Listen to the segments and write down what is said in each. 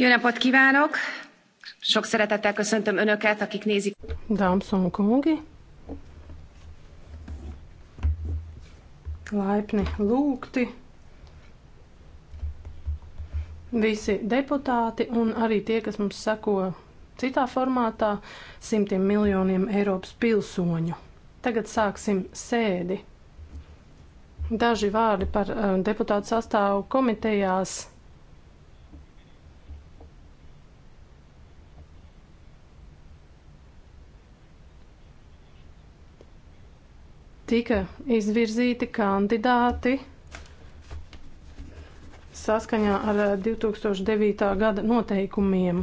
Jó napot kívánok! Sok szeretettel köszöntöm Önöket, akik nézik. Dāmas un kungi, laipni lūgti visi deputāti un arī tie, kas mums seko citā formātā, simtiem miljoniem Eiropas pilsoņu. Tagad sāksim sēdi. Daži vārdi par eh, deputātu sastāvu komitejās tika izvirzīti kandidāti saskaņā ar 2009. Eh, gada noteikumiem.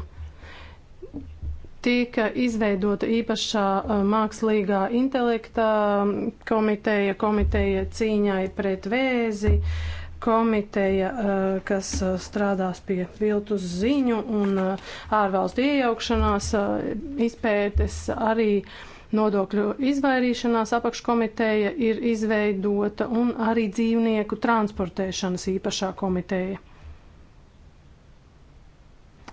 Tika izveidota īpašā eh, mākslīgā intelekta mm, komiteja, komiteja cīņai pret vēzi, komiteja, eh, kas strādās pie viltus ziņu un ārvalstu iejaukšanās izpētes arī uh, Nodokļu izvairīšanās apakškomiteja ir izveidota un arī dzīvnieku transportēšanas īpašā komiteja.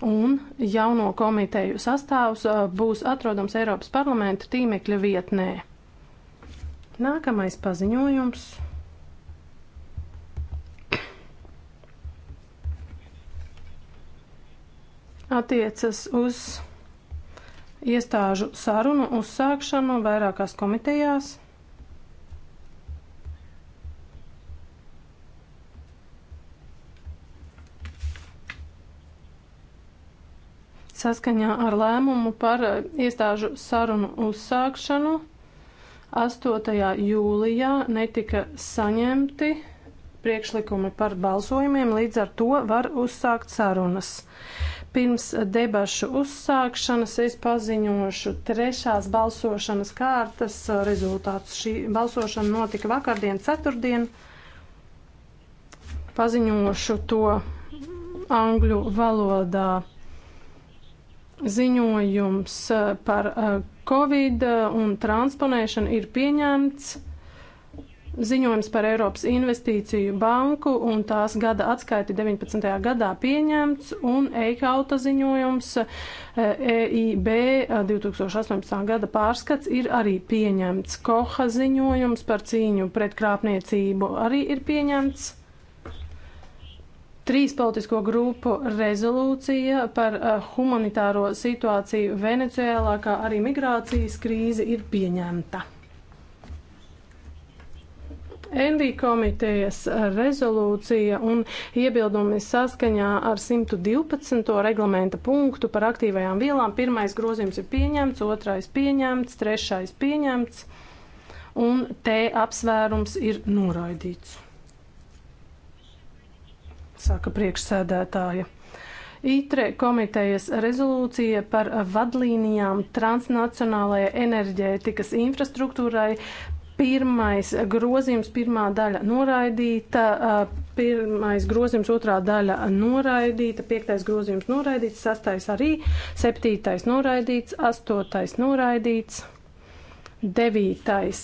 Un jauno komiteju sastāvs uh, būs atrodams Eiropas parlamenta tīmekļa vietnē. Nākamais paziņojums. attiecas uz iestāžu sarunu uzsākšanu vairākās komitejās. Saskaņā ar lēmumu par iestāžu sarunu uzsākšanu 8. jūlijā netika saņemti priekšlikumi par balsojumiem, līdz ar to var uzsākt sarunas. Uh, Pirms debašu uzsākšanas es paziņošu trešās balsošanas kārtas eh, rezultātus. Šī balsošana notika vakardien, ceturtdien. Paziņošu to angļu valodā ziņojums eh, par eh, covid un transponēšanu ir pieņemts ziņojums par Eiropas investīciju banku un tās gada atskaiti 19. gadā pieņemts un Eikauta ziņojums EIB eh, e 2018. Eh, gada pārskats ir arī pieņemts. Koha ziņojums par cīņu pret krāpniecību arī ir pieņemts. Trīs politisko grupu rezolūcija par eh, humanitāro situāciju Venecijā, kā arī migrācijas krīze ir pieņemta. Envī komitejas rezolūcija un iebildumi saskaņā ar 112. reglamenta punktu par aktīvajām vielām. Pirmais grozījums ir pieņemts, otrais pieņemts, trešais pieņemts un T apsvērums ir noraidīts. Saka priekšsēdētāja. ITRE komitejas rezolūcija par vadlīnijām transnacionālajai enerģētikas infrastruktūrai Pirmais grozījums, pirmā daļa noraidīta, pirmais grozījums, otrā daļa noraidīta, piektais grozījums noraidīts, sastais arī, septītais noraidīts, astotais noraidīts, devītais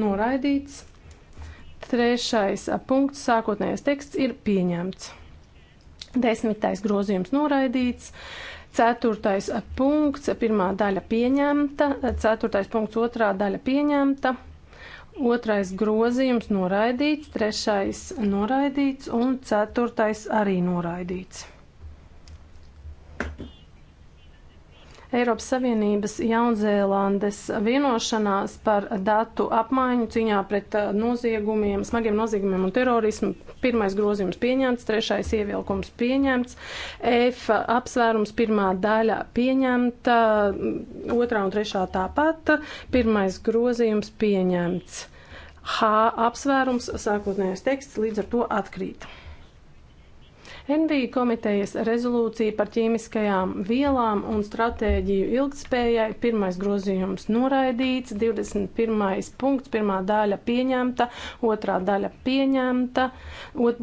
noraidīts, trešais punkts, sākotnējais teksts ir pieņemts. Desmitais grozījums noraidīts, ceturtais punkts, pirmā daļa pieņemta, ceturtais punkts, otrā daļa pieņemta. Otrais grozījums noraidīts, trešais noraidīts un ceturtais arī noraidīts. Eiropas Savienības Jaunzēlandes vienošanās par datu apmaiņu cīņā pret eh, noziegumiem, smagiem noziegumiem un terorismu. Pirmais grozījums pieņemts, trešais ievilkums pieņemts, F apsvērums pirmā daļa pieņemta, otrā un trešā tāpat, pirmais grozījums pieņemts. H apsvērums sākotnējais teksts līdz ar to atkrīt. Envija komitejas rezolūcija par ķīmiskajām vielām un stratēģiju ilgspējai. Pirmais grozījums noraidīts, 21. punkts, pirmā daļa pieņemta, otrā daļa pieņemta,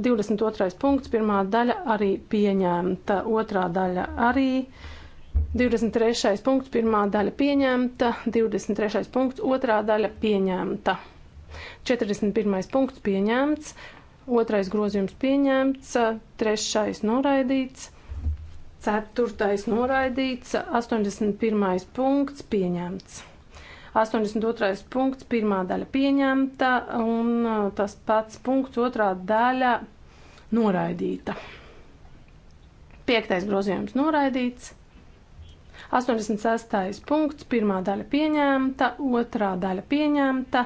22. punkts, pirmā daļa arī pieņemta, otrā daļa arī. 23. punkts, pirmā daļa pieņemta, 23. punkts, otrā daļa pieņemta. 41. punkts pieņemts, otrais grozījums pieņemts, trešais noraidīts, ceturtais noraidīts, 81. punkts pieņemts. 82. punkts, pirmā daļa pieņemta un uh, tas pats punkts, otrā daļa noraidīta. Piektais grozījums noraidīts. 86. punkts, pirmā daļa pieņemta, otrā daļa pieņemta,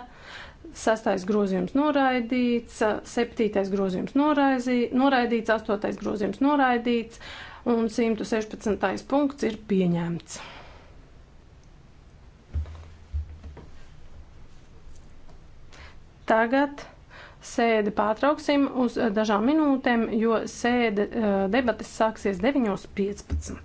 Sastais grozījums noraidīts, septītais grozījums noraizī, noraidīts, astotais grozījums noraidīts un 116. punkts ir pieņemts. Tagad sēdi pārtrauksim uz dažām minūtēm, jo sēde eh, debates sāksies 9.15.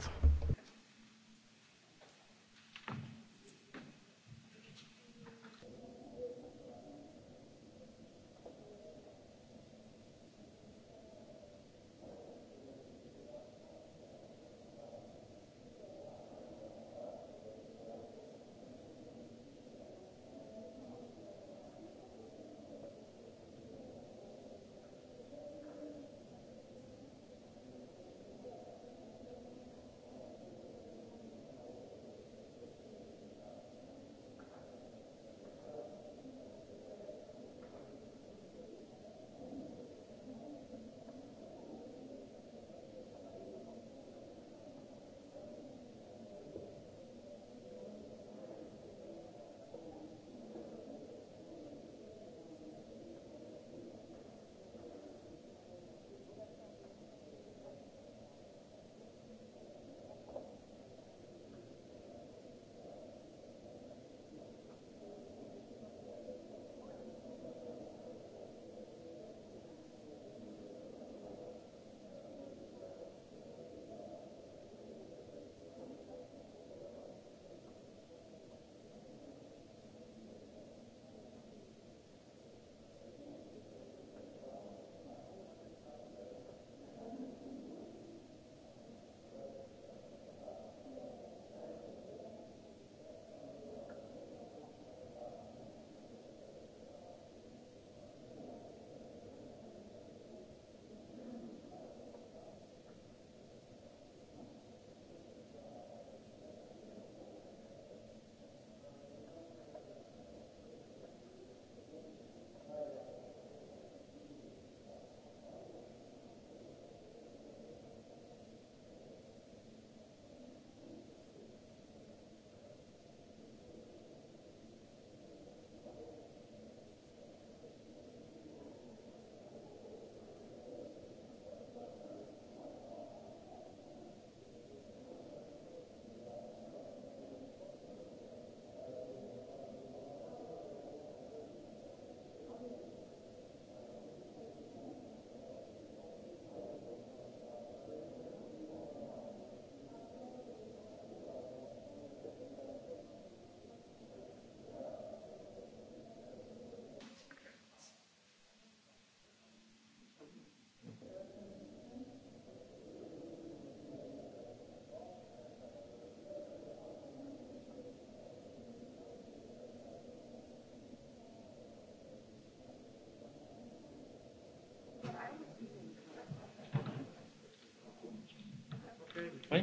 Oui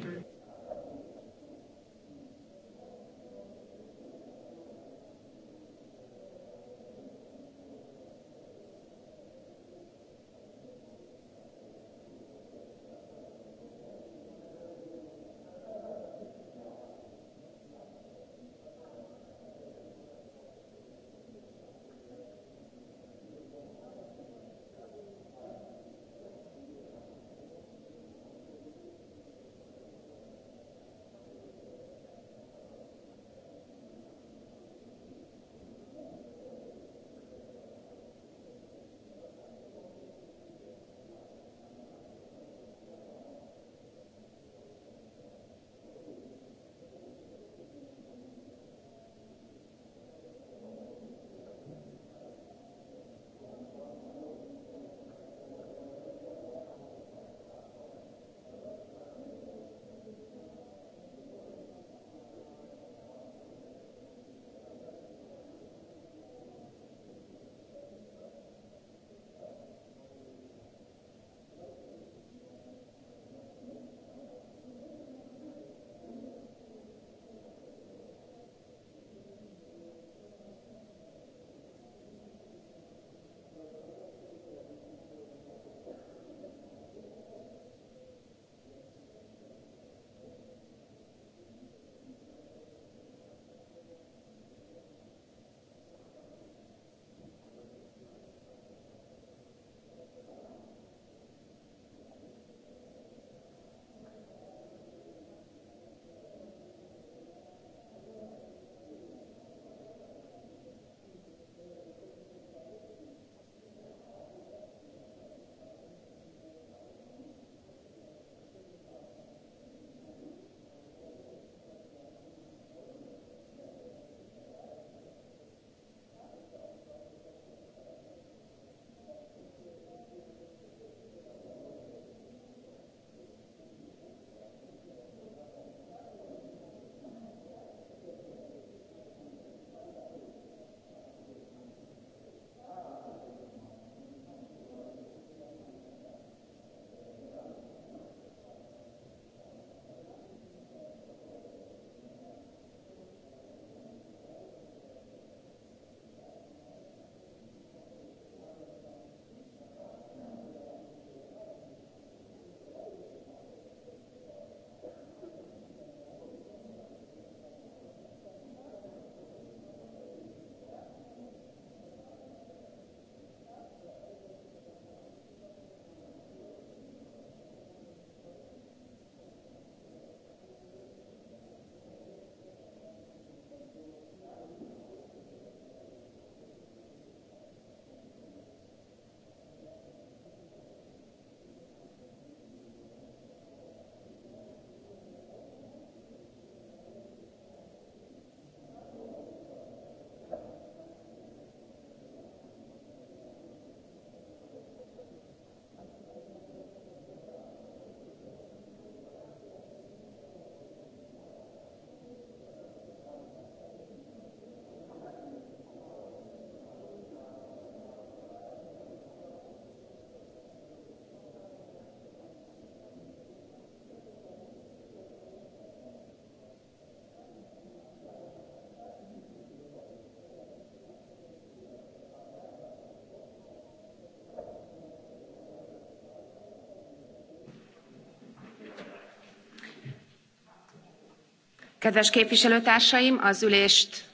Kedves képviselőtársaim, az ülést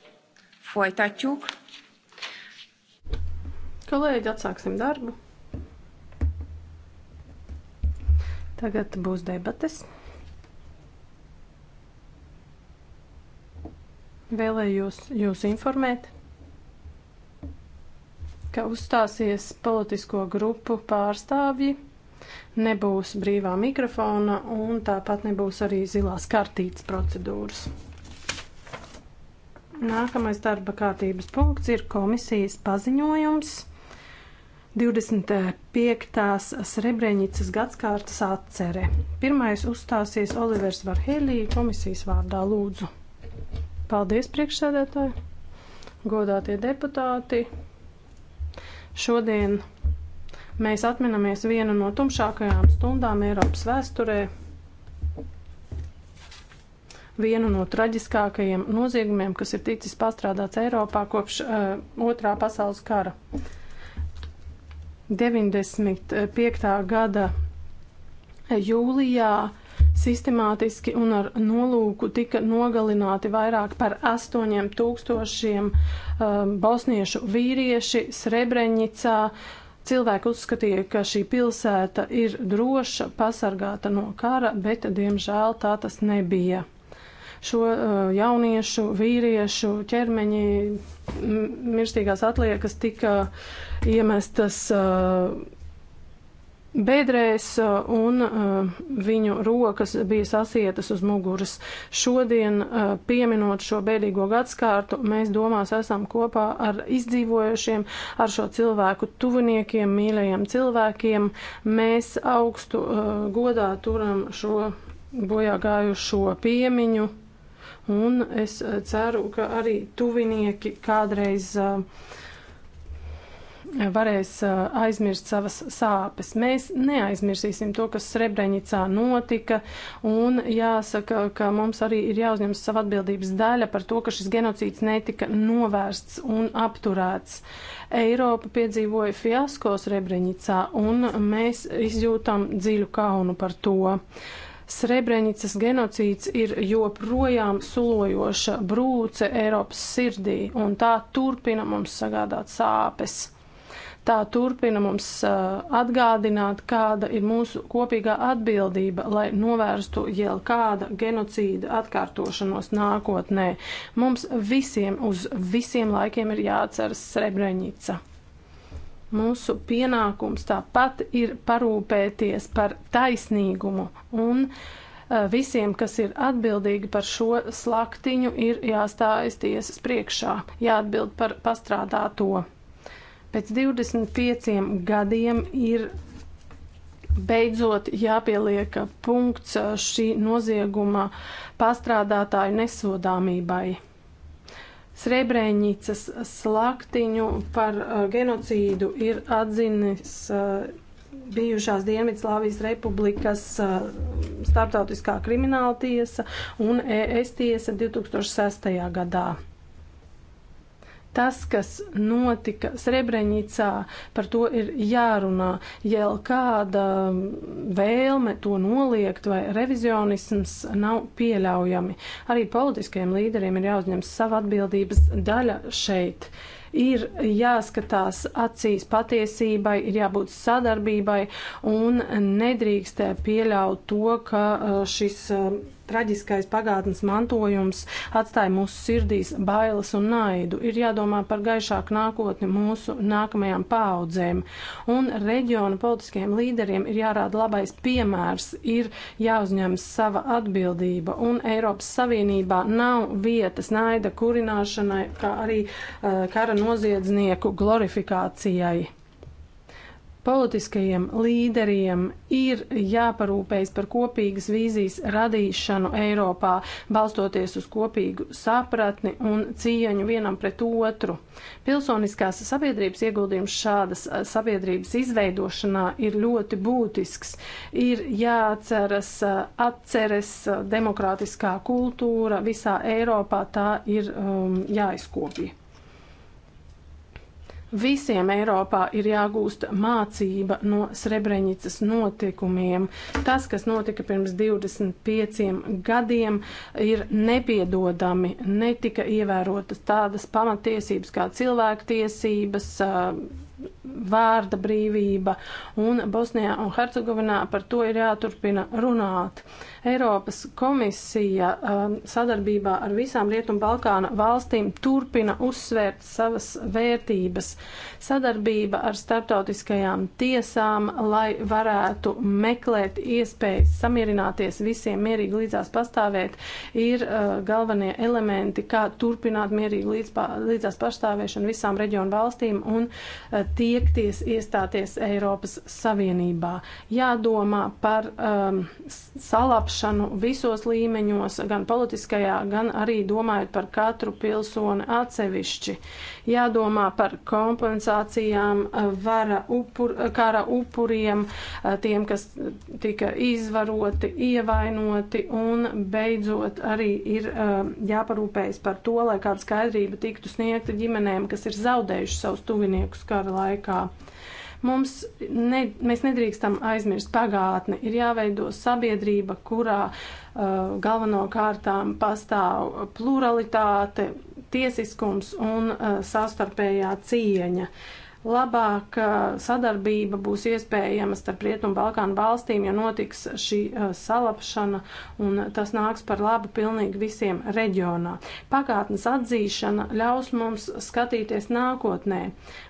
folytatjuk. Kolēģi, atsāksim darbu. Tagad būs debates. Vēlējos jūs informēt, ka uzstāsies politisko grupu pārstāvji nebūs brīvā mikrofona un tāpat nebūs arī zilās kartītes procedūras. Nākamais darba kārtības punkts ir komisijas paziņojums 25. Srebrenicas gadskārtas atcere. Pirmais uzstāsies Olivers Varhelī komisijas vārdā lūdzu. Paldies priekšsēdētāji, godātie deputāti. Šodien Mēs atminamies vienu no tumšākajām stundām Eiropas vēsturē, vienu no traģiskākajiem noziegumiem, kas ir ticis pastrādāts Eiropā kopš uh, otrā pasaules kara. 95. gada jūlijā sistemātiski un ar nolūku tika nogalināti vairāk par 8000 um, eh, bosniešu vīrieši Srebrenicā. Uh, Cilvēki uzskatīja, ka šī pilsēta ir droša, pasargāta no kara, bet, diemžēl, tā tas nebija. Šo uh, jauniešu, vīriešu ķermeņi, mirstīgās atliekas tika iemestas. Uh, bedrēs uh, un uh, viņu rokas bija sasietas uz muguras. Šodien, uh, pieminot šo bēdīgo gadskārtu, mēs domās esam kopā ar izdzīvojušiem, ar šo cilvēku tuviniekiem, mīļajiem cilvēkiem. Mēs augstu godā turam šo bojā gājušo piemiņu un es ceru, ka arī tuvinieki kādreiz uh, varēs aizmirst savas sāpes. Mēs neaizmirsīsim to, kas Srebrenicā notika, un jāsaka, ka mums arī ir jāuzņemas sava atbildības daļa par to, ka šis genocīds netika novērsts un apturēts. Eiropa piedzīvoja fiasko Srebrenicā, un mēs izjūtam dziļu kaunu par to. Srebrenicas genocīds ir joprojām sulojoša brūce Eiropas sirdī, un tā turpina mums sagādāt sāpes tā turpina mums atgādināt, kāda ir mūsu kopīgā atbildība, lai novērstu jau kāda genocīda atkārtošanos nākotnē. Mums visiem uz visiem laikiem ir jāatceras Srebrenica. Mūsu pienākums tāpat ir parūpēties par taisnīgumu un visiem, kas ir atbildīgi par šo slaktiņu, ir jāstājas tiesas priekšā, jāatbild par pastrādāto. Pēc 25 gadiem ir beidzot jāpieliek punkts šī nozieguma pastrādātāju nesodāmībai. Srebrenicas slaktiņu par uh, genocīdu ir atzinis uh, bijušās Dienvidslāvijas republikas uh, starptautiskā krimināla e tiesa un ES tiesa 2006. gadā tas, kas notika Srebrenicā, par to ir jārunā. Ja kāda vēlme to noliegt vai revizionisms nav pieļaujami, arī politiskajiem līderiem ir jāuzņem sava atbildības daļa šeit. Ir jāskatās acīs patiesībai, ir jābūt sadarbībai un nedrīkstē pieļaut to, ka eh, šis eh, traģiskais pagātnes mantojums atstāja mūsu sirdīs bailes un naidu. Ir jādomā par gaišāku nākotni mūsu nākamajām paaudzēm. Un reģiona politiskajiem līderiem ir jārāda labais piemērs, ir jāuzņemas sava atbildība. Un Eiropas Savienībā nav vietas naida kurināšanai, kā arī uh, kara noziedznieku glorifikācijai. Politiskajiem līderiem ir jāparūpējas par kopīgas vīzijas radīšanu Eiropā, balstoties uz kopīgu sapratni un cieņu vienam pret otru. Pilsoniskās sabiedrības ieguldījums šādas sabiedrības izveidošanā ir ļoti būtisks. Ir jāatceras atceres demokrātiskā kultūra visā Eiropā, tā ir um, jāizkopja. Visiem Eiropā ir jāgūst mācība no Srebrenicas notikumiem. Tas, kas notika pirms 25 gadiem, ir nepiedodami. Netika ievērotas tādas pamatiesības kā cilvēktiesības. Uh, vārda brīvība, un Bosnijā un Hercegovinā par to ir jāturpina runāt. Eiropas komisija um, sadarbībā ar visām Rietumbalkāna valstīm turpina uzsvērt savas vērtības. Sadarbība ar starptautiskajām tiesām, lai varētu meklēt iespējas samierināties visiem mierīgi līdzās pastāvēt, ir uh, galvenie elementi, kā turpināt mierīgi līdzās pastāvēšanu visām reģionu valstīm un uh, tiekties iestāties Eiropas Savienībā. Jādomā par um, salapšanu visos līmeņos, gan politiskajā, gan arī domājot par katru pilsoni atsevišķi jādomā par kompensācijām eh, vara upur, kara upuriem, eh, tiem, kas tika izvaroti, ievainoti, un beidzot arī ir eh, jāparūpējas par to, lai kāda skaidrība tiktu sniegta ģimenēm, kas ir zaudējuši savus tuviniekus kara laikā mums ne, mēs nedrīkstam aizmirst pagātni. Ir jāveido sabiedrība, kurā uh, galvenokārtām pastāv pluralitāte, tiesiskums un uh, savstarpējā cieņa labāka uh, sadarbība būs iespējama starp Rietumu Balkānu valstīm, ja notiks šī uh, salapšana, un tas nāks par labu pilnīgi visiem reģionā. Pagātnes atzīšana ļaus mums skatīties nākotnē.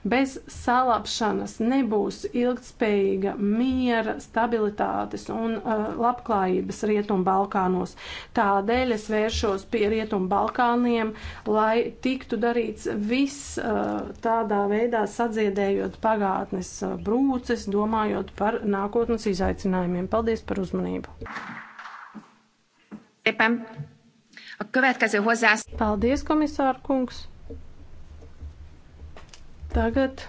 Bez salapšanas nebūs ilgtspējīga miera, stabilitātes un uh, labklājības Rietumu Balkānos. Tādēļ es vēršos pie Rietumu Balkāniem, lai tiktu darīts viss uh, tādā veidā sadzīvot likvidējot pagātnes uh, brūces, domājot par nākotnes izaicinājumiem. Paldies par uzmanību! Éppen a következő hozzász... Paldies, komisār kungs! Tagad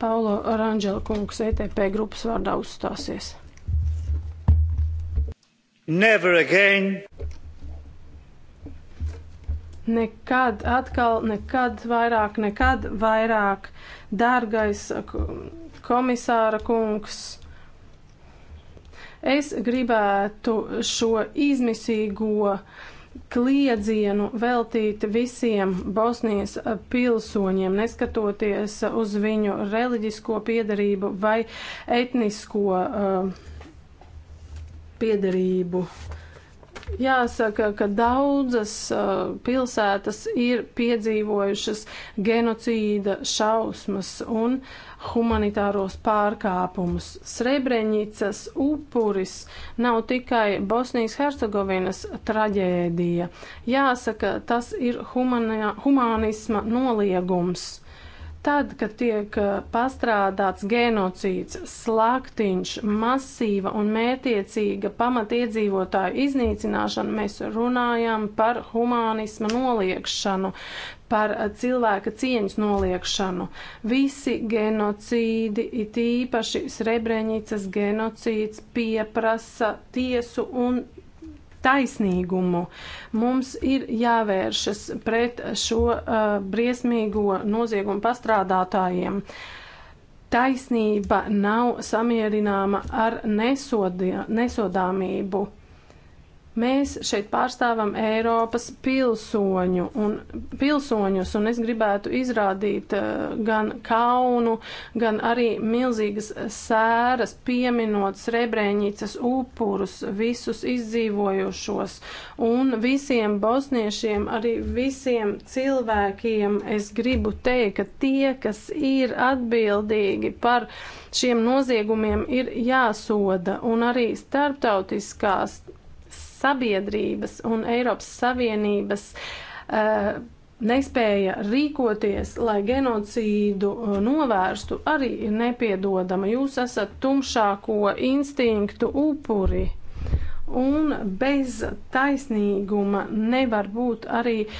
Paulo Oranžela kungs ETP grupas vārdā uzstāsies. Never again! Nekad, atkal, nekad vairāk, nekad vairāk, dārgais komisāra kungs. Es gribētu šo izmisīgo kliedzienu veltīt visiem Bosnijas pilsoņiem, neskatoties uz viņu reliģisko piedarību vai etnisko uh, piedarību. Uh, Jāsaka, ka daudzas uh, pilsētas ir piedzīvojušas genocīda šausmas un humanitāros pārkāpumus. Srebrenicas upuris nav tikai Bosnijas Hercegovinas traģēdija. Jāsaka, tas ir humana, humanisma noliegums Tad, kad tiek eh, pastrādāts genocīds, slaktiņš, masīva un mētiecīga pamatiedzīvotāju iznīcināšana, mēs runājam par humānisma noliekšanu, par eh, cilvēka cieņas noliekšanu. Visi genocīdi, it īpaši Srebrenicas genocīds, pieprasa tiesu un taisnīgumu. Mums ir jāvēršas pret šo uh, briesmīgo noziegumu pastrādātājiem. Taisnība nav samierināma ar nesodie, nesodāmību. Mēs šeit pārstāvam Eiropas pilsoņu un pilsoņus, un es gribētu izrādīt eh, gan kaunu, gan arī milzīgas sēras, pieminot Srebreņicas upurus, visus izdzīvojošos, un visiem bosniešiem, arī visiem cilvēkiem es gribu teikt, ka tie, kas ir atbildīgi par šiem noziegumiem, ir jāsoda, un arī starptautiskās sabiedrības un Eiropas Savienības uh, nespēja rīkoties, lai genocīdu eh, novērstu, arī ir nepiedodama. Jūs esat tumšāko instinktu upuri. Un bez taisnīguma nevar būt arī eh,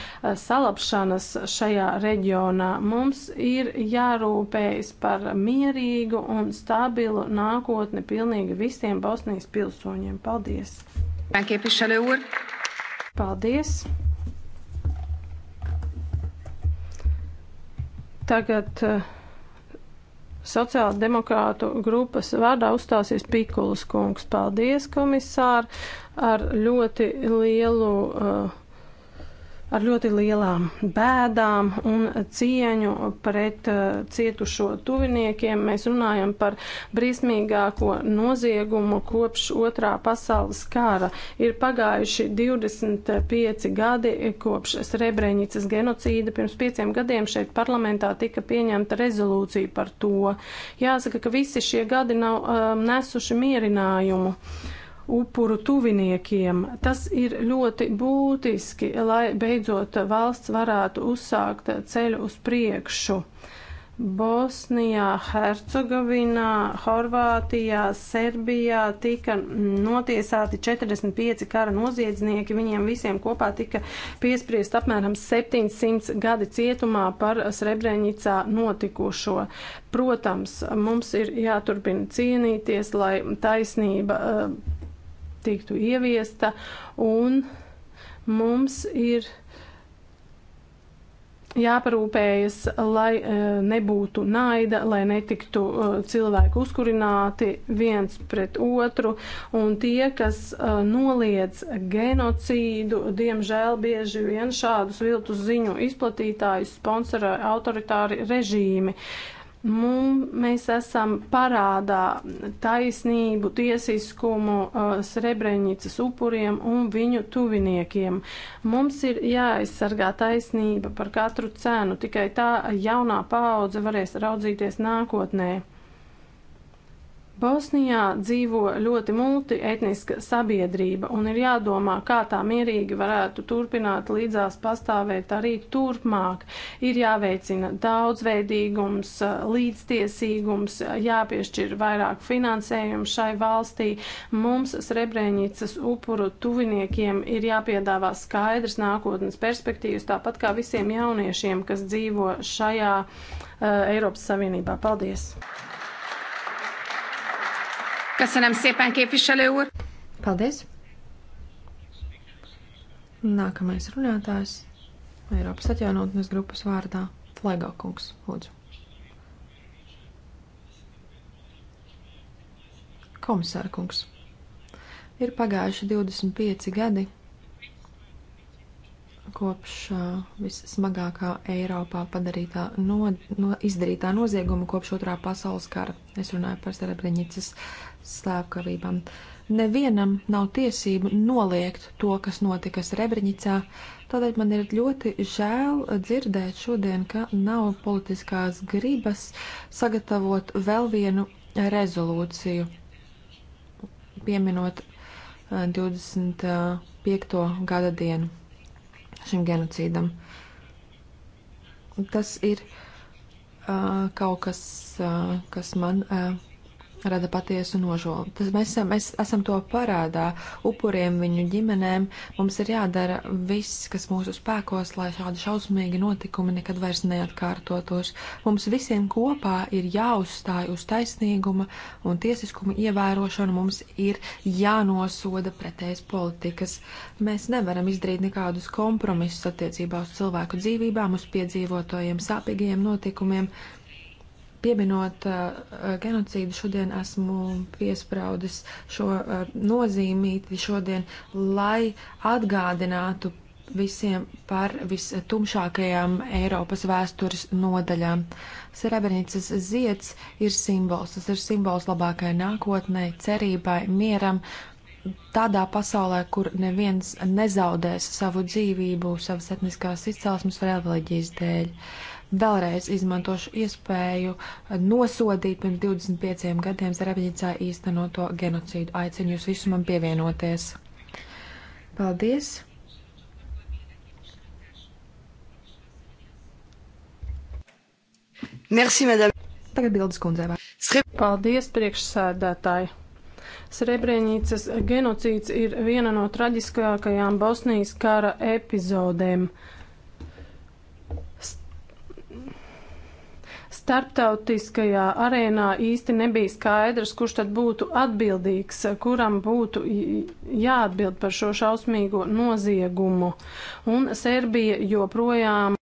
salapšanas šajā reģionā. Mums ir jārūpējas par mierīgu un stabilu nākotni pilnīgi visiem Bosnijas pilsoņiem. Paldies! Képviselő úr! Paldies! Tagad uh, eh, Sociāla demokrātu grupas vārdā uzstāsies Pikulas kungs. Paldies, komisār, ar ļoti lielu uh, ar ļoti lielām bēdām un cieņu pret uh, cietušo tuviniekiem. Mēs runājam par briesmīgāko noziegumu kopš otrā pasaules kara. Ir pagājuši 25 gadi kopš Srebrenicas genocīda. Pirms pieciem gadiem šeit parlamentā tika pieņemta rezolūcija par to. Jāsaka, ka visi šie gadi nav um, nesuši mierinājumu. Uh, upuru tuviniekiem. Tas ir ļoti būtiski, lai beidzot valsts varētu uzsākt ceļu uz priekšu. Bosnijā, Hercegovinā, Horvātijā, Serbijā tika notiesāti 45 kara noziedznieki. Viņiem visiem kopā tika piespriest apmēram 700 gadi cietumā par Srebrenicā notikušo. Protams, mums ir jāturpina cīnīties, lai taisnība. Uh, tiktu ieviesta, un mums ir jāparūpējas, lai e, nebūtu naida, lai netiktu e, cilvēki uzkurināti viens pret otru, un tie, kas e, noliedz genocīdu, diemžēl bieži vien šādus viltus ziņu izplatītājus sponsorē autoritāri režīmi. Uh, Mums, mēs esam parādā taisnību, tiesiskumu uh, Srebrenicas upuriem un viņu tuviniekiem. Mums ir jāaizsargā taisnība par katru cenu, tikai tā jaunā paudze varēs raudzīties nākotnē. Bosnijā dzīvo ļoti multietniska sabiedrība un ir jādomā, kā tā mierīgi varētu turpināt līdzās pastāvēt arī turpmāk. Ir jāveicina daudzveidīgums, līdztiesīgums, jāpiešķir vairāk finansējumu šai valstī. Mums Srebrenicas upuru tuviniekiem ir jāpiedāvā skaidrs nākotnes perspektīvas, tāpat kā visiem jauniešiem, kas dzīvo šajā uh, Eiropas Savienībā. Paldies! Köszönöm szépen, képviselő úr! Paldies! Nākamais runātājs Eiropas atjaunotnes grupas vārdā Flaigakungs, lūdzu. Komisārkungs, ir pagājuši 25 gadi kopš uh, vissmagākā Eiropā padarītā no, no, izdarītā nozieguma kopš otrā pasaules kara. Es runāju par Serebrenicas slepkavībām. Nevienam nav tiesību noliegt to, kas notika Srebrenicā, tādēļ man ir ļoti žēl dzirdēt šodien, ka nav politiskās gribas sagatavot vēl vienu rezolūciju, pieminot 25. Eh, gada dienu šim genocīdam. Tas ir uh, kaut kas, uh, kas man uh, rada patiesu nožēlu. Tas mēs esam, mēs esam to parādā upuriem, viņu ģimenēm. Mums ir jādara viss, kas mūsu spēkos, lai šādi šausmīgi notikumi nekad vairs neatkārtotos. Mums visiem kopā ir jāuzstāj uz taisnīguma un tiesiskuma ievērošanu. Mums ir jānosoda pretējas politikas. Mēs nevaram izdarīt nekādus kompromisus attiecībā uz cilvēku dzīvībām, uz piedzīvotojiem sāpīgiem notikumiem pieminot uh, uh, genocīdu, šodien esmu piespraudis šo uh, nozīmīti šodien, lai atgādinātu visiem par vistumšākajām Eiropas vēstures nodaļām. Srebrenicas zieds ir simbols, tas ir simbols labākajai nākotnē, cerībai, mieram, tādā pasaulē, kur neviens nezaudēs savu dzīvību, savas etniskās izcelsmes vai reliģijas dēļ. Uh, Vēlreiz izmantošu iespēju nosodīt pirms 25 gadiem Zarebeģicā īstenoto genocīdu. Aicinu jūs visu man pievienoties. Paldies! Merci, madame. Tagad bildes kundzē. Paldies, priekšsēdētāji. Srebrenicas genocīds ir viena no traģiskākajām Bosnijas kara epizodēm. starptautiskajā arēnā īsti nebija skaidrs, kurš tad būtu atbildīgs, kuram būtu jāatbild par šo šausmīgo noziegumu. Un Serbija joprojām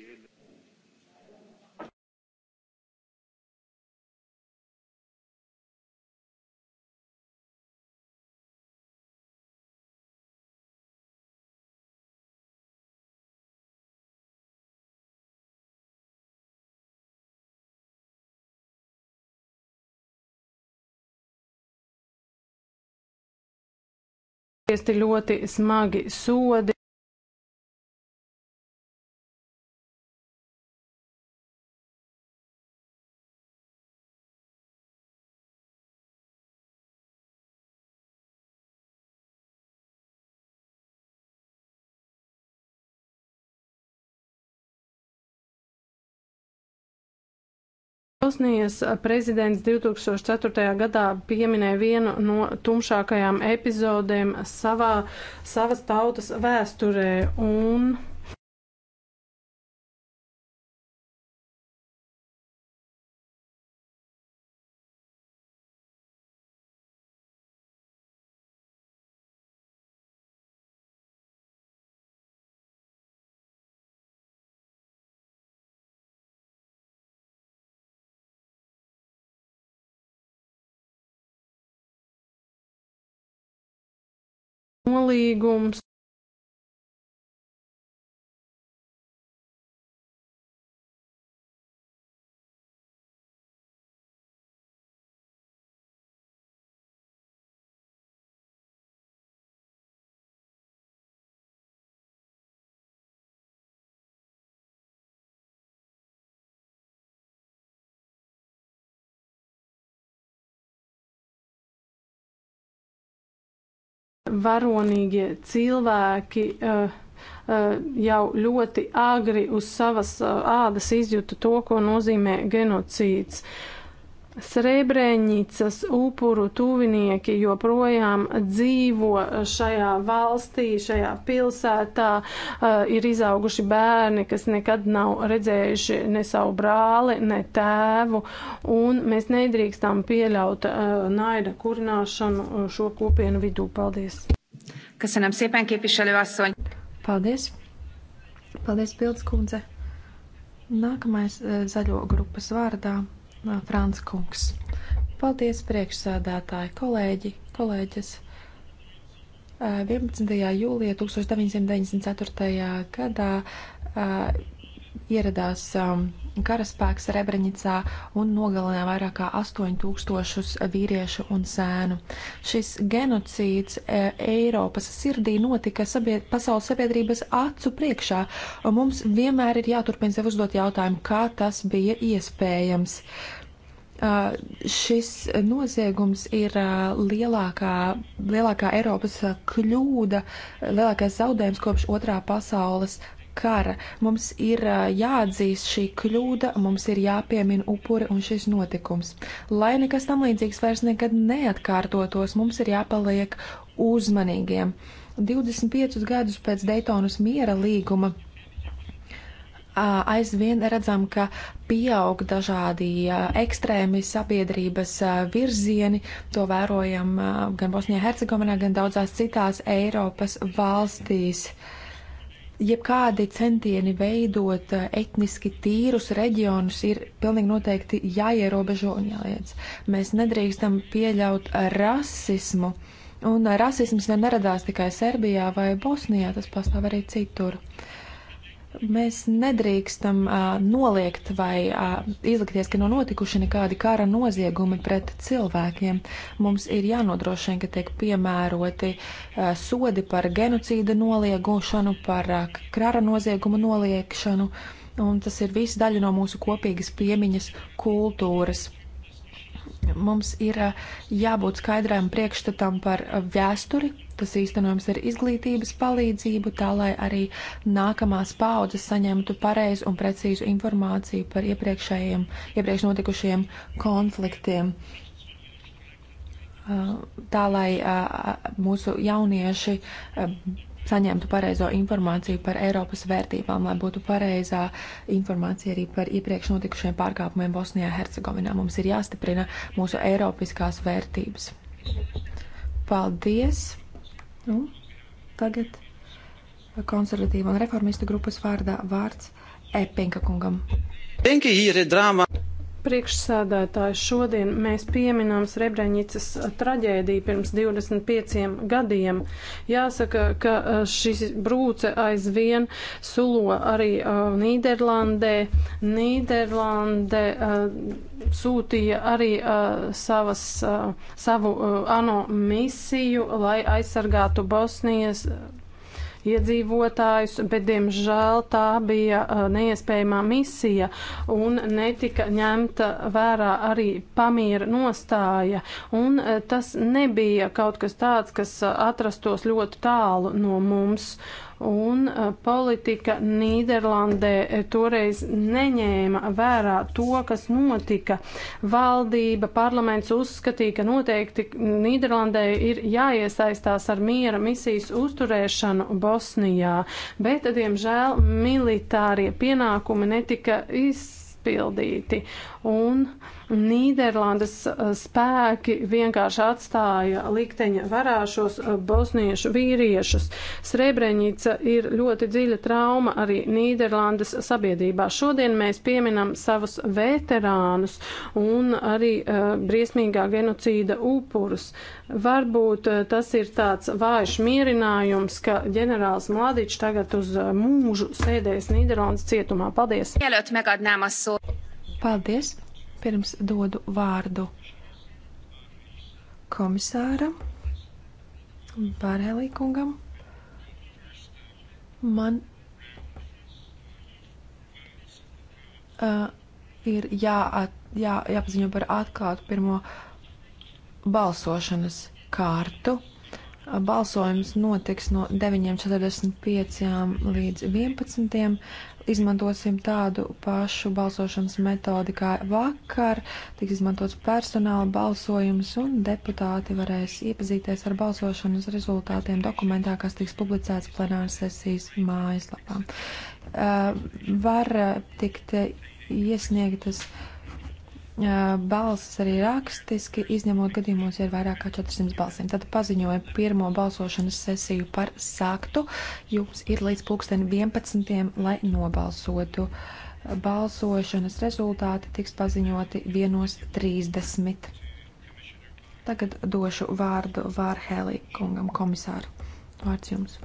cielo Iesti ļoti smagi sodi. Bosnijas prezidents 2004. gadā pieminēja vienu no tumšākajām epizodēm savā, savas tautas vēsturē un nolīgums varonīgie cilvēki uh, uh, jau ļoti agri uz savas uh, ādas izjuta to, ko nozīmē genocīds. Uh, Srebrenicas upuru tuvinieki joprojām dzīvo šajā valstī, šajā pilsētā, uh, ir izauguši bērni, kas nekad nav redzējuši ne savu brāli, ne tēvu, un mēs nedrīkstam pieļaut uh, naida kurināšanu eh, šo kopienu vidū. Paldies! Köszönöm szépen, képviselő asszony! Paldies! Paldies, Pildskundze! Nākamais zaļo grupas vārdā Frāns Kungs. Paldies, priekšsēdētāji, kolēģi, kolēģis. 11. jūlijā 1994. gadā ieradās um, karaspēks Rebreņicā un nogalināja vairāk kā 8000 vīriešu un sēnu. Šis genocīds e, Eiropas sirdī notika sabied pasaules sabiedrības acu priekšā, un mums vienmēr ir jāturpina sev uzdot jautājumu, kā tas bija iespējams. Uh, šis noziegums ir uh, lielākā, lielākā Eiropas kļūda, lielākais zaudējums kopš otrā pasaules kara. Mums ir jāatzīst šī kļūda, mums ir jāpiemina upuri un šis notikums. Lai nekas tam līdzīgs vairs nekad neatkārtotos, mums ir jāpaliek uzmanīgiem. 25 gadus pēc Daytonas miera līguma aizvien redzam, ka pieaug dažādi ekstrēmi sabiedrības virzieni. To vērojam gan Bosnijā, Hercegovinā, gan daudzās citās Eiropas valstīs. Uh, jebkādi centieni veidot eh, etniski tīrus reģionus ir pilnīgi noteikti jāierobežo un jāliedz. Mēs nedrīkstam pieļaut rasismu, un rasisms neradās tikai Serbijā vai Bosnijā, tas pastāv arī citur. Uh, Mēs nedrīkstam uh, noliegt vai uh, izlikties, ka nav no notikuši nekādi kara noziegumi pret cilvēkiem. Mums ir jānodrošina, ka tiek piemēroti uh, sodi par genocīda noliegušanu, par uh, kara noziegumu noliekšanu, un tas ir viss daļa no mūsu kopīgas piemiņas kultūras. Mums ir jābūt skaidrām priekšstatam par vēsturi. Tas īstenojums ir izglītības palīdzību, tā lai arī nākamās paaudzes saņemtu pareizu un precīzu informāciju par iepriekšējiem, iepriekš notikušajiem konfliktiem. Tā lai mūsu jaunieši saņemtu pareizo informāciju par Eiropas vērtībām, lai būtu pareizā informācija arī par iepriekš notikušiem pārkāpumiem Bosnijā, Hercegovinā. Mums ir jāstiprina mūsu eiropiskās vērtības. Paldies! Nu, tagad konservatīva un reformistu grupas vārdā vārds Epinka kungam. Denki, ir drāma. Priekšsēdētāji, šodien mēs pieminām Srebrenicas traģēdiju pirms 25 gadiem. Jāsaka, ka e, šis brūce aizvien sulo arī uh, Nīderlandē. Nīderlande uh, sūtīja arī uh, savas, uh, savu uh, ANO misiju, lai aizsargātu Bosnijas. Uh, iedzīvotājus, bet, diemžēl, tā bija uh, neiespējamā misija un netika ņemta vērā arī pamiera nostāja. Un uh, tas nebija kaut kas tāds, kas uh, atrastos ļoti tālu no mums. Uh, un uh, politika Nīderlandē eh, toreiz neņēma vērā to, kas notika. Valdība, parlaments uzskatīja, ka noteikti Nīderlandē ir jāiesaistās ar miera misijas uzturēšanu Bosnijā, bet, diemžēl, militārie pienākumi netika izpildīti. Un, uh, Nīderlandes eh, spēki vienkārši atstāja likteņa varā šos eh, bosniešu vīriešus. Srebrenica ir ļoti dziļa trauma arī Nīderlandes sabiedrībā. Šodien mēs pieminam savus veterānus un arī uh, briesmīgā genocīda upurus. Varbūt uh, tas ir tāds vājš mierinājums, ka ģenerālis Mladičs tagad uz mūžu sēdēs Nīderlandes cietumā. Paldies! Paldies! Pirms dodu vārdu komisāram Barelī kungam. Man uh, ir jāat, jā, jāpaziņo par atklātu pirmo balsošanas kārtu. Balsojums notiks no 9.45 līdz 11 izmantosim tādu pašu balsošanas metodi kā vakar. Tiks izmantots personāla balsojums un deputāti varēs iepazīties ar balsošanas rezultātiem dokumentā, kas tiks publicēts plenāras sesijas mājaslapā. Eh, var tikt iesniegtas balsis arī rakstiski, izņemot gadījumos, ja ir vairāk kā 400 balsīm. Tad paziņoju pirmo balsošanas sesiju par sāktu. Jums ir līdz pulksten 11. lai nobalsotu. Balsošanas rezultāti tiks paziņoti 1.30. Tagad došu vārdu Vārhēlī kungam komisāru. Vārds jums.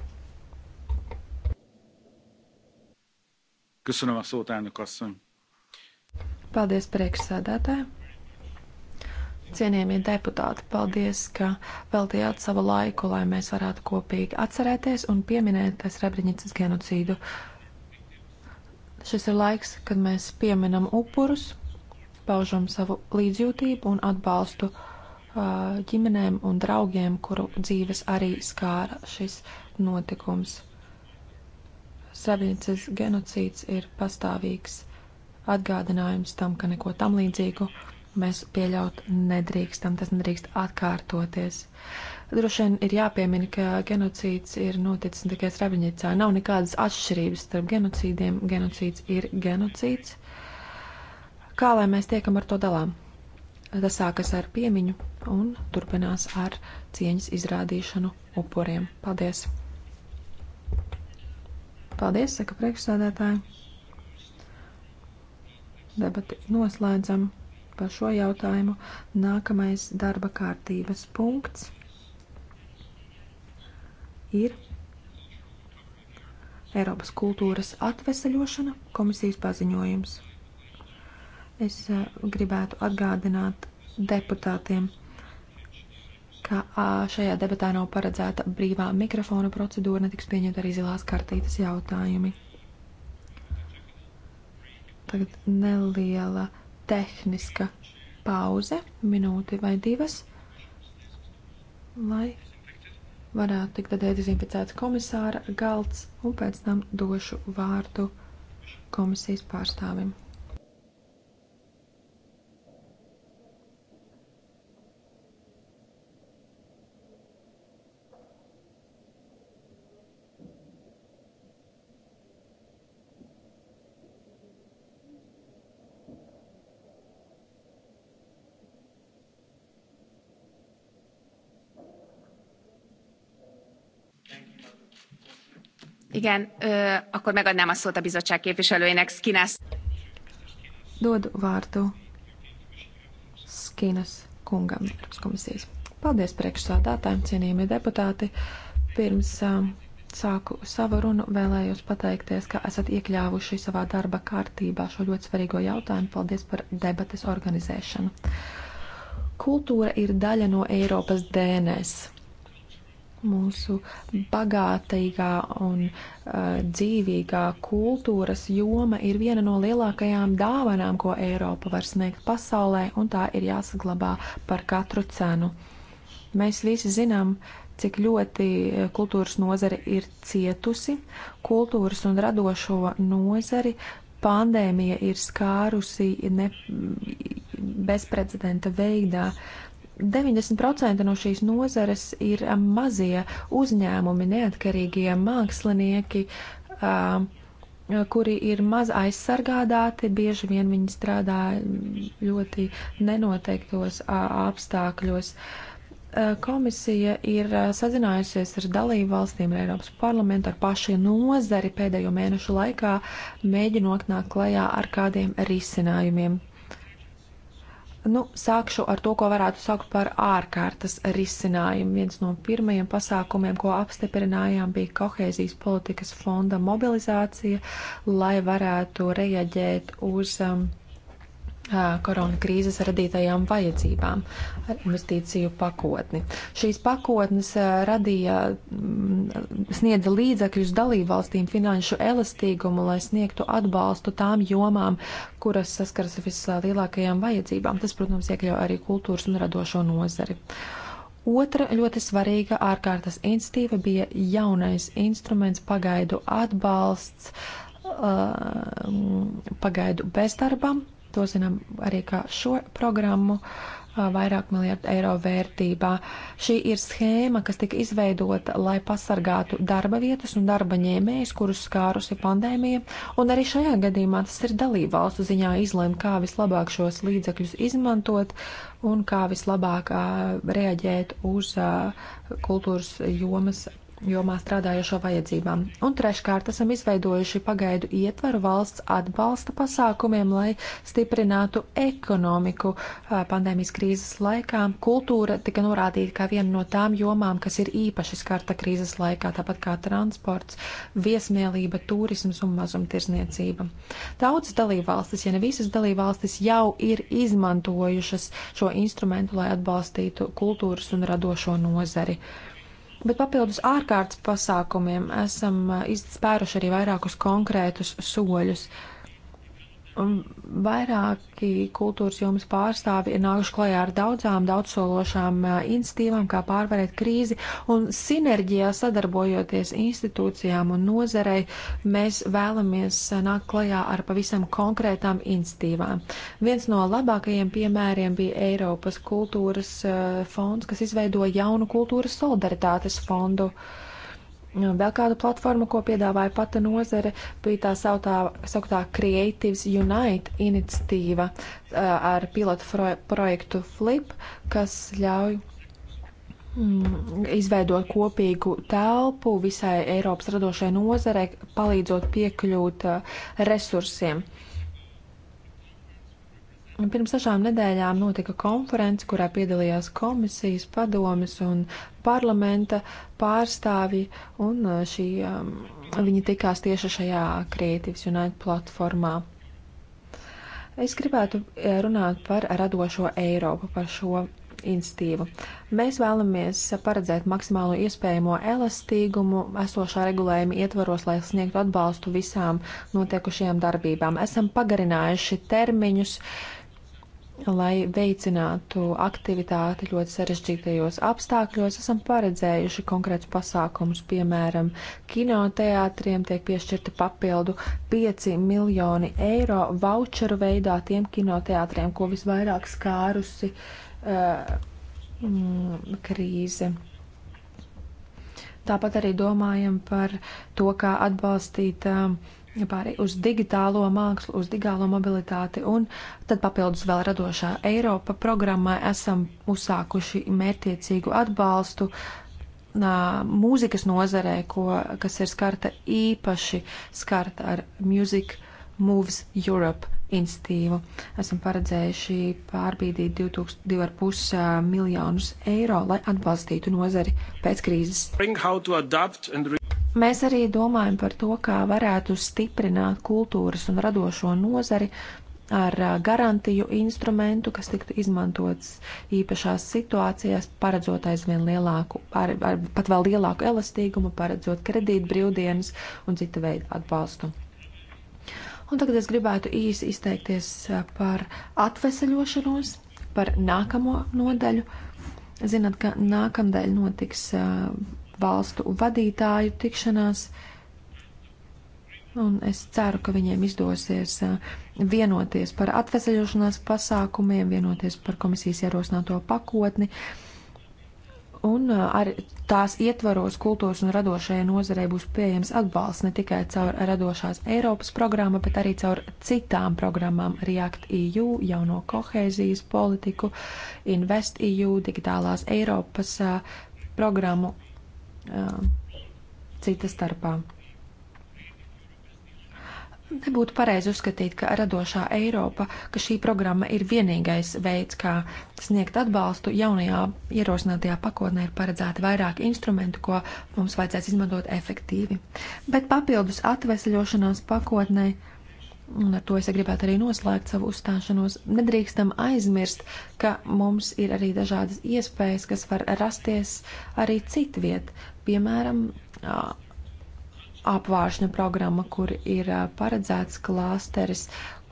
Köszönöm a szót, elnök asszony! Paldies, priekšsēdētāji! Cienījamie deputāti, paldies, ka veltījāt savu laiku, lai mēs varētu kopīgi atcerēties un pieminēt Srebrenicas genocīdu. Šis ir laiks, kad mēs pieminam upurus, paužam savu līdzjūtību un atbalstu uh, ģimenēm un draugiem, kuru dzīves arī skāra šis notikums. Srebrenicas genocīds ir pastāvīgs atgādinājums tam, ka neko tam līdzīgu mēs pieļaut nedrīkstam, tas nedrīkst atkārtoties. Droši vien ir jāpiemina, ka genocīds ir noticis tikai Srebrenicā. Nav nekādas atšķirības starp genocīdiem. Genocīds ir genocīds. Kā lai mēs tiekam ar to dalām? Tas sākas ar piemiņu un turpinās ar cieņas izrādīšanu upuriem. Paldies! Paldies, saka priekšsēdētāji! debati noslēdzam par šo jautājumu. Nākamais darba kārtības punkts ir Eiropas kultūras atveseļošana komisijas paziņojums. Es eh, gribētu atgādināt deputātiem, ka šajā debatā nav paredzēta brīvā mikrofona procedūra, netiks pieņemta arī zilās kartītes jautājumi. Tagad neliela tehniska pauze, minūte vai divas, lai varētu tikt tad dezinficēts komisāra galds, un pēc tam došu vārdu komisijas pārstāvim. Igen, ö, akkor megadnám a szót a bizottság képviselőjének, Skinas. Dodu vārdu Skinas kungam, Eiropas komisijas. Paldies priekšsādātājiem, cienījamie deputāti. Pirms um, sāku savu runu, vēlējos pateikties, ka esat iekļāvuši savā darba kārtībā šo ļoti svarīgo jautājumu. Paldies par debates organizēšanu. Kultūra ir daļa no Eiropas DNS mūsu bagātīgā un uh, dzīvīgā kultūras joma ir viena no lielākajām dāvanām, ko Eiropa var sniegt pasaulē, un tā ir jāsaglabā par katru cenu. Mēs visi zinām, cik ļoti uh, kultūras nozare ir cietusi. Kultūras un radošo nozari pandēmija ir skārusi ne, bezprecedenta veidā. Uh, 90% no šīs nozares ir um, mazie uzņēmumi, neatkarīgie mākslinieki, um, kuri ir maz aizsargādāti. Bieži vien viņi strādā ļoti nenoteiktos apstākļos. Komisija ir sazinājusies ar dalību valstīm, ar Eiropas parlamentu, ar pašu nozari pēdējo mēnešu laikā, mēģinot nākt klajā ar kādiem risinājumiem. Nu, sākšu ar to, ko varētu saukt par ārkārtas risinājumu. Viens no pirmajiem pasākumiem, ko apstiprinājām, bija kohēzijas politikas fonda mobilizācija, lai varētu reaģēt uz um, korona krīzes radītajām vajadzībām ar investīciju pakotni. Šīs pakotnes radīja, mm, sniedza līdzekļus dalībvalstīm finanšu elastīgumu, lai sniegtu atbalstu tām jomām, kuras saskaras ar vislielākajām vajadzībām. Tas, protams, iekļauj arī kultūras un radošo nozari. Otra ļoti svarīga ārkārtas institīva bija jaunais instruments pagaidu atbalsts, pagaidu bezdarbam To zinām arī kā šo programmu vairāk miljardu eiro vērtībā. Šī ir schēma, kas tika izveidota, lai pasargātu darba vietas un darba ņēmējus, kurus skārusi pandēmija, un arī šajā gadījumā tas ir dalībvalstu ziņā izlemt, kā vislabāk šos līdzekļus izmantot un kā vislabāk reaģēt uz kultūras jomas jomā strādājošo vajadzībām. Un treškārt esam izveidojuši pagaidu ietvaru valsts atbalsta pasākumiem, lai stiprinātu ekonomiku pandēmijas krīzes laikā. Kultūra tika norādīta kā viena no tām jomām, kas ir īpaši skarta krīzes laikā, tāpat kā transports, viesmīlība, turisms un mazumtirzniecība. Daudzas dalībvalstis, ja ne visas dalībvalstis, jau ir izmantojušas šo instrumentu, lai atbalstītu kultūras un radošo nozari. Uh, Bet papildus ārkārtas pasākumiem esam eh, izspēruši arī vairākus konkrētus soļus. Uh, Vairāki kultūras jomas pārstāvi ir nākuši klajā ar daudzām daudzsološām institīvām, kā pārvarēt krīzi, un sinerģijā sadarbojoties institūcijām un nozarei, mēs vēlamies nākt klajā ar pavisam konkrētām institīvām. Viens no labākajiem piemēriem bija Eiropas kultūras fonds, kas izveidoja jaunu kultūras solidaritātes fondu. Uh, Vēl kāda platforma, ko piedāvāja pati nozare, bija tā sautā, sauktā Creatives Unite iniciatīva ar pilotu projektu Flip, kas ļauj mm, izveidot kopīgu telpu visai Eiropas radošai nozarei, palīdzot piekļūt resursiem. Uh, Pirms dažām nedēļām notika konference, kurā piedalījās komisijas, padomes un parlamenta pārstāvji, un uh, šī, um, viņi tikās tieši šajā Creative Unite platformā. Es gribētu uh, runāt par radošo Eiropu, par šo institīvu. Mēs vēlamies paredzēt maksimālo iespējamo elastīgumu esošā regulējuma ietvaros, lai sniegtu atbalstu visām notiekušajām darbībām. Esam pagarinājuši termiņus uh, lai veicinātu aktivitāti ļoti sarežģītajos apstākļos, esam paredzējuši konkrētus pasākumus. Piemēram, kinoteātriem tiek piešķirta papildu 5 miljoni eiro voucheru veidā tiem kinoteātriem, ko visvairāk skārusi uh, mm, krīze. Tāpat arī domājam par to, kā atbalstīt uh, pārēj uz digitālo mākslu, uz digitālo mobilitāti, un tad papildus vēl radošā Eiropa programmā esam uzsākuši mērtiecīgu atbalstu nā, mūzikas nozarē, ko, kas ir skarta īpaši skarta ar Music Moves Europe institīvu. Esam paredzējuši pārbīdīt 2,5 miljonus eiro, lai atbalstītu nozari pēc krīzes. Mēs arī domājam par to, kā varētu stiprināt kultūras un radošo nozari ar garantiju instrumentu, kas tiktu izmantots īpašās situācijās, paredzot aizvien lielāku, ar, ar pat vēl lielāku elastīgumu, paredzot kredīt brīvdienas un cita veida atbalstu. Un tagad es gribētu īsi izteikties par atveseļošanos, par nākamo nodaļu. Zinat, ka nākamdēļ notiks uh, valstu vadītāju tikšanās. Un es ceru, ka viņiem izdosies vienoties par atvesaļošanās pasākumiem, vienoties par komisijas ierosināto pakotni. Un ar tās ietvaros kultūras un radošajai nozarei būs pieejams atbalsts ne tikai caur radošās Eiropas programmu, bet arī caur citām programmām React EU, jauno kohēzijas politiku, Invest EU, digitālās Eiropas programmu cita starpā. Nebūtu pareizi uzskatīt, ka radošā Eiropa, ka šī programma ir vienīgais veids, kā sniegt atbalstu. Jaunajā ierosinātajā pakotnē ir paredzēti vairāki instrumenti, ko mums vajadzēs izmantot efektīvi. Bet papildus atvesļošanās pakotnē, un ar to es gribētu arī noslēgt savu uzstāšanos, nedrīkstam aizmirst, ka mums ir arī dažādas iespējas, kas var rasties arī citviet. Piemēram, apvāršana programma, kur ir paredzēts klāsteris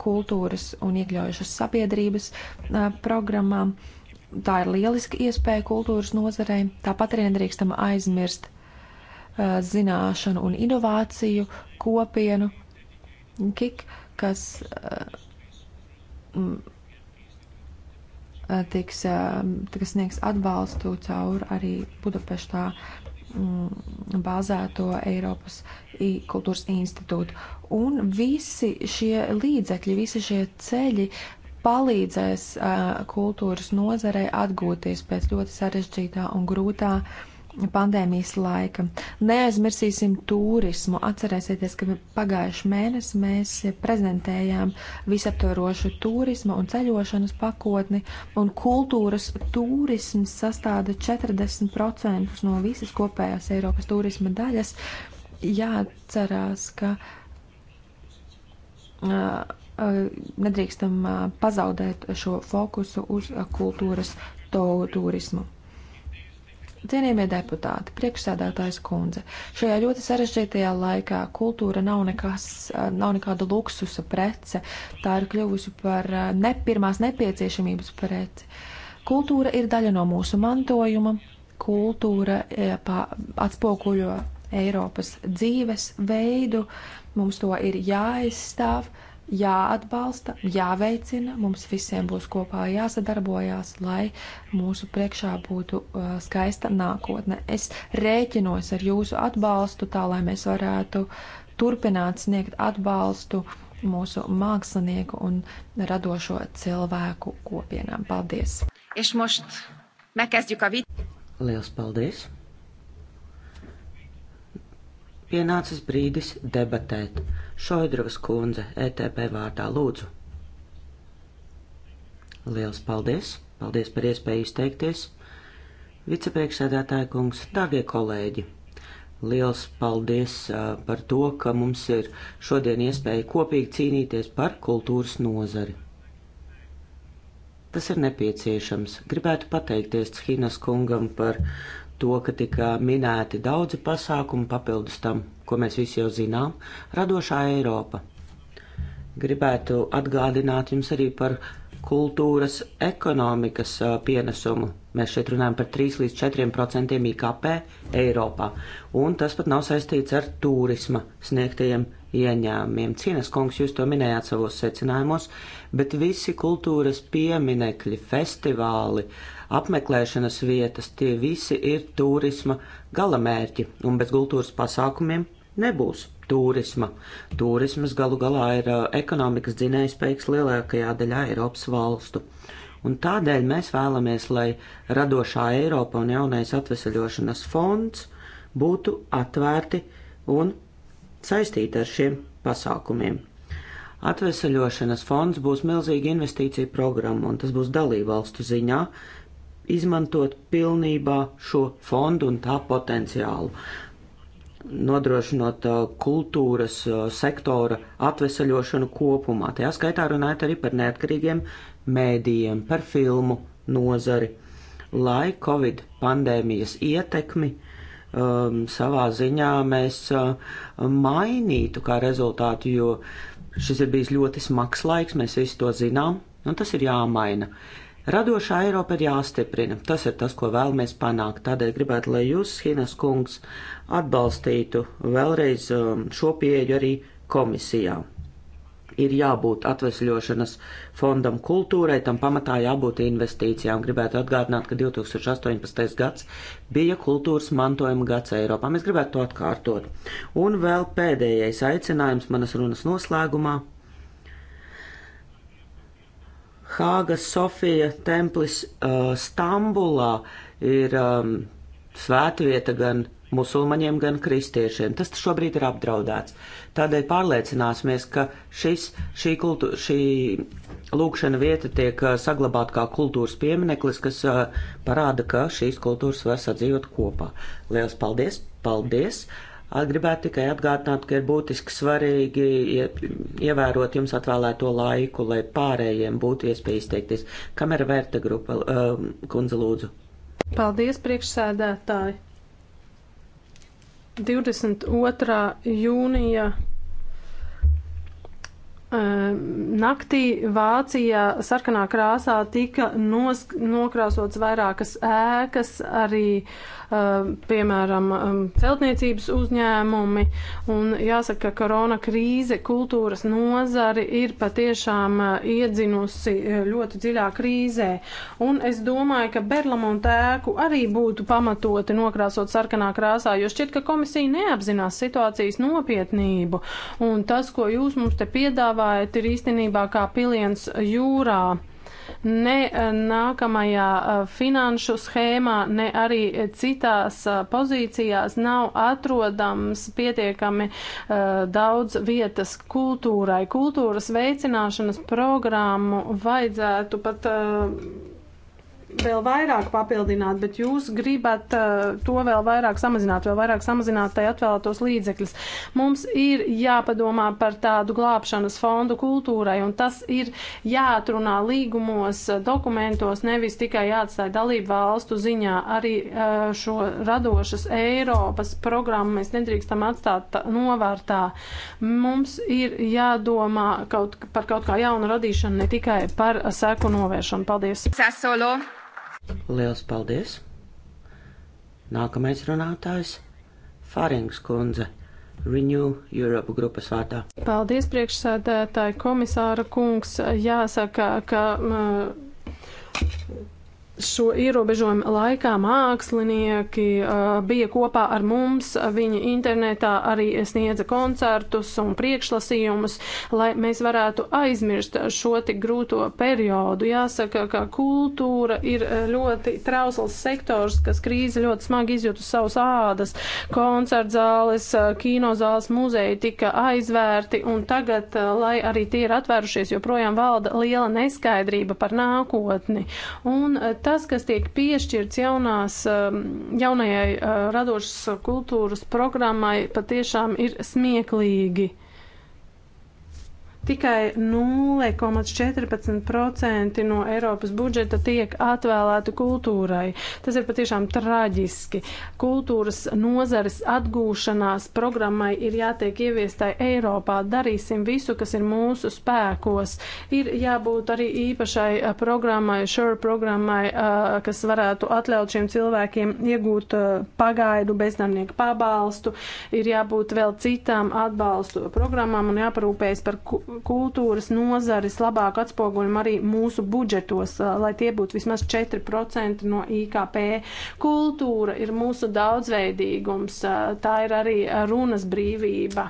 kultūras un iekļaujušas sabiedrības programmām. Tā ir lieliska iespēja kultūras nozarei. Tāpat arī nedrīkstam aizmirst zināšanu un inovāciju kopienu, kik, kas tiks, tiks sniegs atbalstu caur arī Budapeštā Mm, bāzēto Eiropas kultūras institūtu. Un visi šie līdzekļi, visi šie ceļi palīdzēs kultūras nozarei atgūties pēc ļoti sarežģītā un grūtā uh, pandēmijas laika. Neaizmirsīsim turismu. Atcerēsieties, ka pagājuši mēnesi mēs prezentējām visaptvarošu turisma un ceļošanas pakotni, un kultūras turisms sastāda 40% no visas kopējās Eiropas turisma daļas. Jāatcerās, ka. Uh, nedrīkstam pazaudēt šo fokusu uz kultūras to, turismu. Cienījamie deputāti, priekšsēdētājs kundze, šajā ļoti sarežģītajā laikā kultūra nav, nekas, eh, nav nekāda luksusa prece, tā ir kļuvusi par eh, ne pirmās nepieciešamības preci. Kultūra ir daļa no mūsu mantojuma, kultūra eh, atspoguļo Eiropas dzīves veidu, mums to ir jāizstāv. Uh, jāatbalsta, jāveicina, mums visiem būs kopā jāsadarbojās, lai mūsu priekšā būtu uh, skaista nākotne. Es rēķinos ar jūsu atbalstu tā, lai mēs varētu turpināt sniegt atbalstu mūsu mākslinieku un radošo cilvēku kopienām. Paldies! Liels paldies! Pienācis brīdis debatēt. Šoidrovas kundze, ETP vārdā lūdzu. Liels paldies! Paldies par iespēju izteikties! Vicepriekšsēdētāja kungs, dārgie kolēģi! Liels paldies uh, par to, ka mums ir šodien iespēja kopīgi cīnīties par kultūras nozari. Tas ir nepieciešams. Gribētu pateikties Hinas kungam par to, ka tika minēti daudzi pasākumi papildus tam, ko mēs visi jau zinām - radošā Eiropa. Gribētu atgādināt jums arī par kultūras ekonomikas pienesumu. Mēs šeit runājam par 3 līdz 4 procentiem IKP Eiropā, un tas pat nav saistīts ar turisma sniegtajiem ieņēmumiem. Cienas kungs, jūs to minējāt savos secinājumos, bet visi kultūras pieminekļi, festivāli, apmeklēšanas vietas, tie visi ir turisma galamērķi, un bez kultūras pasākumiem nebūs turisma. Turismas galu galā ir uh, ekonomikas dzinējspēks lielākajā daļā Eiropas valstu. Un tādēļ mēs vēlamies, lai radošā Eiropa un jaunais atvesaļošanas fonds būtu atvērti un saistīti ar šiem pasākumiem. Atveseļošanas fonds būs milzīga investīcija programma, un tas būs dalībvalstu ziņā izmantot pilnībā šo fondu un tā potenciālu, nodrošinot uh, kultūras uh, sektora atveseļošanu kopumā. Tajā skaitā runājot arī par neatkarīgiem mēdījiem, par filmu nozari, lai Covid pandēmijas ietekmi um, savā ziņā mēs uh, mainītu kā rezultātu, jo šis ir bijis ļoti smags laiks, mēs visi to zinām, un nu, tas ir jāmaina. Radošā Eiropa ir jāstiprina. Tas ir tas, ko vēlamies panākt. Tādēļ gribētu, lai jūs, Hinas kungs, atbalstītu vēlreiz um, šo pieeju arī komisijā ir jābūt atvesļošanas fondam kultūrai, tam pamatā jābūt investīcijām. Gribētu atgādināt, ka 2018. gads bija kultūras mantojuma gads Eiropā. Mēs gribētu to atkārtot. Un vēl pēdējais aicinājums manas runas noslēgumā. Hāgas, Sofija, templis uh, Stambulā ir um, svētvieta gan musulmaņiem, gan kristiešiem. Tas šobrīd ir apdraudēts. Tādēļ pārliecināsimies, ka šis, šī, kultu, šī lūkšana vieta tiek saglabāta kā kultūras piemineklis, kas parāda, ka šīs kultūras var sadzīvot kopā. Lielas paldies! Paldies! Gribētu tikai atgādināt, ka ir būtiski svarīgi ievērot jums atvēlēto laiku, lai pārējiem būtu iespēja izteikties. Kamera vērta grupa, kundze lūdzu. Paldies, priekšsēdētāji! 22. jūnija Ehm, naktī Vācijā sarkanā krāsā tika nos, nokrāsots vairākas ēkas, arī, ehm, piemēram, ehm, celtniecības uzņēmumi, un jāsaka, ka korona krīze kultūras nozari ir patiešām iedzinusi ļoti dziļā krīzē, un es domāju, ka Berlamonta ēku arī būtu pamatoti nokrāsot sarkanā krāsā, jo šķiet, ka komisija neapzinās situācijas nopietnību, un tas, ko jūs mums te piedāvājat, piedāvājat, ir īstenībā kā piliens jūrā ne eh, nākamajā eh, finanšu schēmā, ne arī citās eh, pozīcijās nav atrodams pietiekami uh, daudz vietas kultūrai. Kultūras veicināšanas programmu vajadzētu pat. Uh, vēl vairāk papildināt, bet jūs gribat uh, to vēl vairāk samazināt, vēl vairāk samazināt tai atvēlētos līdzekļus. Mums ir jāpadomā par tādu glābšanas fondu kultūrai, un tas ir jāatrunā līgumos, dokumentos, nevis tikai jāatstāja dalību valstu ziņā. Arī uh, šo radošas Eiropas programmu mēs nedrīkstam atstāt novārtā. Mums ir jādomā kaut, par kaut kā jaunu radīšanu, ne tikai par seku novēršanu. Paldies! Sasolo. Liels paldies! Nākamais runātājs - Fārings kundze. Renew Europe grupas vārdā. Paldies, priekšsēdētāji, komisāra kungs. Jāsaka, ka. Uh, šo ierobežojumu laikā mākslinieki uh, bija kopā ar mums, viņi internetā arī sniedza koncertus un priekšlasījumus, lai mēs varētu aizmirst šo tik grūto periodu. Jāsaka, ka kultūra ir uh, ļoti trausls sektors, kas krīze ļoti smagi izjūt uz savas ādas. Koncertzāles, uh, kinozāles, muzeji tika aizvērti un tagad, uh, lai arī tie ir atvērušies, joprojām valda liela neskaidrība par nākotni. Un Tas, kas tiek piešķirts jaunās, um, jaunajai uh, radošas kultūras programmai, patiešām ir smieklīgi. Tikai 0,14% no Eiropas budžeta tiek atvēlēta kultūrai. Tas ir patiešām traģiski. Kultūras nozares atgūšanās programmai ir jātiek ieviestai Eiropā. Darīsim visu, kas ir mūsu spēkos. Ir jābūt arī īpašai programmai, sure programmai, kas varētu atļaut šiem cilvēkiem iegūt pagaidu bezdarbnieku pabalstu. Ir jābūt vēl citām atbalstu programmām un jāparūpējas par kultūras nozares labāk atspoguļam arī mūsu budžetos, lai tie būtu vismaz 4% no IKP. Kultūra ir mūsu daudzveidīgums, tā ir arī runas brīvība.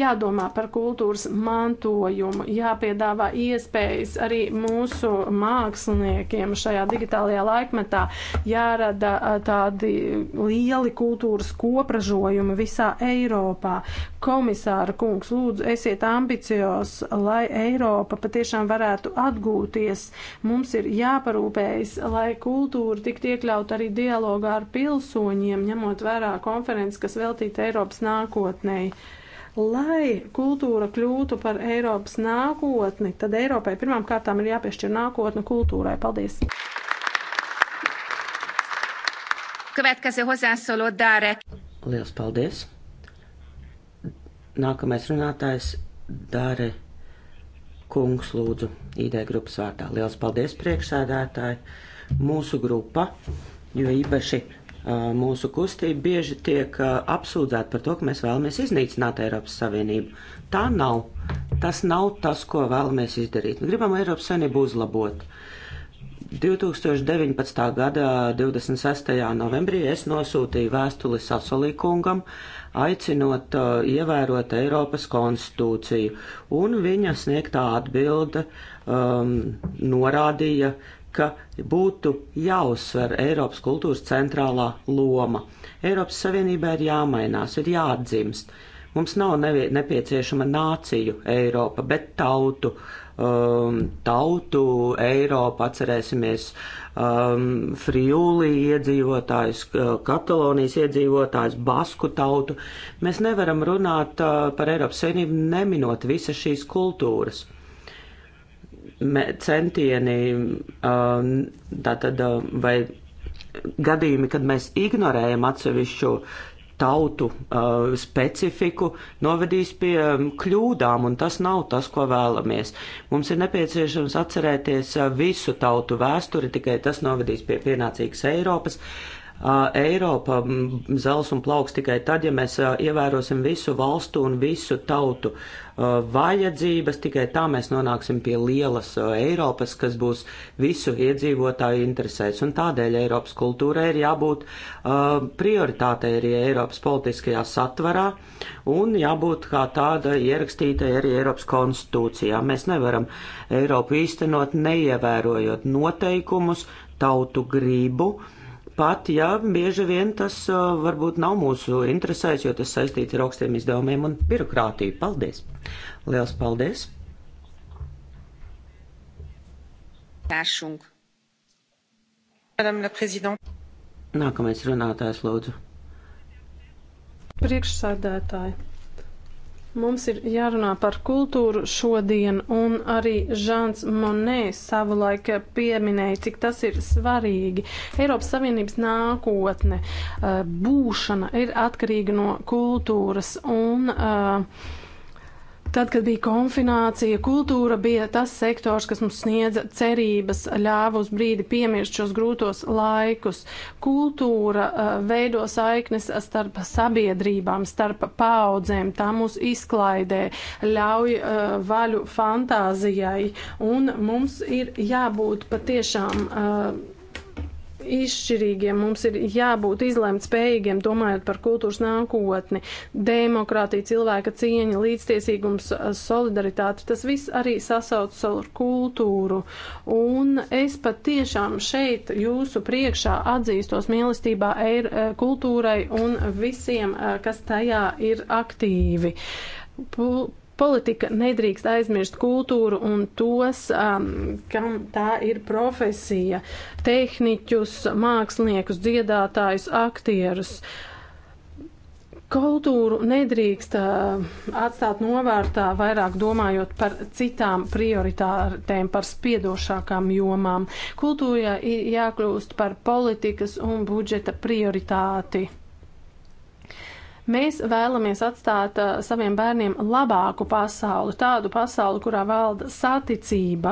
Jādomā par kultūras mantojumu, jāpiedāvā iespējas arī mūsu māksliniekiem šajā digitālajā laikmetā, jārada tādi lieli kultūras kopražojumi visā Eiropā. Komisāra kungs, lūdzu, esiet ambicios, lai Eiropa patiešām varētu atgūties. Mums ir jāparūpējas, lai kultūra tiktu iekļaut arī dialogā ar pilsoņiem, ņemot vērā konferences, kas veltīta Eiropas nākotnēji. Lai kultūra kļūtu par Eiropas nākotni, tad Eiropai pirmām kārtām ir jāpiešķir nākotne kultūrai. Paldies! Következő hozzászóló Dáre. Liels paldies! Nākamais runātājs Dāre kungs lūdzu ID grupas vārdā. Liels paldies priekšsēdētāji! Mūsu grupa, jo īpaši Eh, mūsu kustība bieži tiek eh, apsūdzēta par to, ka mēs vēlamies iznīcināt Eiropas Savienību. Tā nav. Tas nav tas, ko vēlamies izdarīt. Mēs nu, gribam Eiropas Savienību uzlabot. 2019. gada 26. novembrī es nosūtīju vēstuli Sasolīkungam, aicinot uh, ievērot Eiropas konstitūciju, un viņa sniegtā atbilde um, norādīja uh, ka būtu jāuzsver Eiropas kultūras centrālā loma. Eiropas Savienībā ir jāmainās, ir jāatdzimst. Mums nav nepieciešama nāciju Eiropa, bet tautu, um, tautu Eiropa, atcerēsimies um, Friulī iedzīvotājs, uh, Katalonijas iedzīvotājs, Basku tautu. Mēs nevaram runāt uh, par Eiropas Savienību neminot visas šīs kultūras centieni, um, tātad, uh, vai gadījumi, kad mēs ignorējam atsevišķu tautu uh, specifiku novedīs pie um, kļūdām, un tas nav tas, ko vēlamies. Mums ir nepieciešams atcerēties uh, visu tautu vēsturi, tikai tas novedīs pie pienācīgas Eiropas. Uh, Eiropa zels un plauks tikai tad, ja mēs ievērosim visu valstu un visu tautu vajadzības, tikai tā mēs nonāksim pie lielas Eiropas, kas būs visu iedzīvotāju interesēs. Un tādēļ Eiropas kultūrai ir jābūt prioritātei arī Eiropas politiskajā satvarā un jābūt kā tāda ierakstītai arī Eiropas konstitūcijā. Mēs nevaram Eiropu īstenot, neievērojot noteikumus, tautu gribu, uh, pat, ja bieži vien tas uh, varbūt nav mūsu interesēs, jo tas saistīts ar augstiem izdevumiem un birokrātiju. Paldies! Liels paldies! Tāšung. Madame la Présidente. Nākamais runātājs lūdzu. Priekšsēdētāji. Mums ir jārunā par kultūru šodien, un arī Žants Monē savulaik pieminēja, cik tas ir svarīgi. Eiropas Savienības nākotne, būšana ir atkarīga no kultūras, un uh, Tad, kad bija konfinācija, kultūra bija tas sektors, kas mums sniedza cerības, ļāva uz brīdi piemirst šos grūtos laikus. Kultūra eh, veido saiknes starp sabiedrībām, starp paudzēm, tā mūs izklaidē, ļauj eh, vaļu fantāzijai, un mums ir jābūt patiešām eh, izšķirīgiem, mums ir jābūt izlēmt spējīgiem, domājot par kultūras nākotni, demokrātija, cilvēka cieņa, līdztiesīgums, solidaritāte, tas viss arī sasaucas ar kultūru. Un es pat tiešām šeit jūsu priekšā atzīstos mīlestībā eir, eh, kultūrai un visiem, eh, kas tajā ir aktīvi. P Politika nedrīkst aizmirst kultūru un tos, um, kam tā ir profesija - tehniķus, māksliniekus, dziedātājus, aktierus. Kultūru nedrīkst uh, atstāt novārtā, vairāk domājot par citām prioritātēm, par spiedošākām jomām. Kultūrai ir jākļūst par politikas un budžeta prioritāti. Mēs vēlamies atstāt uh, saviem bērniem labāku pasauli, tādu pasauli, kurā valda saticība,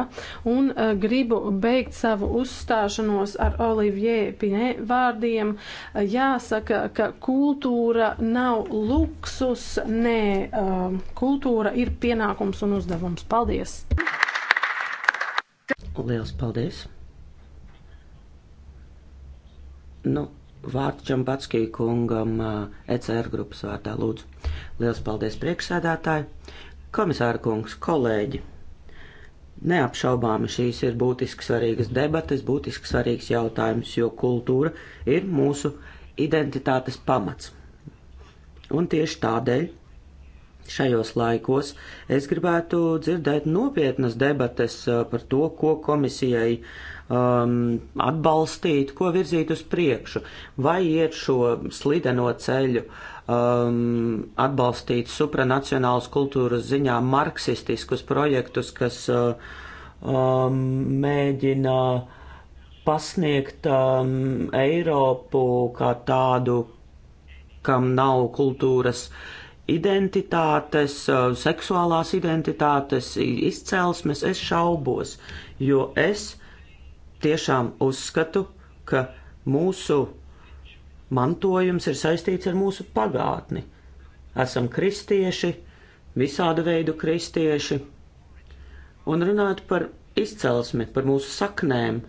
un uh, gribu beigt savu uzstāšanos ar Olivier Pinē vārdiem. Uh, jāsaka, ka kultūra nav luksus, nē, uh, kultūra ir pienākums un uzdevums. Paldies! Liels paldies! Nu, vārds Čambatskī kungam ECR grupas vārdā lūdzu. Liels paldies priekšsēdētāji, komisāra kungs, kolēģi. Neapšaubāmi šīs ir būtiski svarīgas debates, būtiski svarīgs jautājums, jo kultūra ir mūsu identitātes pamats. Un tieši tādēļ Šajos laikos es gribētu dzirdēt nopietnas debates par to, ko komisijai um, atbalstīt, ko virzīt uz priekšu, vai iet šo slideno ceļu, um, atbalstīt supranacionālas kultūras ziņā marksistiskus projektus, kas uh, um, mēģina pasniegt um, Eiropu kā tādu, kam nav kultūras identitātes, uh, seksuālās identitātes, izcelsmes, es šaubos, jo es tiešām uzskatu, ka mūsu mantojums ir saistīts ar mūsu pagātni. Esam kristieši, visāda veidu kristieši, un runāt par izcelsmi, par mūsu saknēm.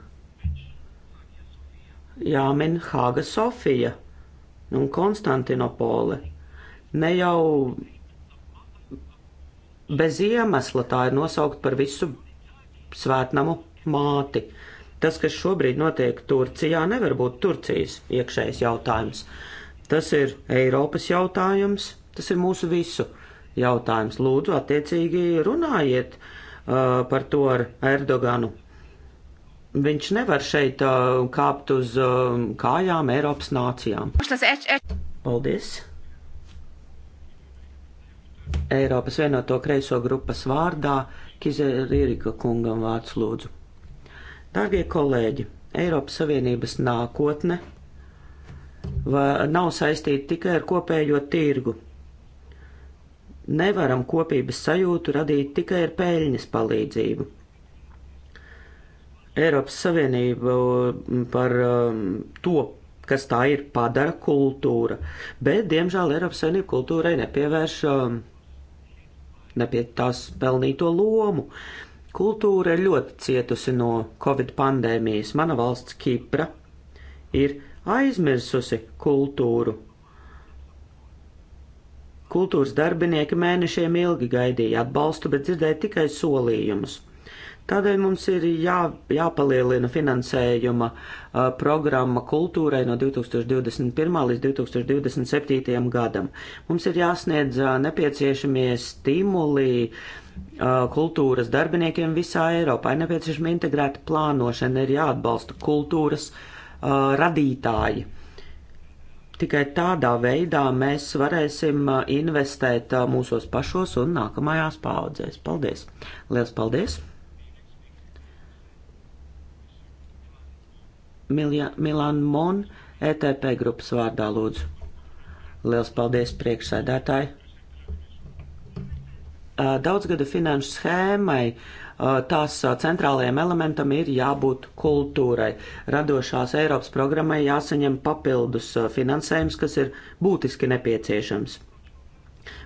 Jāmin Hāga Sofija un Konstantinopole. Ne jau bez iemesla tā ir nosaukt par visu svētnamu māti. Tas, kas šobrīd notiek Turcijā, nevar būt Turcijas iekšējs jautājums. Tas ir Eiropas jautājums, tas ir mūsu visu jautājums. Lūdzu, attiecīgi runājiet uh, par to ar Erdoganu. Viņš nevar šeit uh, kāpt uz uh, kājām Eiropas nācijām. Paldies! Eiropas vienoto kreiso grupas vārdā Kizerīrika kungam vārds lūdzu. Dārgie kolēģi, Eiropas Savienības nākotne nav saistīta tikai ar kopējo tirgu. Nevaram kopības sajūtu radīt tikai ar peļņas palīdzību. Eiropas Savienība par to, kas tā ir, padara kultūra, bet, diemžēl, Eiropas Savienība kultūrai nepievērš nepie tās pelnīto lomu. Uh, Kultūra ir ļoti cietusi no Covid pandēmijas. Mana valsts Kipra ir aizmirsusi kultūru. Kultūras darbinieki mēnešiem ilgi gaidīja atbalstu, bet dzirdēja tikai solījumus – Tādēļ mums ir jā, jāpalielina finansējuma uh, programma kultūrai no 2021. līdz 2027. gadam. Mums ir jāsniedz uh, nepieciešamie stimuli uh, kultūras darbiniekiem visā Eiropā. Ir nepieciešama integrēta plānošana, ir jāatbalsta kultūras uh, radītāji. Tikai tādā veidā mēs varēsim uh, investēt uh, mūsos pašos un nākamajās paudzēs. Paldies! Lielas paldies! Milan Mon, ETP grupas vārdā lūdzu. Liels paldies priekšsēdētāji. Daudzgada finanšu schēmai tās centrālajiem elementam ir jābūt kultūrai. Radošās Eiropas programmai jāsaņem papildus finansējums, kas ir būtiski nepieciešams.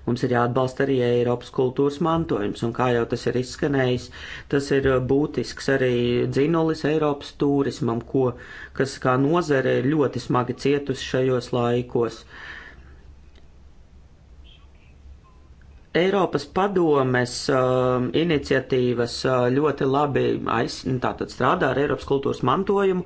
Mums ir jāatbalsta arī Eiropas kultūras mantojums, un kā jau tas ir izskanējis, tas ir būtisks arī dzinulis Eiropas turismam, ko, kas kā nozare ir ļoti smagi cietusi šajos laikos. Uh, Eiropas padomes uh, iniciatīvas uh, ļoti labi aiz, nu, tātad strādā ar Eiropas kultūras mantojumu,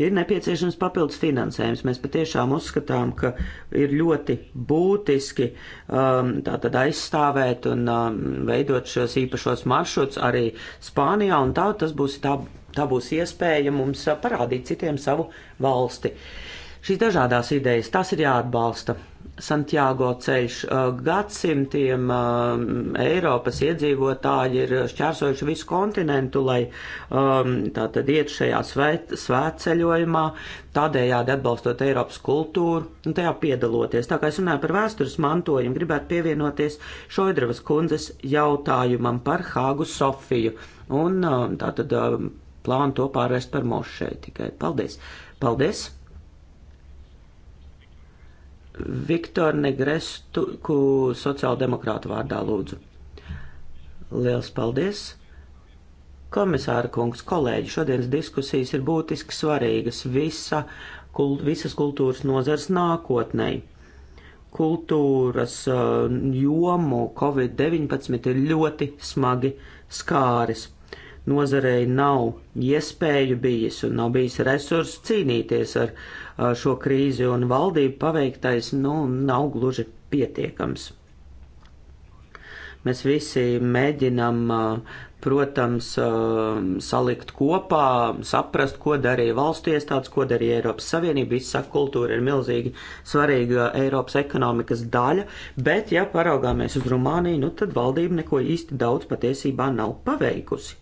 ir nepieciešams papildus finansējums. Mēs patiešām uzskatām, ka ir ļoti būtiski um, tātad aizstāvēt un um, veidot šos īpašos maršruts arī Spānijā, un tā tas būs, tā, tā būs iespēja mums uh, parādīt citiem savu valsti. Šīs dažādās idejas, tas ir jāatbalsta. Santiago ceļš uh, gadsimtiem uh, Eiropas iedzīvotāji ir šķērsojuši visu kontinentu, lai um, tātad iet šajā svētceļojumā, tādējādi atbalstot Eiropas kultūru un tajā piedaloties. Tā kā es runāju par vēstures mantojumu, gribētu pievienoties Šoidravas kundzes jautājumam par Hāgu Sofiju un uh, tātad plānu to pārvest par mūsu šeit tikai. Paldies! Paldies! Viktor Negrestu, ku sociāldemokrātu vārdā lūdzu. Liels paldies! Komisāra kungs, kolēģi, šodienas diskusijas ir būtiski svarīgas visa, kul, visas kultūras nozars nākotnei. Kultūras uh, jomu Covid-19 ir ļoti smagi skāris. Nozarei nav iespēju bijis un nav bijis resursu cīnīties ar uh, šo krīzi, un valdību paveiktais nu, nav gluži pietiekams. Mēs visi mēģinam, protams, salikt kopā, saprast, ko darīja valsts iestādes, ko darīja Eiropas Savienība. Visa kultūra ir milzīgi svarīga Eiropas ekonomikas daļa, bet, ja paraugāmies uz Rumāniju, nu tad valdība neko īsti daudz patiesībā nav paveikusi.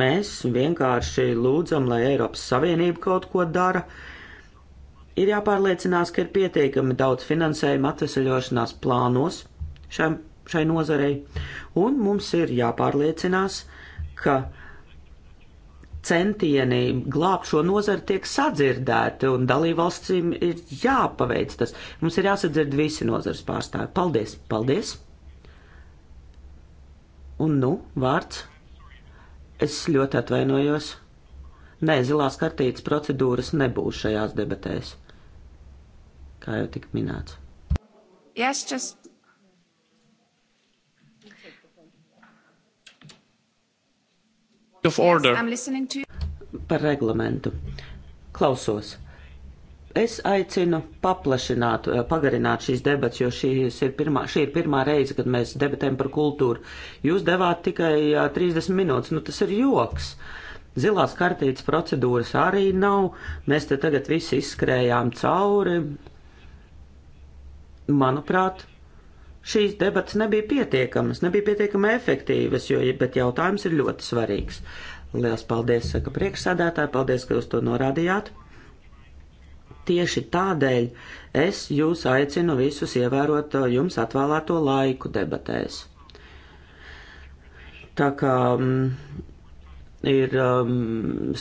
Mēs vienkārši lūdzam, lai Eiropas Savienība kaut ko dara. Ir jāpārliecinās, ka ir pietiekami daudz finansējuma atvesaļošanās plānos šai, šai nozarei, un mums ir jāpārliecinās, ka centieni glābt šo nozari tiek sadzirdēti, un dalībvalstīm ir jāpaveic tas. Mums ir jāsadzird visi nozares pārstāvji. Paldies! Paldies! Un nu, vārds Es ļoti atvainojos. Nē, zilās kartītes procedūras nebūs šajās debatēs, kā jau tika minēts. Yes, just... Par reglamentu. Klausos. Es aicinu paplašināt, eh, pagarināt šīs debats, jo šīs ir pirmā, šī ir pirmā reize, kad mēs debatēm par kultūru. Jūs devāt tikai 30 eh, minūtes, nu tas ir joks. Zilās kartītes procedūras arī nav, mēs te tagad visi izskrējām cauri. Manuprāt, šīs debatas nebija pietiekamas, nebija pietiekami efektīvas, jo, bet jautājums ir ļoti svarīgs. Liels paldies, saka priekšsādātāji, paldies, ka jūs to norādījāt. Tieši tādēļ es jūs aicinu visus ievērot uh, jums atvēlēto laiku debatēs. Tā kā mm, ir um,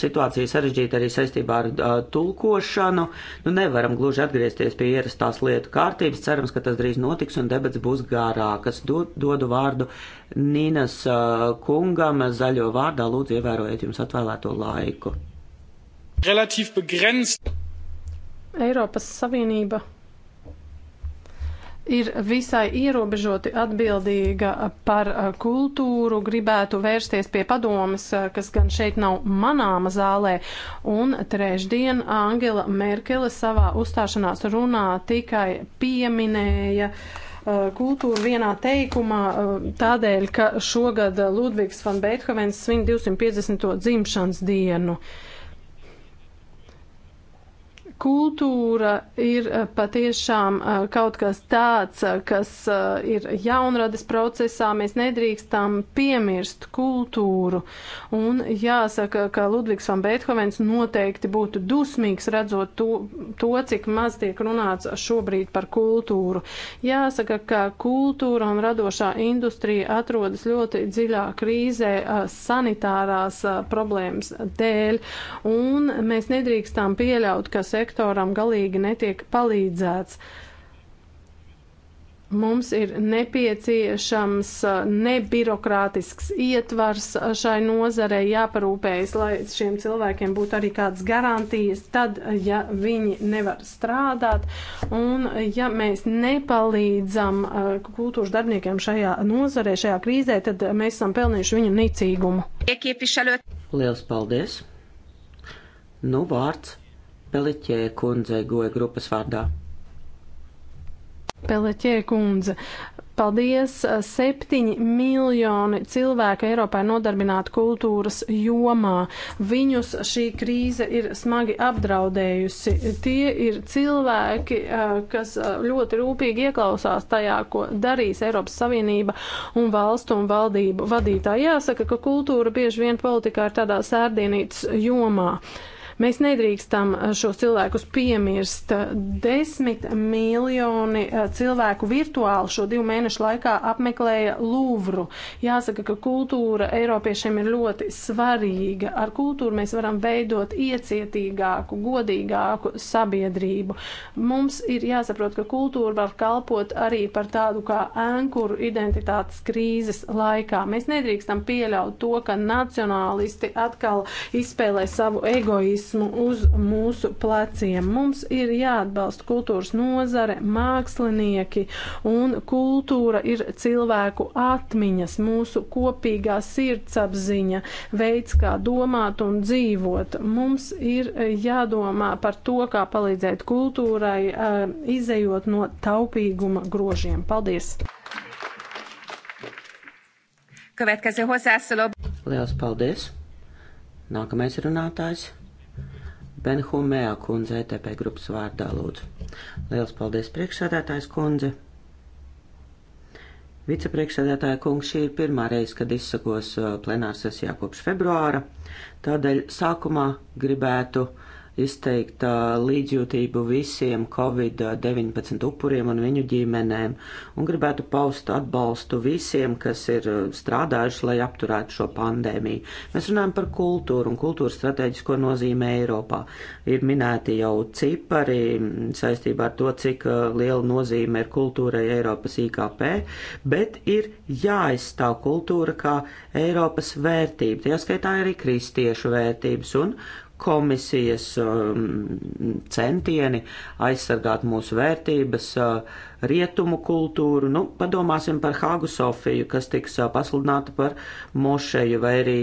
situācija sarežģīta arī saistībā ar uh, tulkošanu. Nu, nevaram gluži atgriezties pie ierastās lietu kārtības. Cerams, ka tas drīz notiks un debats būs garākas. Do, dodu vārdu Nīnas uh, kungam zaļo vārdā. Lūdzu, ievērojiet jums atvēlēto laiku. Relatīvi begrenzt. Eiropas Savienība ir visai ierobežoti atbildīga par kultūru, gribētu vērsties pie padomas, kas gan šeit nav manāma zālē. Un trešdien Angela Merkele savā uzstāšanās runā tikai pieminēja kultūru vienā teikumā tādēļ, ka šogad Ludvigs van Beethovens svin 250. dzimšanas dienu. Uh, kultūra ir eh, patiešām eh, kaut kas tāds, eh, kas ir jaunradas procesā. Mēs nedrīkstam piemirst kultūru. Un jāsaka, ka Ludvigs van Beethovens noteikti būtu dusmīgs redzot to, to, cik maz tiek runāts šobrīd par kultūru. Jāsaka, ka kultūra un radošā industrija atrodas ļoti dziļā krīzē sanitārās problēmas dēļ. Un mēs nedrīkstam pieļaut, ka sekundārs sektoram galīgi netiek palīdzēts. Mums ir nepieciešams nebirokrātisks ietvars šai nozarei, jāparūpējas, lai šiem cilvēkiem būtu arī kādas garantijas, tad, ja viņi nevar strādāt, un ja mēs nepalīdzam kultūras darbiniekiem šajā nozarē, šajā krīzē, tad mēs esam pelnījuši viņu nicīgumu. Liels paldies! Nu, vārds Peliķē kundzei goja grupas vārdā. Peleķē kundze. Paldies! Septiņi miljoni cilvēku Eiropā ir nodarbināti kultūras jomā. Viņus šī krīze ir smagi apdraudējusi. Tie ir cilvēki, eh, kas eh, ļoti rūpīgi ieklausās tajā, ko darīs Eiropas Savienība un valstu un valdību vadītāji. Jāsaka, ka kultūra bieži vien politikā ir tādā sērdienītas jomā. Uh, Mēs nedrīkstam eh, šos cilvēkus piemirst. Desmit miljoni eh, cilvēku virtuāli šo divu mēnešu laikā apmeklēja Lūvru. Jāsaka, ka kultūra Eiropiešiem ir ļoti svarīga. Ar kultūru mēs varam veidot iecietīgāku, godīgāku sabiedrību. Mums ir jāsaprot, ka kultūra var kalpot arī par tādu kā ēnkuru identitātes krīzes laikā. Mēs nedrīkstam pieļaut to, ka nacionālisti atkal izspēlē savu egoismu terorismu uz mūsu pleciem. Mums ir jāatbalsta kultūras nozare, mākslinieki, un kultūra ir cilvēku atmiņas, mūsu kopīgā sirdsapziņa, veids, kā domāt un dzīvot. Mums ir jādomā par to, kā palīdzēt kultūrai, eh, izējot no taupīguma grožiem. Paldies! Következő hozzászóló. Liels paldies! Nākamais runātājs Benhumea kundze ETP grupas vārdā lūdzu. Liels paldies priekšsēdētājs kundze. Vicepriekšsēdētāja kungs, šī ir pirmā reize, kad izsakos uh, plenārsesijā kopš februāra, tādēļ sākumā gribētu uh, izteikt līdzjūtību visiem Covid-19 upuriem un viņu ģimenēm un gribētu paust atbalstu visiem, kas ir uh, strādājuši, lai apturētu šo pandēmiju. Mēs runājam par kultūru un kultūras strateģisko nozīmē Eiropā. Ir minēti jau cipari saistībā ar to, cik uh, liela nozīme ir kultūrai Eiropas IKP, bet ir jāizstāv kultūra kā Eiropas vērtība, tie skaitā arī kristiešu vērtības un komisijas um, centieni aizsargāt mūsu vērtības, uh, rietumu kultūru. Nu, padomāsim par Hāgu Sofiju, kas tiks pasludināta par mošeju, vai arī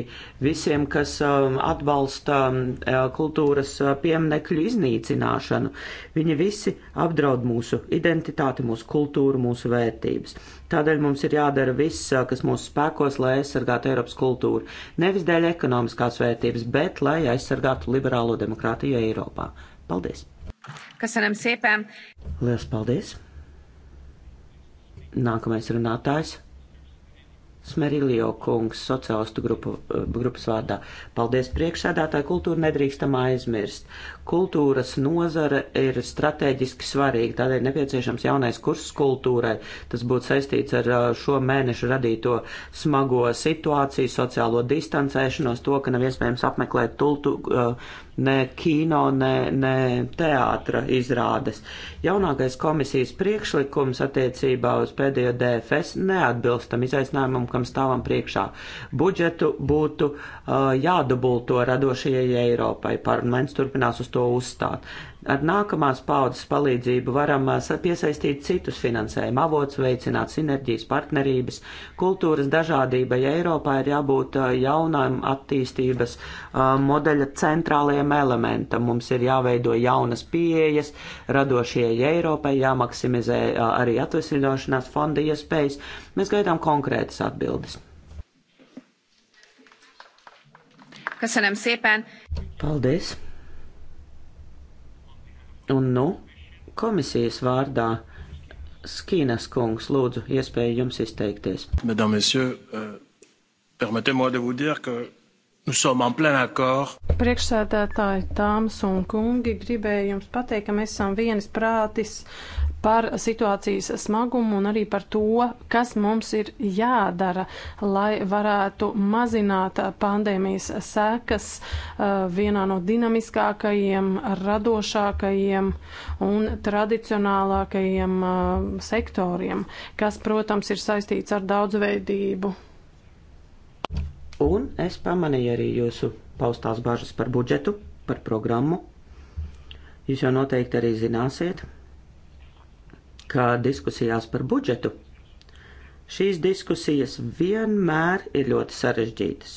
visiem, kas atbalsta kultūras pieminekļu iznīcināšanu. Viņi visi apdraud mūsu identitāti, mūsu kultūru, mūsu vērtības. Tādēļ mums ir jādara viss, kas mūsu spēkos, lai aizsargātu Eiropas kultūru. Nevis dēļ ekonomiskās vērtības, bet lai aizsargātu liberālo demokrātiju Eiropā. Paldies! Köszönöm szépen! Lielas paldies! Nākamais runātājs - Smerilio kungs, sociālistu grupu, grupas vārdā. Paldies priekšsēdātāji, kultūru nedrīkstam aizmirst. Kultūras nozara ir strateģiski svarīga, tādēļ nepieciešams jaunais kurs kultūrai. Tas būtu saistīts ar šo mēnešu radīto smago situāciju, sociālo distancēšanos, to, ka nav iespējams apmeklēt tultu. Uh, ne kino, ne, ne teātra izrādes. Jaunākais komisijas priekšlikums attiecībā uz pēdējo DFS neatbilstam izaicinājumam, kam stāvam priekšā. Budžetu būtu uh, jādubulto radošajai Eiropai. Parlaments turpinās uz to uzstāt ar nākamās paudzes palīdzību varam piesaistīt citus finansējuma avots, veicināt sinerģijas partnerības. Kultūras dažādībai Eiropā ir jābūt jaunam attīstības modeļa centrālajiem elementam. Mums ir jāveido jaunas pieejas, radošie Eiropai, jāmaksimizē arī atvesinošanās fonda iespējas. Mēs gaidām konkrētas atbildes. Köszönöm szépen! Paldies! Un nu, komisijas vārdā Skīnas kungs, lūdzu, iespēju jums izteikties. Mesdames, messieurs, euh, permettez-moi de vous dire que nous sommes en plein accord. Priekšsēdētāji, dāmas un kungi, gribēju jums pateikt, ka mēs esam vienas prātis par situācijas smagumu un arī par to, kas mums ir jādara, lai varētu mazināt pandēmijas sekas uh, vienā no dinamiskākajiem, radošākajiem un tradicionālākajiem uh, sektoriem, kas, protams, ir saistīts ar daudzveidību. Un es pamanīju arī jūsu paustās bažas par budžetu, par programmu. Jūs jau noteikti arī zināsiet, ka diskusijās par budžetu šīs diskusijas vienmēr ir ļoti sarežģītas,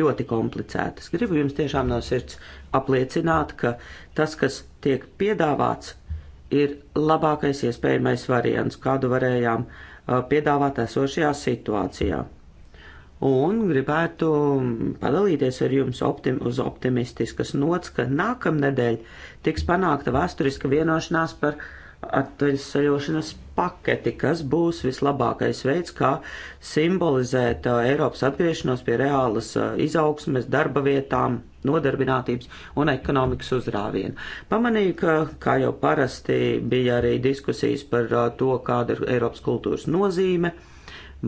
ļoti komplicētas. Gribu jums tiešām no sirds apliecināt, ka tas, kas tiek piedāvāts, ir labākais iespējamais variants, kādu varējām uh, piedāvāt esošajā situācijā. Un gribētu padalīties ar jums optim, uz optimistiskas nots, ka nākamnedēļ tiks panākta vēsturiska vienošanās par uh, atveļošanas paketi, kas būs vislabākais veids, kā simbolizēt uh, Eiropas atgriešanos pie reālas uh, izaugsmes, darba vietām, nodarbinātības un ekonomikas uzrāvienu. Pamanīju, ka, kā jau parasti, bija arī diskusijas par uh, to, kāda ir Eiropas kultūras nozīme.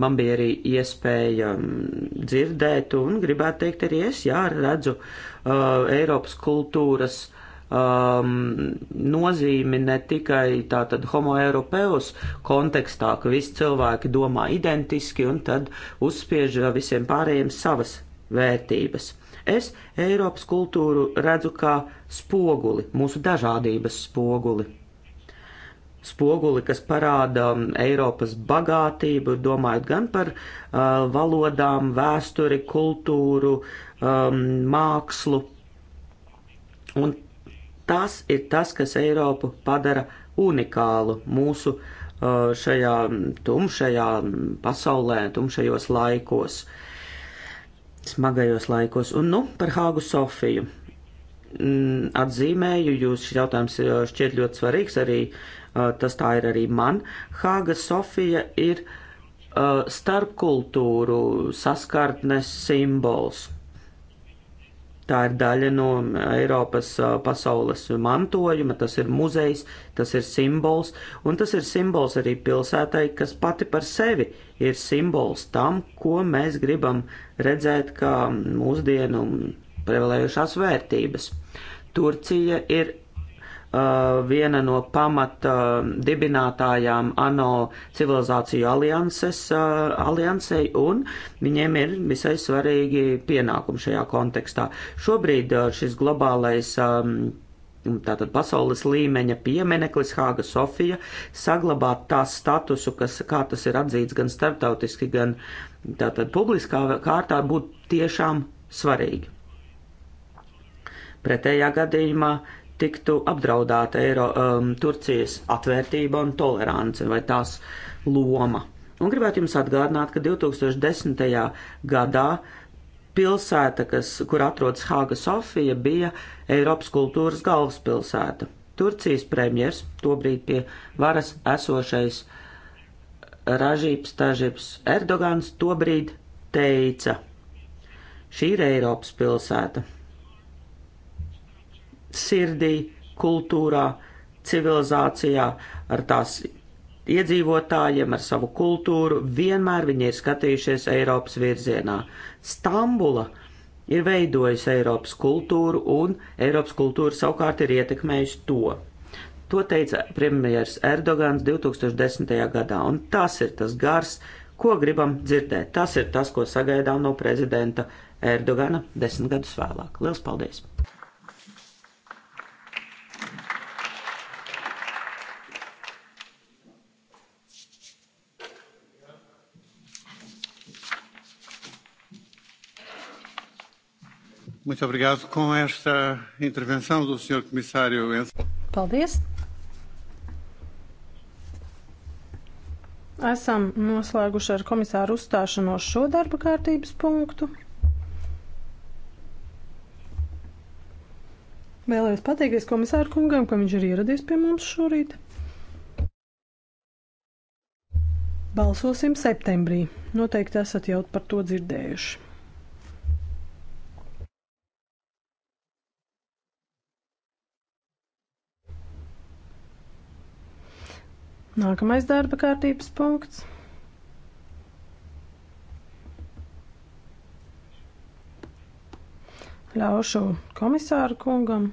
Man bija arī iespēja um, dzirdēt, un gribētu teikt, arī es jā, redzu uh, Eiropas kultūras um, nozīmi ne tikai tātad homo eiropeus kontekstā, ka visi cilvēki domā identiski un tad uzspiež uh, visiem pārējiem savas vērtības. Es Eiropas kultūru redzu kā spoguli, mūsu dažādības spoguli. Spoguli, kas parāda um, Eiropas bagātību, domājot gan par uh, valodām, vēsturi, kultūru, um, mākslu, Un Tas ir tas, kas Eiropu padara unikālu mūsu uh, šajā tumšajā pasaulē, tumšajos laikos, smagajos laikos. Un nu par Hāgu Sofiju. Mm, atzīmēju, jūs šis jautājums uh, šķiet ļoti svarīgs, arī uh, tas tā ir arī man. Hāga Sofija ir starpkultūru saskartnes simbols. Tā ir daļa no uh, Eiropas uh, pasaules mantojuma, tas ir muzejs, tas ir simbols, un tas ir simbols arī pilsētai, kas pati par sevi ir simbols tam, ko mēs gribam redzēt kā mūsdienu prevalējušās vērtības. Turcija ir Uh, viena no pamata dibinātājām ANO civilizāciju alianses, uh, aliansei, un viņiem ir visai svarīgi pienākumi šajā kontekstā. Šobrīd uh, šis globālais um, tātad pasaules līmeņa piemineklis Hāga Sofija, saglabāt tās statusu, kas, kā tas ir atzīts gan starptautiski, gan tātad publiskā kārtā, būtu tiešām svarīgi. Pretējā gadījumā tiktu apdraudēta Eiro, um, Turcijas atvērtība un tolerance vai tās loma. Un gribētu jums atgādināt, ka 2010. gadā pilsēta, kas, kur atrodas Hāga Sofija, bija Eiropas kultūras galvaspilsēta. Turcijas premjers, tobrīd pie varas esošais Ražības Tažips Erdogans, tobrīd teica, šī ir Eiropas pilsēta, sirdī, kultūrā, civilizācijā, ar tās iedzīvotājiem, ar savu kultūru, vienmēr viņi ir skatījušies Eiropas virzienā. Stambula ir veidojusi Eiropas kultūru, un Eiropas kultūra savukārt ir ietekmējusi to. To teica premjers Erdogans 2010. gadā, un tas ir tas gars, ko gribam dzirdēt. Tas ir tas, ko sagaidām no prezidenta Erdogana desmit gadus vēlāk. Lielas paldies! Muito obrigado. Com esta intervenção do Sr. Comissário. Paldies. Esam noslēguši ar komisāru uzstāšanos šo darba kārtības punktu. Vēlējos pateikties komisāru kungam, ka viņš ir ieradies pie mums šorīt. Balsosim septembrī. Noteikti esat jau par to dzirdējuši. Nākamais darba kārtības punkts. Ļaušu komisāru kungam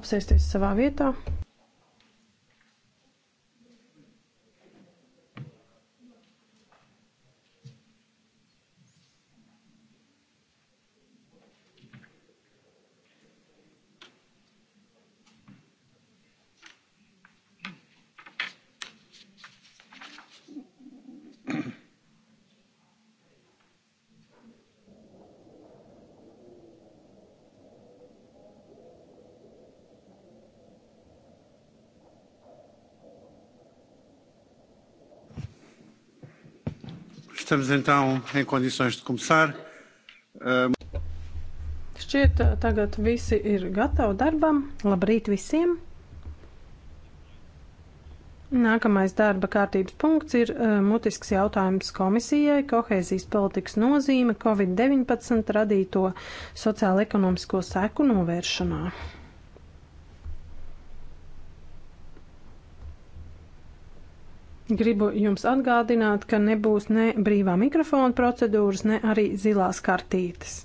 apsēsties savā vietā. Estamos então em condições de começar. Um... Šķiet, eh, tagad visi ir gatavi darbam. Labrīt visiem! Nākamais darba kārtības punkts ir uh, mutisks jautājums komisijai - kohēzijas politikas nozīme Covid-19 radīto sociāla-ekonomisko seku novēršanā. Gribu jums atgādināt, ka nebūs ne brīvā mikrofona procedūras, ne arī zilās kartītes.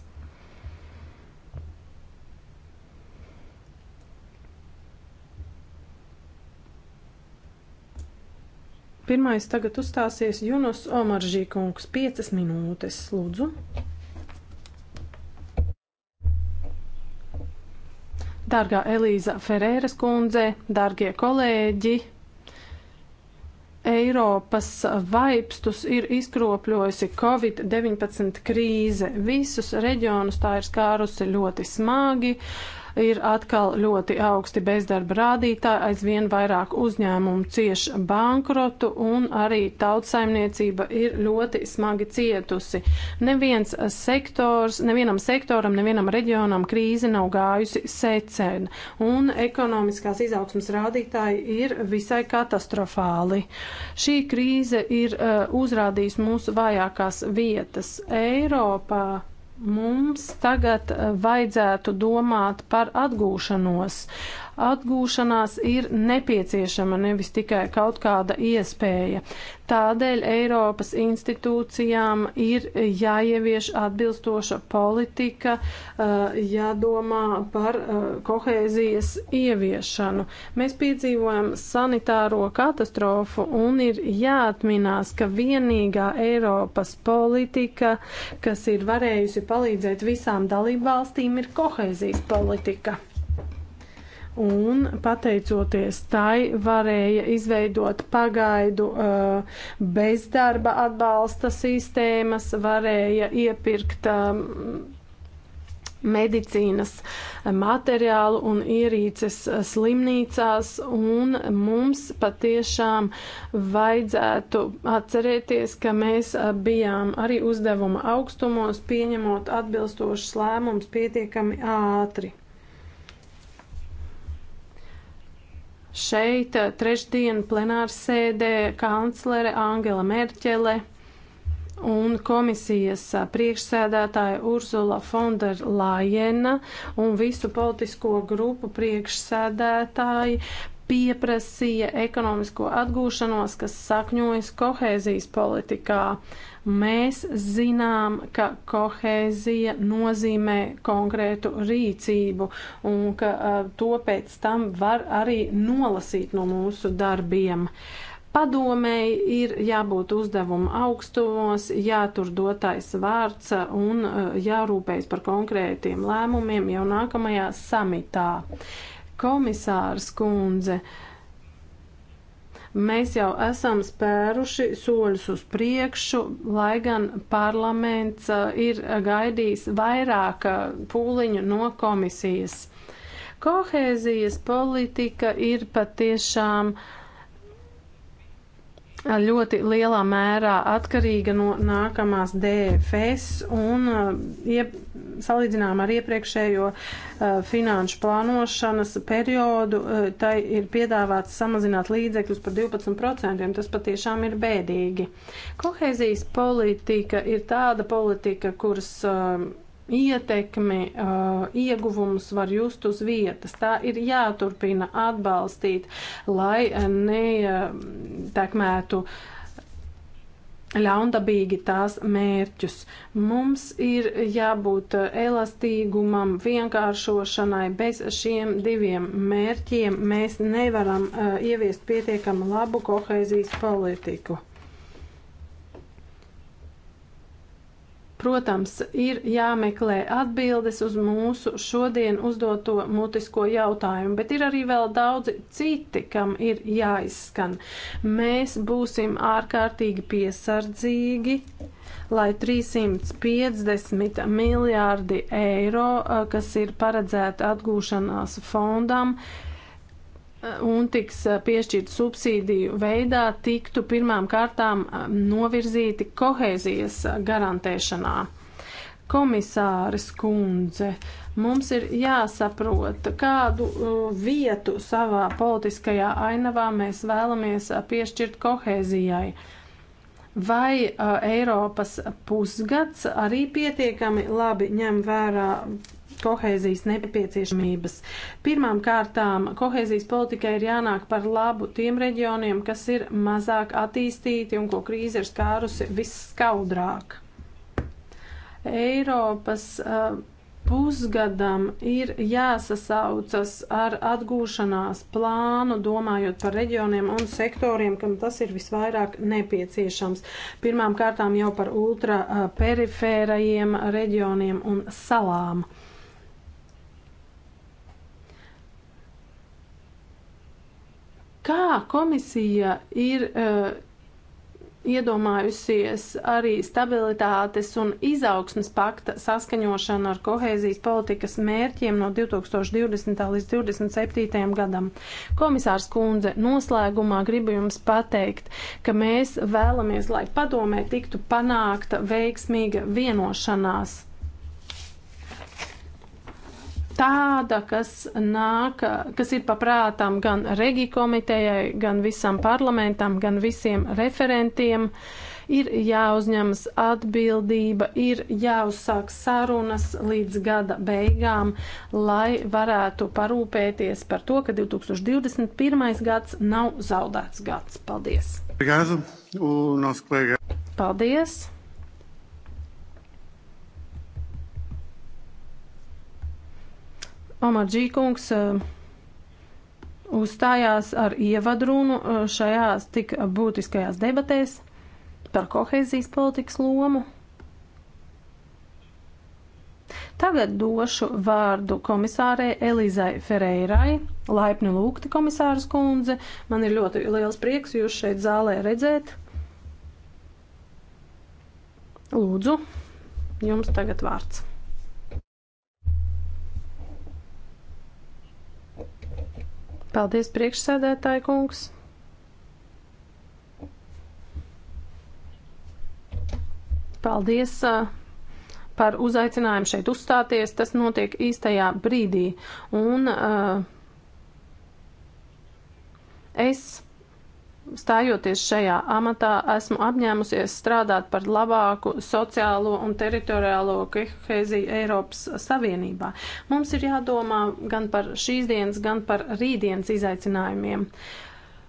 Pirmais tagad uzstāsies Junos Omaržī kungs. Piecas minūtes, lūdzu. Dārgā Elīza Ferēras kundze, dārgie kolēģi! Eiropas vaipstus ir izkropļojusi Covid-19 krīze. Visus reģionus tā ir skārusi ļoti smagi, ir atkal ļoti augsti bezdarba rādītāji, aizvien vairāk uzņēmumu cieš bankrotu un arī tautsaimniecība ir ļoti smagi cietusi. Neviens sektors, nevienam sektoram, nevienam reģionam krīze nav gājusi secēna un ekonomiskās izaugsmas rādītāji ir visai katastrofāli. Šī krīze ir uh, uzrādījusi mūsu vājākās vietas Eiropā. Mums tagad eh, vajadzētu domāt par atgūšanos atgūšanās ir nepieciešama, nevis tikai kaut kāda iespēja. Tādēļ Eiropas institūcijām ir jāievieš atbilstoša politika, eh, jādomā par eh, kohēzijas ieviešanu. Mēs piedzīvojam sanitāro katastrofu un ir jāatminās, ka vienīgā Eiropas politika, kas ir varējusi palīdzēt visām dalībvalstīm, ir kohēzijas politika un pateicoties tai varēja izveidot pagaidu uh, bezdarba atbalsta sistēmas, varēja iepirkt um, medicīnas uh, materiālu un ierīces uh, slimnīcās, un mums patiešām vajadzētu atcerēties, ka mēs uh, bijām arī uzdevuma augstumos, pieņemot atbilstošas lēmumus pietiekami ātri. Šeit eh, trešdien plenārsēdē kanclere Angela Merķele un komisijas eh, priekšsēdētāja Urzula Fonder Lajena un visu politisko grupu priekšsēdētāji pieprasīja ekonomisko atgūšanos, kas sakņojas kohēzijas politikā. Mēs zinām, ka kohēzija nozīmē konkrētu rīcību un ka to pēc tam var arī nolasīt no mūsu darbiem. Padomēji ir jābūt uzdevuma augstumos, jātur dotais vārds un jārūpējas par konkrētiem lēmumiem jau nākamajā samitā. Uh, Komisārs kundze, mēs jau esam spēruši soļus uz priekšu, lai gan parlaments uh, ir gaidījis vairāk uh, pūliņu no komisijas. Kohēzijas politika ir patiešām uh, ļoti lielā mērā atkarīga no nākamās DFS un uh, iep, salīdzinām ar iepriekšējo uh, finanšu plānošanas periodu, uh, tai ir piedāvāts samazināt līdzekļus par 12%. Tas patiešām ir bēdīgi. Kohēzijas politika ir tāda politika, kuras uh, ietekmi, uh, ieguvumus var just uz vietas. Tā ir jāturpina atbalstīt, lai netekmētu uh, uh ļaundabīgi tās mērķus. Mums ir jābūt uh, elastīgumam, vienkāršošanai. Bez šiem diviem mērķiem mēs nevaram uh, ieviest pietiekami labu kohēzijas politiku. Protams, ir jāmeklē atbildes uz mūsu šodien uzdoto mutisko jautājumu, bet ir arī vēl daudzi citi, kam ir jāizskan. Mēs būsim ārkārtīgi piesardzīgi lai 350 miljārdi eiro, eh, kas ir paredzēti atgūšanās fondam, uh, un tiks eh, piešķirt subsīdiju veidā, tiktu pirmām kārtām eh, novirzīti kohēzijas eh, garantēšanā. Komisāres kundze, mums ir jāsaprot, kādu vietu savā politiskajā ainavā mēs vēlamies piešķirt kohēzijai. Vai uh, Eiropas pusgads arī pietiekami labi ņem vērā kohēzijas nepieciešamības. Pirmām kārtām kohēzijas politikai ir jānāk par labu tiem reģioniem, kas ir mazāk attīstīti un ko krīze ir skārusi visskaudrāk. Eiropas uh, pusgadam ir jāsasaucas ar atgūšanās plānu, domājot par reģioniem un sektoriem, kam tas ir visvairāk nepieciešams. Pirmām kārtām jau par ultraperifērajiem reģioniem un salām. Uh, Kā komisija ir uh, iedomājusies arī stabilitātes un izaugsmas pakta saskaņošanu ar kohēzijas politikas mērķiem no 2020. līdz 2027. gadam. Komisārs kundze, noslēgumā gribu jums pateikt, ka mēs vēlamies, lai padomē tiktu panākta veiksmīga vienošanās tāda, kas nāk, kas ir paprātām gan regi komitejai, gan visam parlamentam, gan visiem referentiem. Ir jāuzņemas atbildība, ir jāuzsāk sarunas līdz gada beigām, lai varētu parūpēties par to, ka 2021. gads nav zaudēts gads. Paldies! Paldies! Omarģī kungs eh, uzstājās ar ievadrunu eh, šajās tik būtiskajās debatēs par kohēzijas politikas lomu. Tagad došu vārdu komisārei Elizai Ferreirai. Laipni lūgti, komisāras kundze. Man ir ļoti liels prieks jūs šeit zālē redzēt. Lūdzu, jums tagad vārds. Paldies, priekšsēdētāji kungs. Paldies uh, par uzaicinājumu šeit uzstāties. Tas notiek īstajā brīdī. Un uh, es Stājoties šajā amatā, esmu apņēmusies strādāt par labāku sociālo un teritoriālo kohēziju Eiropas Savienībā. Mums ir jādomā gan par šīs dienas, gan par rītdienas izaicinājumiem. Uh,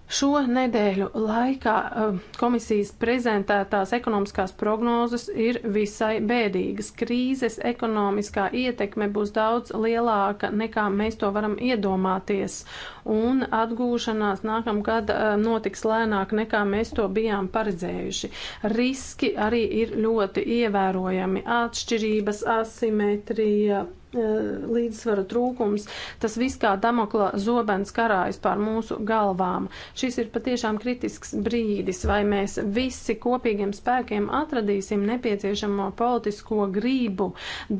Šo nedēļu laikā um, komisijas prezentētās ekonomiskās prognozes ir visai bēdīgas. Krīzes ekonomiskā ietekme būs daudz lielāka nekā mēs to varam iedomāties, un atgūšanās nākamgad um, notiks lēnāk nekā mēs to bijām paredzējuši. Riski arī ir ļoti ievērojami - atšķirības, asimetrija, E, līdzsvara trūkums, tas viss kā damokla zobens karājas pār mūsu galvām. Šis ir patiešām kritisks brīdis, vai mēs visi kopīgiem spēkiem atradīsim nepieciešamo politisko grību,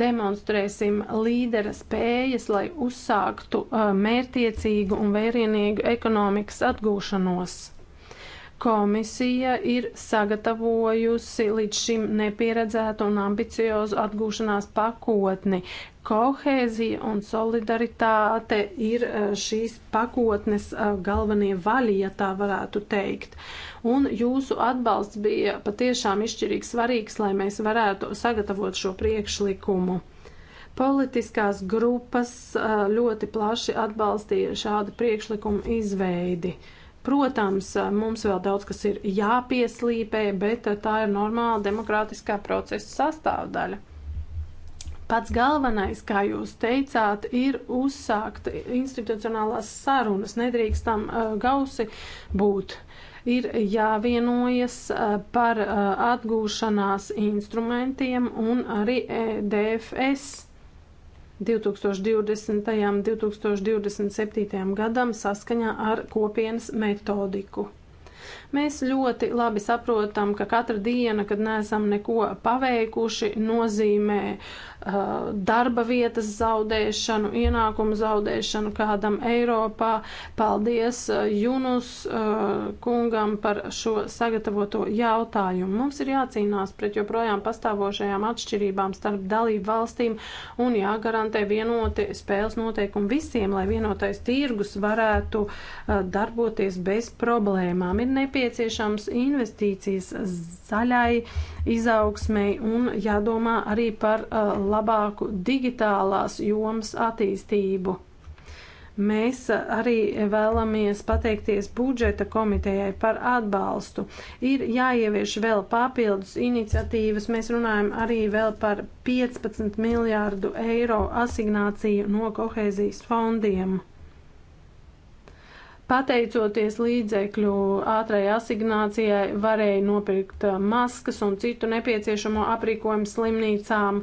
demonstrēsim līdera spējas, lai uzsāktu uh, mērtiecīgu un vērienīgu ekonomikas atgūšanos. Komisija ir sagatavojusi līdz šim nepieredzētu un ambiciozu atgūšanās pakotni, Kohēzija un solidaritāte ir e, šīs pakotnes e, galvenie vaļi, ja tā varētu teikt. Un jūsu atbalsts bija patiešām izšķirīgi svarīgs, lai mēs varētu sagatavot šo priekšlikumu. Politiskās grupas e, ļoti plaši atbalstīja šādu priekšlikumu izveidi. Protams, mums vēl daudz kas ir jāpieslīpē, bet tā ir normāla demokrātiskā procesa sastāvdaļa. Pats galvenais, kā jūs teicāt, ir uzsākt institucionālās sarunas. Nedrīkstam uh, gausi būt. Ir jāvienojas uh, par uh, atgūšanās instrumentiem un arī DFS. 2020. un 2027. gadam saskaņā ar kopienas metodiku. Mēs ļoti labi saprotam, ka katra diena, kad neesam neko paveikuši, nozīmē uh, darba vietas zaudēšanu, ienākumu zaudēšanu kādam Eiropā. Paldies uh, Junus uh, kungam par šo sagatavoto jautājumu. Mums ir jācīnās pret joprojām pastāvošajām atšķirībām starp dalību valstīm un jāgarantē vienoti spēles noteikumi visiem, lai vienotais tirgus varētu uh, darboties bez problēmām. Ir nepieciešams nepieciešams investīcijas zaļai izaugsmei un jādomā arī par uh, labāku digitālās jomas attīstību. Mēs uh, arī vēlamies pateikties budžeta komitejai par atbalstu. Ir jāievieš vēl papildus iniciatīvas. Mēs runājam arī vēl par 15 miljārdu eiro asignāciju no kohēzijas fondiem. Pateicoties līdzekļu ātrai asignācijai, varēja nopirkt uh, maskas un citu nepieciešamo aprīkojumu slimnīcām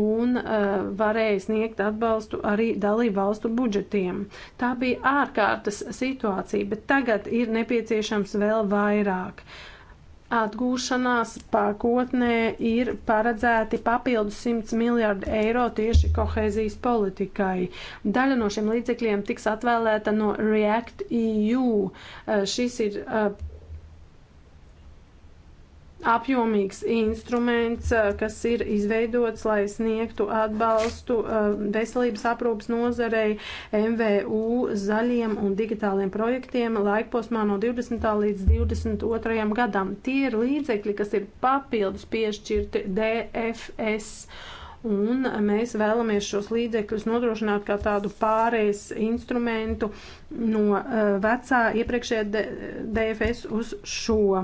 un uh, varēja sniegt atbalstu arī dalību valstu budžetiem. Tā bija ārkārtas situācija, bet tagad ir nepieciešams vēl vairāk. Uh, atgūšanās pakotnē ir paredzēti papildus 100 miljārdi eiro tieši kohēzijas politikai. Daļa no šiem līdzekļiem tiks atvēlēta no React EU. Šis ir eh, apjomīgs instruments, eh, kas ir izveidots, lai sniegtu atbalstu eh, veselības aprūpas nozarei, MVU, zaļiem un digitāliem projektiem laikposmā no 20. līdz 22. gadam. Tie ir līdzekļi, kas ir papildus piešķirti DFS. Un mēs vēlamies šos līdzekļus nodrošināt kā tādu pārējais instrumentu no eh, vecā iepriekšējā DFS uz šo.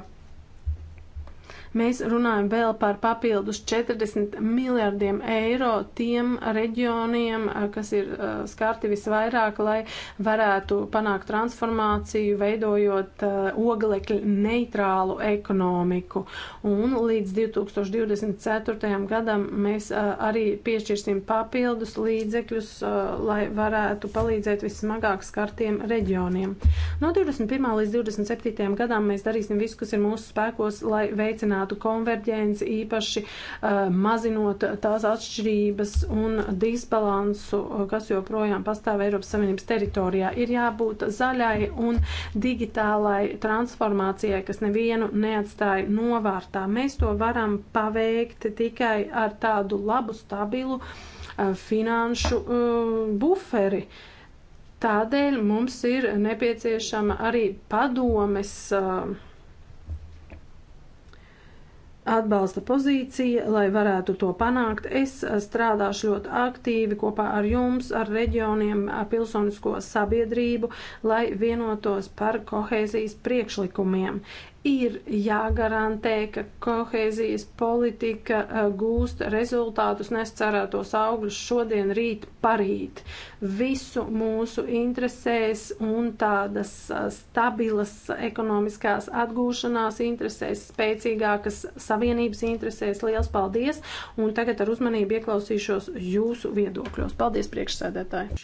Mēs runājam vēl par papildus 40 miljardiem eiro tiem reģioniem, kas ir skarti visvairāk, lai varētu panākt transformāciju, veidojot oglekļa neitrālu ekonomiku. Un līdz 2024. gadam mēs arī piešķirsim papildus līdzekļus, lai varētu palīdzēt vismagāk skartiem reģioniem. No 21. līdz 27. gadam mēs darīsim visu, kas ir mūsu spēkos, lai veicinātu veicinātu konverģenci, īpaši eh, mazinot tās atšķirības un disbalansu, kas joprojām pastāv Eiropas Savienības teritorijā. Ir jābūt zaļai un digitālai transformācijai, kas nevienu neatstāja novārtā. Mēs to varam paveikt tikai ar tādu labu, stabilu eh, finanšu eh, buferi. Tādēļ mums ir nepieciešama arī padomes uh, atbalsta pozīcija, lai varētu to panākt. Es eh, strādāšu ļoti aktīvi kopā ar jums, ar reģioniem, ar pilsonisko sabiedrību, lai vienotos par kohēzijas priekšlikumiem ir jāgarantē, ka kohēzijas politika eh, gūst rezultātus, nes cerētos augļus šodien, rīt, parīt. Visu mūsu interesēs un tādas eh, stabilas ekonomiskās atgūšanās interesēs, spēcīgākas savienības interesēs. Liels paldies! Un tagad ar uzmanību ieklausīšos jūsu viedokļos. Paldies, priekšsēdētāji!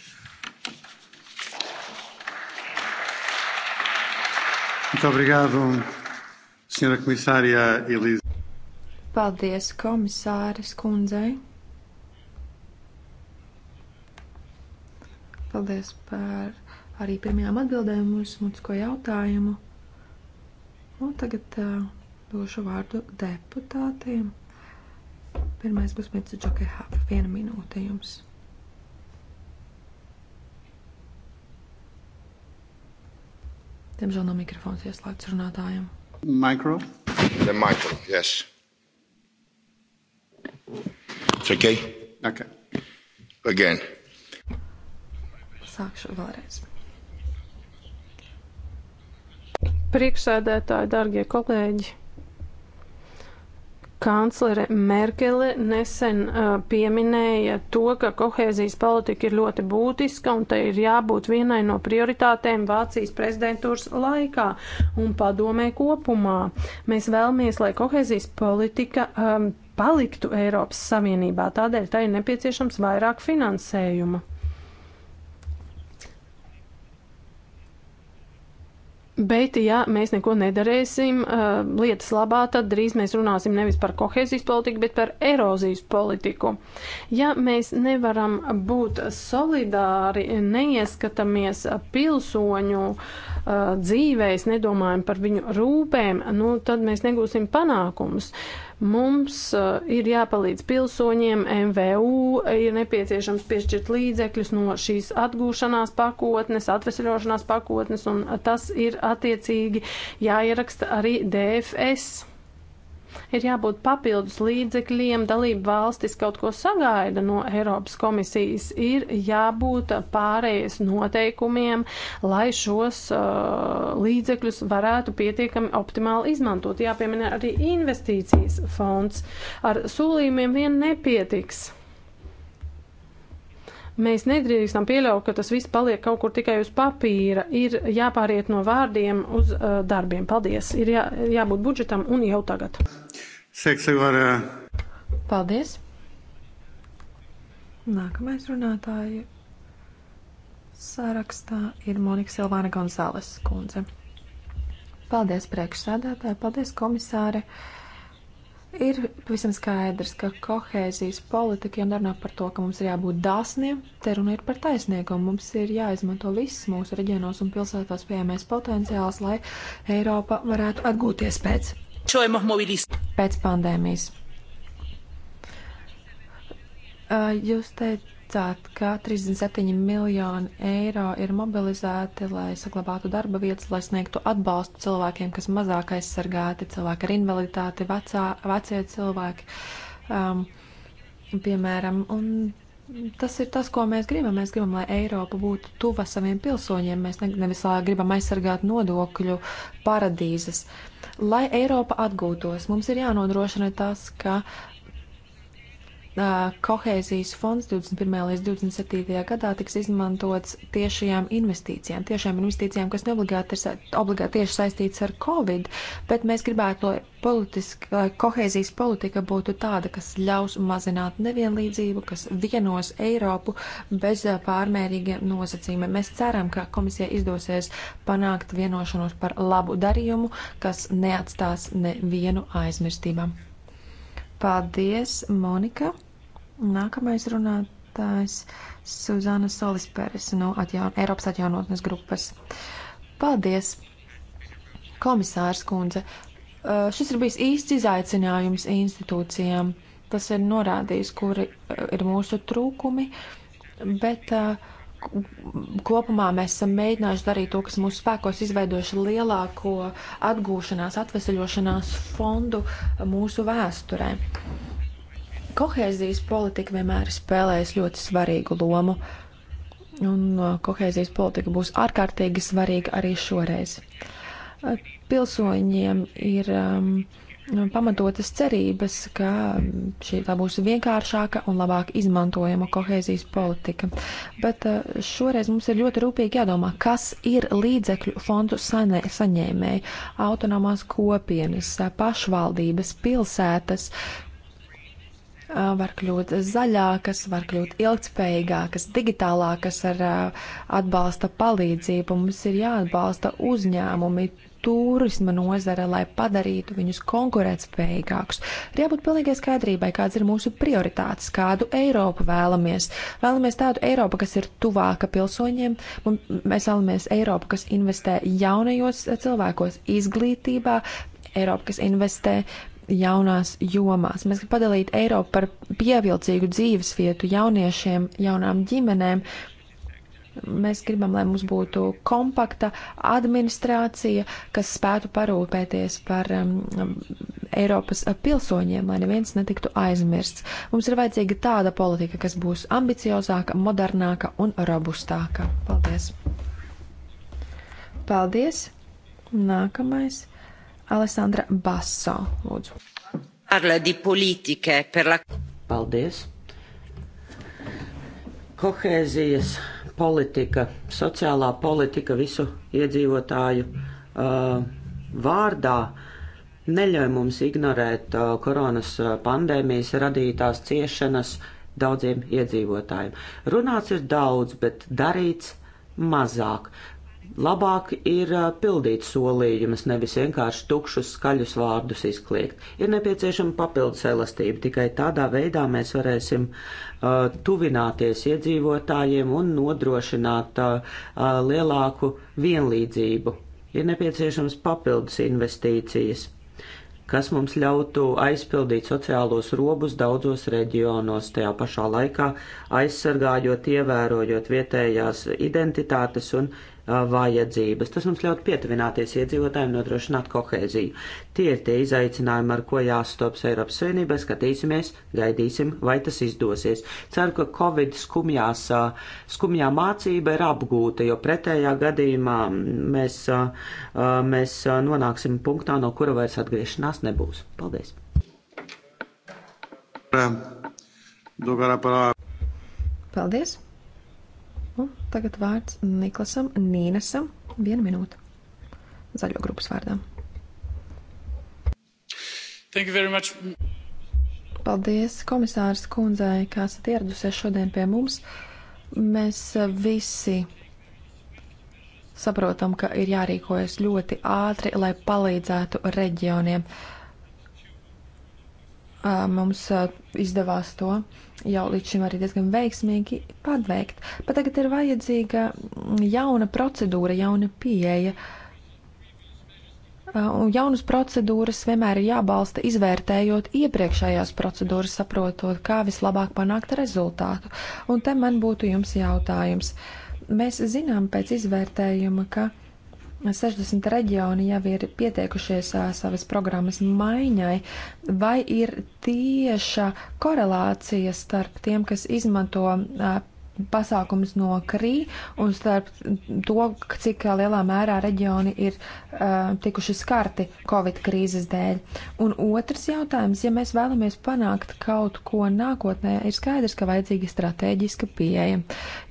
Muito obrigado. Senhora Comissária Elisa. Paldies komisāres kundzei. Paldies par arī pirmajām atbildēm mūsu smutsko jautājumu. Un tagad uh, došu vārdu deputātiem. Pirmais būs Mitsu Džokehāpa. Viena minūte jums. Diemžēl no mikrofons ieslēgts runātājiem. Micro? The micro, yes. It's okay? Okay. Again. Sākšu vēlreiz. Priekšsēdētāji, dārgie kolēģi. Kanclere Merkele nesen uh, pieminēja to, ka kohēzijas politika ir ļoti būtiska un tai ir jābūt vienai no prioritātēm Vācijas prezidentūras laikā un padomē kopumā. Mēs vēlamies, lai kohēzijas politika um, paliktu Eiropas Savienībā, tādēļ tai ir nepieciešams vairāk finansējuma. Bet, ja mēs neko nedarīsim uh, lietas labā, tad drīz mēs runāsim nevis par kohēzijas politiku, bet par erozijas politiku. Ja mēs nevaram būt solidāri, neieskatāmies pilsoņu uh, dzīvēs, nedomājam par viņu rūpēm, nu, tad mēs negūsim panākumus. Uh, Mums uh, ir jāpalīdz pilsoņiem, MVU ir nepieciešams piešķirt līdzekļus no šīs atgūšanās pakotnes, atvesļošanās pakotnes, un tas ir attiecīgi jāieraksta arī DFS ir jābūt papildus līdzekļiem, dalību valstis kaut ko sagaida no Eiropas komisijas, ir jābūt pārējais noteikumiem, lai šos uh, līdzekļus varētu pietiekami optimāli izmantot. Jāpiemina arī investīcijas fonds. Ar solījumiem vien nepietiks. Mēs nedrīkstam pieļaut, ka tas viss paliek kaut kur tikai uz papīra. Ir jāpāriet no vārdiem uz uh, darbiem. Paldies. Ir jā, jābūt budžetam un jau tagad. Seksuāra. Paldies. Nākamais runātāji sarakstā ir Monika Silvāna Gonzāles kundze. Paldies priekšsēdētāji, paldies komisāri. Uh, Ir pavisam skaidrs, ka kohēzijas politika jau nerunā par to, ka mums ir jābūt dāsniem, te runa ir par taisnīgumu. Mums ir jāizmanto viss mūsu reģionos un pilsētās pieejamais potenciāls, lai Eiropa varētu atgūties pēc, pēc pandēmijas. Jūs teicat, paredzēt, ka 37 miljoni eiro ir mobilizēti, lai saglabātu darba vietas, lai sniegtu atbalstu cilvēkiem, kas mazāk aizsargāti, cilvēki ar invaliditāti, vecā, vecie cilvēki, um, piemēram. Un tas ir tas, ko mēs gribam. Mēs gribam, lai Eiropa būtu tuva saviem pilsoņiem. Mēs ne, nevis gribam aizsargāt nodokļu paradīzes. Lai Eiropa atgūtos, mums ir jānodrošina tas, ka uh, kohēzijas fonds 21. līdz 27. gadā tiks izmantots tiešajām investīcijām, tiešām investīcijām, kas neobligāti ir obligāti tieši saistīts ar Covid, bet mēs gribētu, lai politiska, kohēzijas politika būtu tāda, kas ļaus mazināt nevienlīdzību, kas vienos Eiropu bez pārmērīgiem nosacījumiem. Mēs ceram, ka komisija izdosies panākt vienošanos par labu darījumu, kas neatstās nevienu aizmirstībām. Paldies, Monika! Nākamais runātājs - Suzana Solisperes no atjaun Eiropas atjaunotnes grupas. Paldies, komisārs kundze. Uh, šis ir bijis īsts izaicinājums institūcijām. Tas ir norādījis, kuri eh, ir mūsu trūkumi, bet uh, kopumā mēs esam mēģinājuši darīt to, kas mūsu spēkos izveidojuši lielāko atgūšanās, atvesaļošanās fondu mūsu vēsturē. Kohēzijas politika vienmēr spēlējas ļoti svarīgu lomu, un uh, kohēzijas politika būs ārkārtīgi svarīga arī šoreiz. Uh, pilsoņiem ir um, pamatotas cerības, ka um, šī tā būs vienkāršāka un labāk izmantojama kohēzijas politika. Bet uh, šoreiz mums ir ļoti rūpīgi jādomā, kas ir līdzekļu fondu saņēmēji - autonomās kopienas, pašvaldības, pilsētas var kļūt zaļākas, var kļūt ilgspējīgākas, digitālākas ar atbalsta palīdzību. Mums ir jāatbalsta uzņēmumi, turisma nozara, lai padarītu viņus konkurētspējīgākus. Ir jābūt pilnīgai skaidrībai, kādas ir mūsu prioritātes, kādu Eiropu vēlamies. Vēlamies tādu Eiropu, kas ir tuvāka pilsoņiem, mēs vēlamies Eiropu, kas investē jaunajos cilvēkos izglītībā. Eiropa, kas investē jaunās jomās. Mēs gribam padalīt Eiropu par pievilcīgu dzīvesvietu jauniešiem, jaunām ģimenēm. Mēs gribam, lai mums būtu kompakta administrācija, kas spētu parūpēties par um, Eiropas pilsoņiem, lai neviens netiktu aizmirsts. Mums ir vajadzīga tāda politika, kas būs ambiciozāka, modernāka un robustāka. Paldies! Paldies! Nākamais Alessandra Basso, lūdzu. Parla di politike per la... Paldies. Kohēzijas politika, sociālā politika visu iedzīvotāju uh, vārdā neļauj mums ignorēt uh, koronas uh, pandēmijas radītās ciešanas daudziem iedzīvotājiem. Runāts ir daudz, bet darīts mazāk. Labāk ir pildīt solījumus, nevis vienkārši tukšus skaļus vārdus izkliegt. Ir nepieciešama papildus elastība, tikai tādā veidā mēs varēsim uh, tuvināties iedzīvotājiem un nodrošināt uh, uh, lielāku vienlīdzību. Ir nepieciešams papildus investīcijas, kas mums ļautu aizpildīt sociālos robus daudzos reģionos, tajā pašā laikā aizsargājot, ievērojot vietējās identitātes un vajadzības. Tas mums ļaut pietuvināties iedzīvotājiem, nodrošināt kohēziju. Tie ir tie izaicinājumi, ar ko jāstops Eiropas Savienībā. Skatīsimies, gaidīsim, vai tas izdosies. Ceru, ka Covid skumjās, skumjā mācība ir apgūta, jo pretējā gadījumā mēs, mēs nonāksim punktā, no kura vairs atgriešanās nebūs. Paldies! Paldies! Un tagad vārds Niklasam Nīnesam. Vienu minūtu. Zaļo grupas vārdā. Paldies komisārs kundzei, kā esat ieradusies šodien pie mums. Mēs visi saprotam, ka ir jārīkojas ļoti ātri, lai palīdzētu reģioniem. Mums izdevās to jau līdz šim arī diezgan veiksmīgi paveikt, bet tagad ir vajadzīga jauna procedūra, jauna pieeja. Uh, un jaunas procedūras vienmēr ir jābalsta izvērtējot iepriekšējās procedūras, saprotot, kā vislabāk panākt rezultātu. Un te man būtu jums jautājums. Mēs zinām pēc izvērtējuma, ka uh, 60 reģioni jau ir pieteikušies savas programmas maiņai, vai ir tieša korelācija starp tiem, kas izmanto pasākums no Krī un starp to, cik lielā mērā reģioni ir uh, tikuši skarti Covid krīzes dēļ. Un otrs jautājums, ja mēs vēlamies panākt kaut ko nākotnē, ir skaidrs, ka vajadzīga stratēģiska pieeja.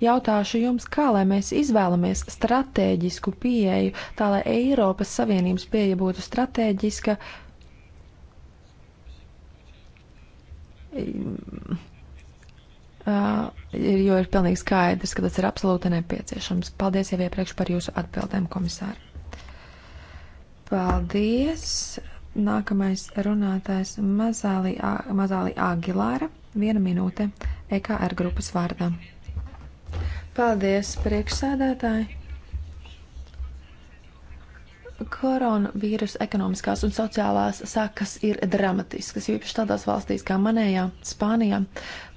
Jautāšu jums, kā lai mēs izvēlamies stratēģisku pieeju, tā lai Eiropas Savienības pieeja būtu stratēģiska. Um, Uh, jo ir pilnīgi skaidrs, ka tas ir absolūti nepieciešams. Paldies jau iepriekš par jūsu atbildēm, komisāri. Paldies! Nākamais runātājs Mazāli, Mazāli Agilāra, viena minūte, EKR grupas vārdā. Paldies, priekšsēdētāji! Koronavīrusa ekonomiskās un sociālās sakas ir dramatiskas, jo īpaši tādās valstīs kā manējā, Spānijā,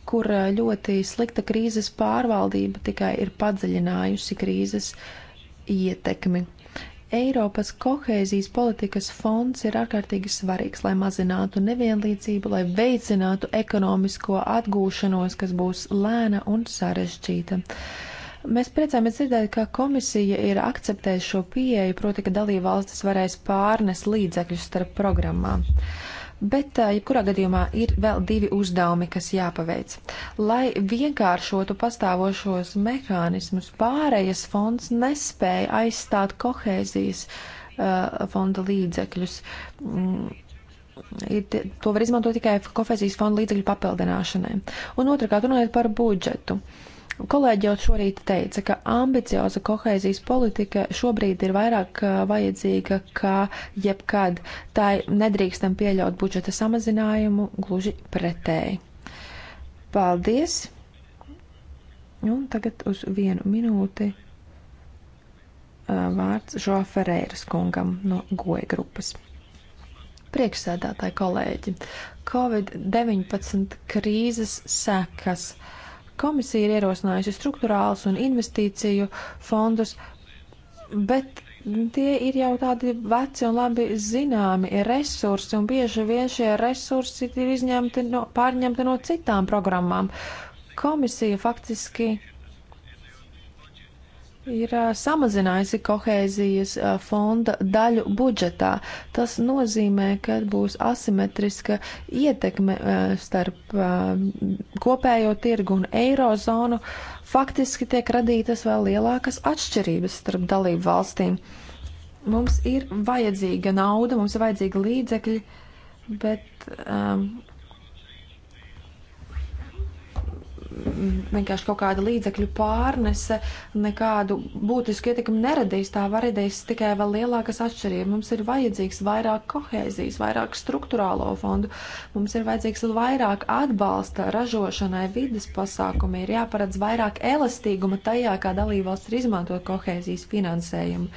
kur eh, ļoti slikta krīzes pārvaldība tikai ir padziļinājusi krīzes ietekmi. Eiropas kohēzijas politikas fonds ir ārkārtīgi svarīgs, lai mazinātu nevienlīdzību, lai veicinātu ekonomisko atgūšanos, kas būs lēna un sarežģīta. Mēs priecāmies dzirdēt, ka komisija ir akceptējusi šo pieeju, proti, ka dalībvalstis varēs pārnest līdzekļus starp programmām. Uh, Bet, jebkurā gadījumā, ir vēl divi uzdevumi, kas jāpaveic. Lai vienkāršotu pastāvošos mehānismus, pārējais fonds nespēja aizstāt kohēzijas uh, fonda līdzekļus. Mm, ir, to var izmantot tikai kohēzijas fonda līdzekļu papildināšanai. Un otrkārt, runājot par budžetu. Uh, Kolēģi jau šorīt teica, ka ambicioza kohēzijas politika šobrīd ir vairāk uh, vajadzīga kā jebkad. Tā nedrīkstam pieļaut budžeta samazinājumu, gluži pretēji. Paldies! Un tagad uz vienu minūti uh, vārds Žoa Ferreiras kungam no goja grupas. Priekšsēdētāji kolēģi, Covid-19 krīzes sekas. Uh, Komisija ir ierosinājusi struktūrāls un investīciju fondus, bet tie ir jau tādi veci un labi zināmi resursi, un bieži vien šie resursi ir izņemti no, pārņemti no citām programmām. Komisija faktiski ir samazinājusi kohēzijas fonda daļu budžetā. Tas nozīmē, ka būs asimetriska ietekme starp kopējo tirgu un eirozonu. Faktiski tiek radītas vēl lielākas atšķirības starp dalību valstīm. Mums ir vajadzīga nauda, mums ir vajadzīgi līdzekļi, bet um, vienkārši kaut kāda līdzekļu pārnese nekādu būtisku ietekmi neradīs. Tā var radīs tikai vēl lielākas atšķirības. Mums ir vajadzīgs vairāk kohēzijas, vairāk struktūrālo fondu, mums ir vajadzīgs vairāk atbalsta ražošanai, vidas pasākumi, ir jāparedz vairāk elastīguma tajā, kā dalībvalsts ir izmantot kohēzijas finansējumu.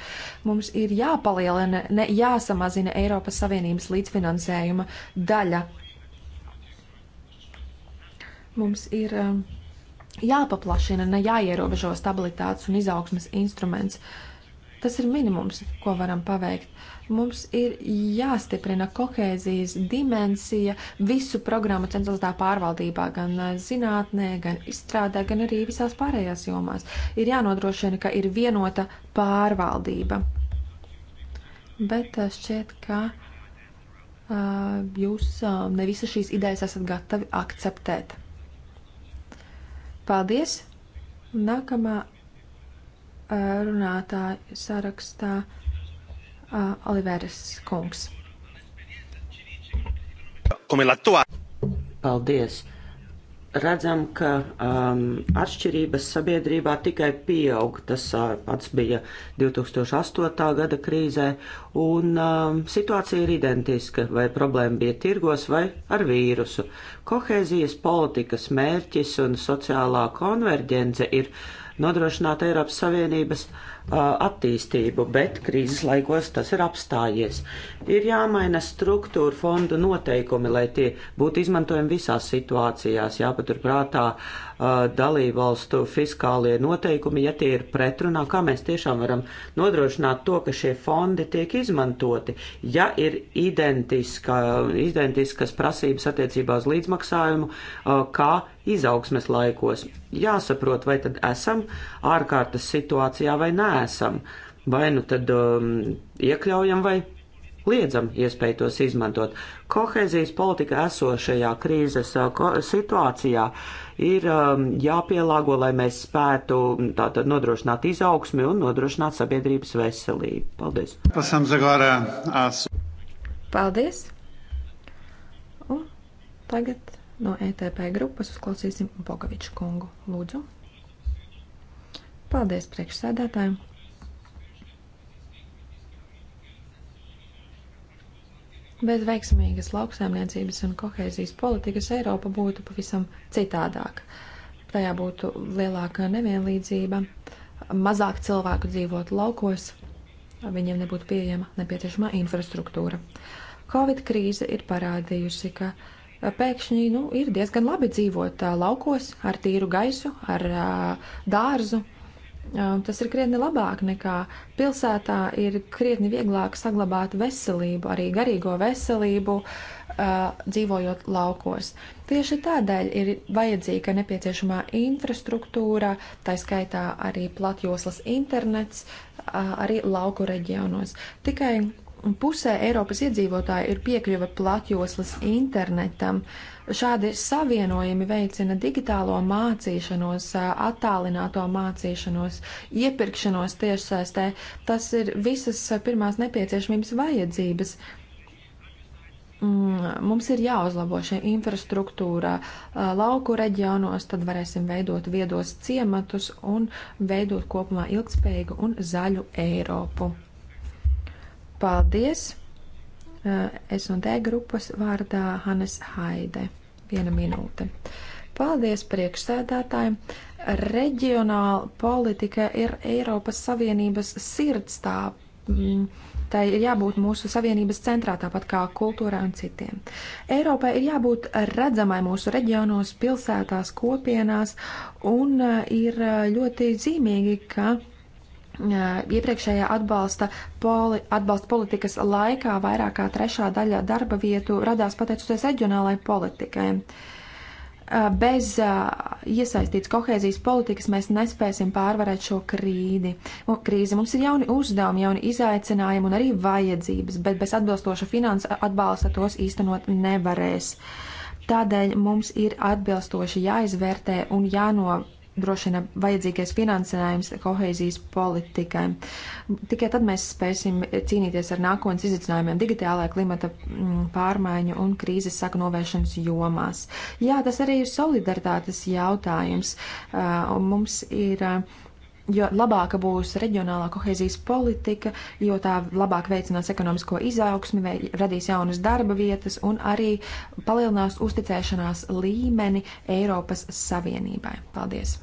Mums ir jāpalielina, ne jāsamazina Eiropas Savienības līdzfinansējuma daļa Mums ir um, jāpaplašina, ne jāierobežo stabilitātes un izaugsmes instruments. Tas ir minimums, ko varam paveikt. Mums ir jāstiprina kohēzijas dimensija visu programmu centralizētā pārvaldībā, gan uh, zinātnē, gan izstrādē, gan arī visās pārējās jomās. Ir jānodrošina, ka ir vienota pārvaldība. Bet uh, šķiet, ka uh, jūs uh, ne visas šīs idejas esat gatavi akceptēt. Paldies! Nākamā runātāja sarakstā Oliveras kungs. Paldies! redzam, ka um, atšķirības sabiedrībā tikai pieaug. Tas uh, pats bija 2008. gada krīzē, un um, situācija ir identiska, vai problēma bija tirgos vai ar vīrusu. Kohēzijas politikas mērķis un sociālā konverģence ir nodrošināt Eiropas Savienības uh, attīstību, bet krīzes laikos tas ir apstājies. Ir jāmaina struktūra fondu noteikumi, lai tie būtu izmantojami visās situācijās, jāpaturprātā uh, Uh, dalībvalstu fiskālie noteikumi, ja tie ir pretrunā, kā mēs tiešām varam nodrošināt to, ka šie fondi tiek izmantoti. Ja ir identiska, identiskas prasības attiecībā uz līdzmaksājumu, uh, kā izaugsmes laikos, jāsaprot, vai tad esam ārkārtas situācijā vai neesam. Vai nu tad um, iekļaujam vai liedzam iespēju tos izmantot. Kohēzijas politika esošajā krīzes uh, situācijā ir um, jāpielāgo, lai mēs spētu mm, tātad nodrošināt izaugsmi un nodrošināt sabiedrības veselību. Paldies! Pasam zagārā ās. Paldies! Un tagad no ETP grupas uzklausīsim Bogaviču kungu. Lūdzu! Paldies priekšsēdētājiem! Bez veiksmīgas lauksaimniecības un kohēzijas politikas Eiropa būtu pavisam citādāk. Tajā būtu lielāka nevienlīdzība, mazāk cilvēku dzīvot laukos, viņiem nebūtu pieejama nepieciešamā infrastruktūra. Covid krīze ir parādījusi, ka pēkšņi nu, ir diezgan labi dzīvot laukos ar tīru gaisu, ar dārzu, Um, tas ir krietni labāk nekā pilsētā. Ir krietni vieglāk saglabāt veselību, arī garīgo veselību, uh, dzīvojot laukos. Tieši tādēļ ir vajadzīga nepieciešamā infrastruktūra, tā skaitā arī platjoslas internets, uh, arī lauku reģionos. Tikai pusē Eiropas iedzīvotāji ir piekļuve platjoslas internetam. Uh, Šādi savienojumi veicina digitālo mācīšanos, attālināto mācīšanos, iepirkšanos tiešsaistē. Tas ir visas pirmās nepieciešamības vajadzības. Mm, mums ir jāuzlabo šī infrastruktūra lauku reģionos, tad varēsim veidot viedos ciematus un veidot kopumā ilgspējīgu un zaļu Eiropu. Paldies! Eh, S&D grupas vārdā Hannes Haide. Viena minūte. Paldies priekšsēdētājiem. Reģionāla politika ir Eiropas Savienības sirds tā. Mm, tai ir jābūt mūsu savienības centrā, tāpat kā kultūrā un citiem. Eiropai ir jābūt redzamai mūsu reģionos, pilsētās, kopienās, un eh, ir eh, ļoti zīmīgi, ka Iepriekšējā atbalsta, poli, atbalsta politikas laikā vairāk kā trešā daļa darba vietu radās pateicoties reģionālajai politikai. Bez iesaistīts kohēzijas politikas mēs nespēsim pārvarēt šo krīdi. krīzi. Mums ir jauni uzdevumi, jauni izaicinājumi un arī vajadzības, bet bez atbilstoša finansa atbalsta tos īstenot nevarēs. Tādēļ mums ir atbilstoši jāizvērtē un jānovērtē jānodrošina vajadzīgais finansējums kohēzijas politikai. Tikai tad mēs spēsim cīnīties ar nākotnes izaicinājumiem digitālā klimata mm, pārmaiņu un krīzes saku novēršanas jomās. Jā, tas arī ir solidaritātes jautājums. Uh, mums ir uh, jo labāka būs reģionālā kohēzijas politika, jo tā labāk veicinās ekonomisko izaugsmi, vei, radīs jaunas darba vietas un arī palielinās uzticēšanās līmeni Eiropas Savienībai. Paldies!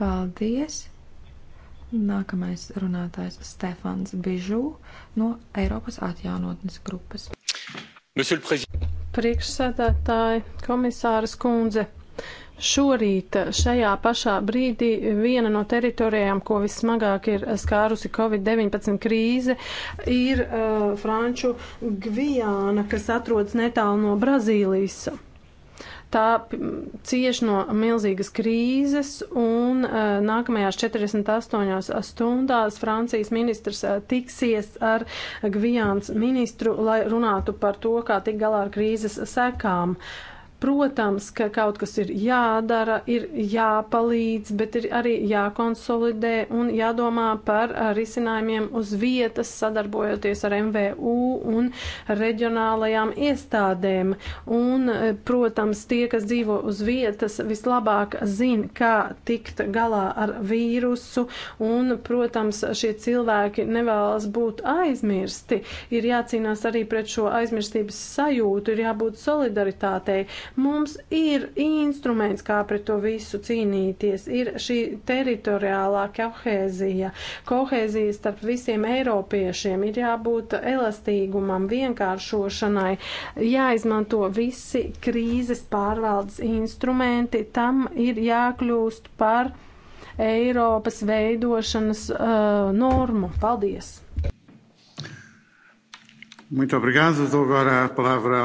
Paldies! Nākamais runātājs Stefans Bižū no Eiropas atjaunotnes grupas. Priekšsēdētāji, komisāras kundze, Šorīt šajā pašā brīdī viena no teritorijām, ko vismagāk ir skārusi Covid-19 krīze, ir uh, Franču Gvijāna, kas atrodas netālu no Brazīlijas. Tā cieš no milzīgas krīzes, un uh, nākamajās 48 stundās Francijas ministrs uh, tiksies ar Gvijāns ministru, lai runātu par to, kā tik galā ar krīzes sekām. Uh, Protams, ka kaut kas ir jādara, ir jāpalīdz, bet ir arī jākonsolidē un jādomā par risinājumiem uz vietas, sadarbojoties ar MVU un reģionālajām iestādēm. Un, protams, tie, kas dzīvo uz vietas, vislabāk zina, kā tikt galā ar vīrusu, un, protams, šie cilvēki nevēlas būt aizmirsti. Ir jācīnās arī pret šo aizmirstības sajūtu, ir jābūt solidaritātei Mums ir instruments, kā pret to visu cīnīties. Ir šī teritoriālā kohēzija, kohēzija starp visiem eiropiešiem. Ir jābūt elastīgumam, vienkāršošanai, jāizmanto visi krīzes pārvaldes instrumenti. Tam ir jākļūst par. Eiropas veidošanas uh, normu. Paldies! Muito obrigado. Dou agora a palavra.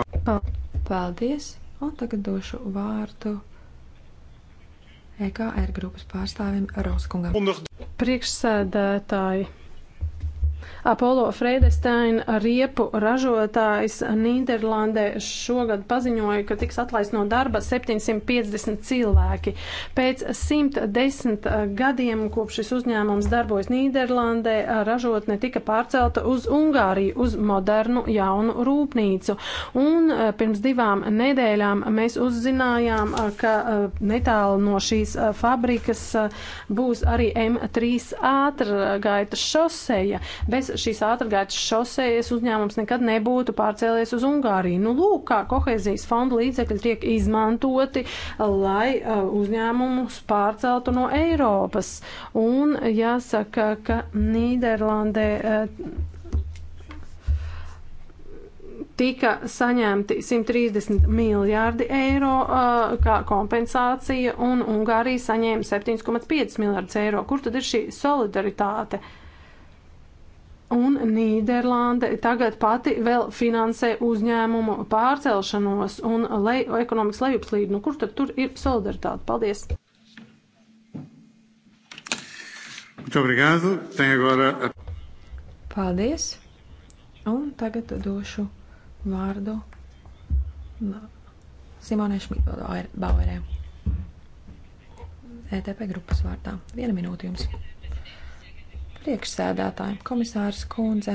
Paldies. Un tagad došu vārdu EKR grupas pārstāvim Rauskungam. Priekšsēdētāji. Apollo Freidesteina riepu ražotājs Nīderlandē šogad paziņoja, ka tiks atlaist no darba 750 cilvēki. Pēc 110 gadiem, kopš šis uzņēmums darbojas Nīderlandē, ražotne tika pārcelta uz Ungāriju, uz modernu jaunu rūpnīcu. Un eh, pirms divām nedēļām mēs uzzinājām, eh, ka eh, netālu no šīs fabrikas būs arī M3 ātrgaitas šoseja. Bez šīs ātrgaitas šosejas uzņēmums nekad nebūtu pārcēlies uz Ungāriju. Nu, lūk, kā kohēzijas fonda līdzekļi tiek izmantoti, lai uh, uzņēmumus pārceltu no Eiropas. Un jāsaka, ka Nīderlandē. Uh, tika saņemti 130 miljārdi eiro uh, kā kompensācija, un Ungārija saņēma 7,5 miljārdus eiro. Kur tad ir šī solidaritāte? Uh, Un Nīderlande tagad pati vēl finansē uzņēmumu pārcelšanos un lej, ekonomikas lejupslīd. Nu, kur tad tur ir solidaritāte? Paldies! Paldies! Un tagad došu vārdu Simonai Šmitbauerē. ETP grupas vārdā. Viena minūte jums. Priekšsēdētāji, komisārs Kundze,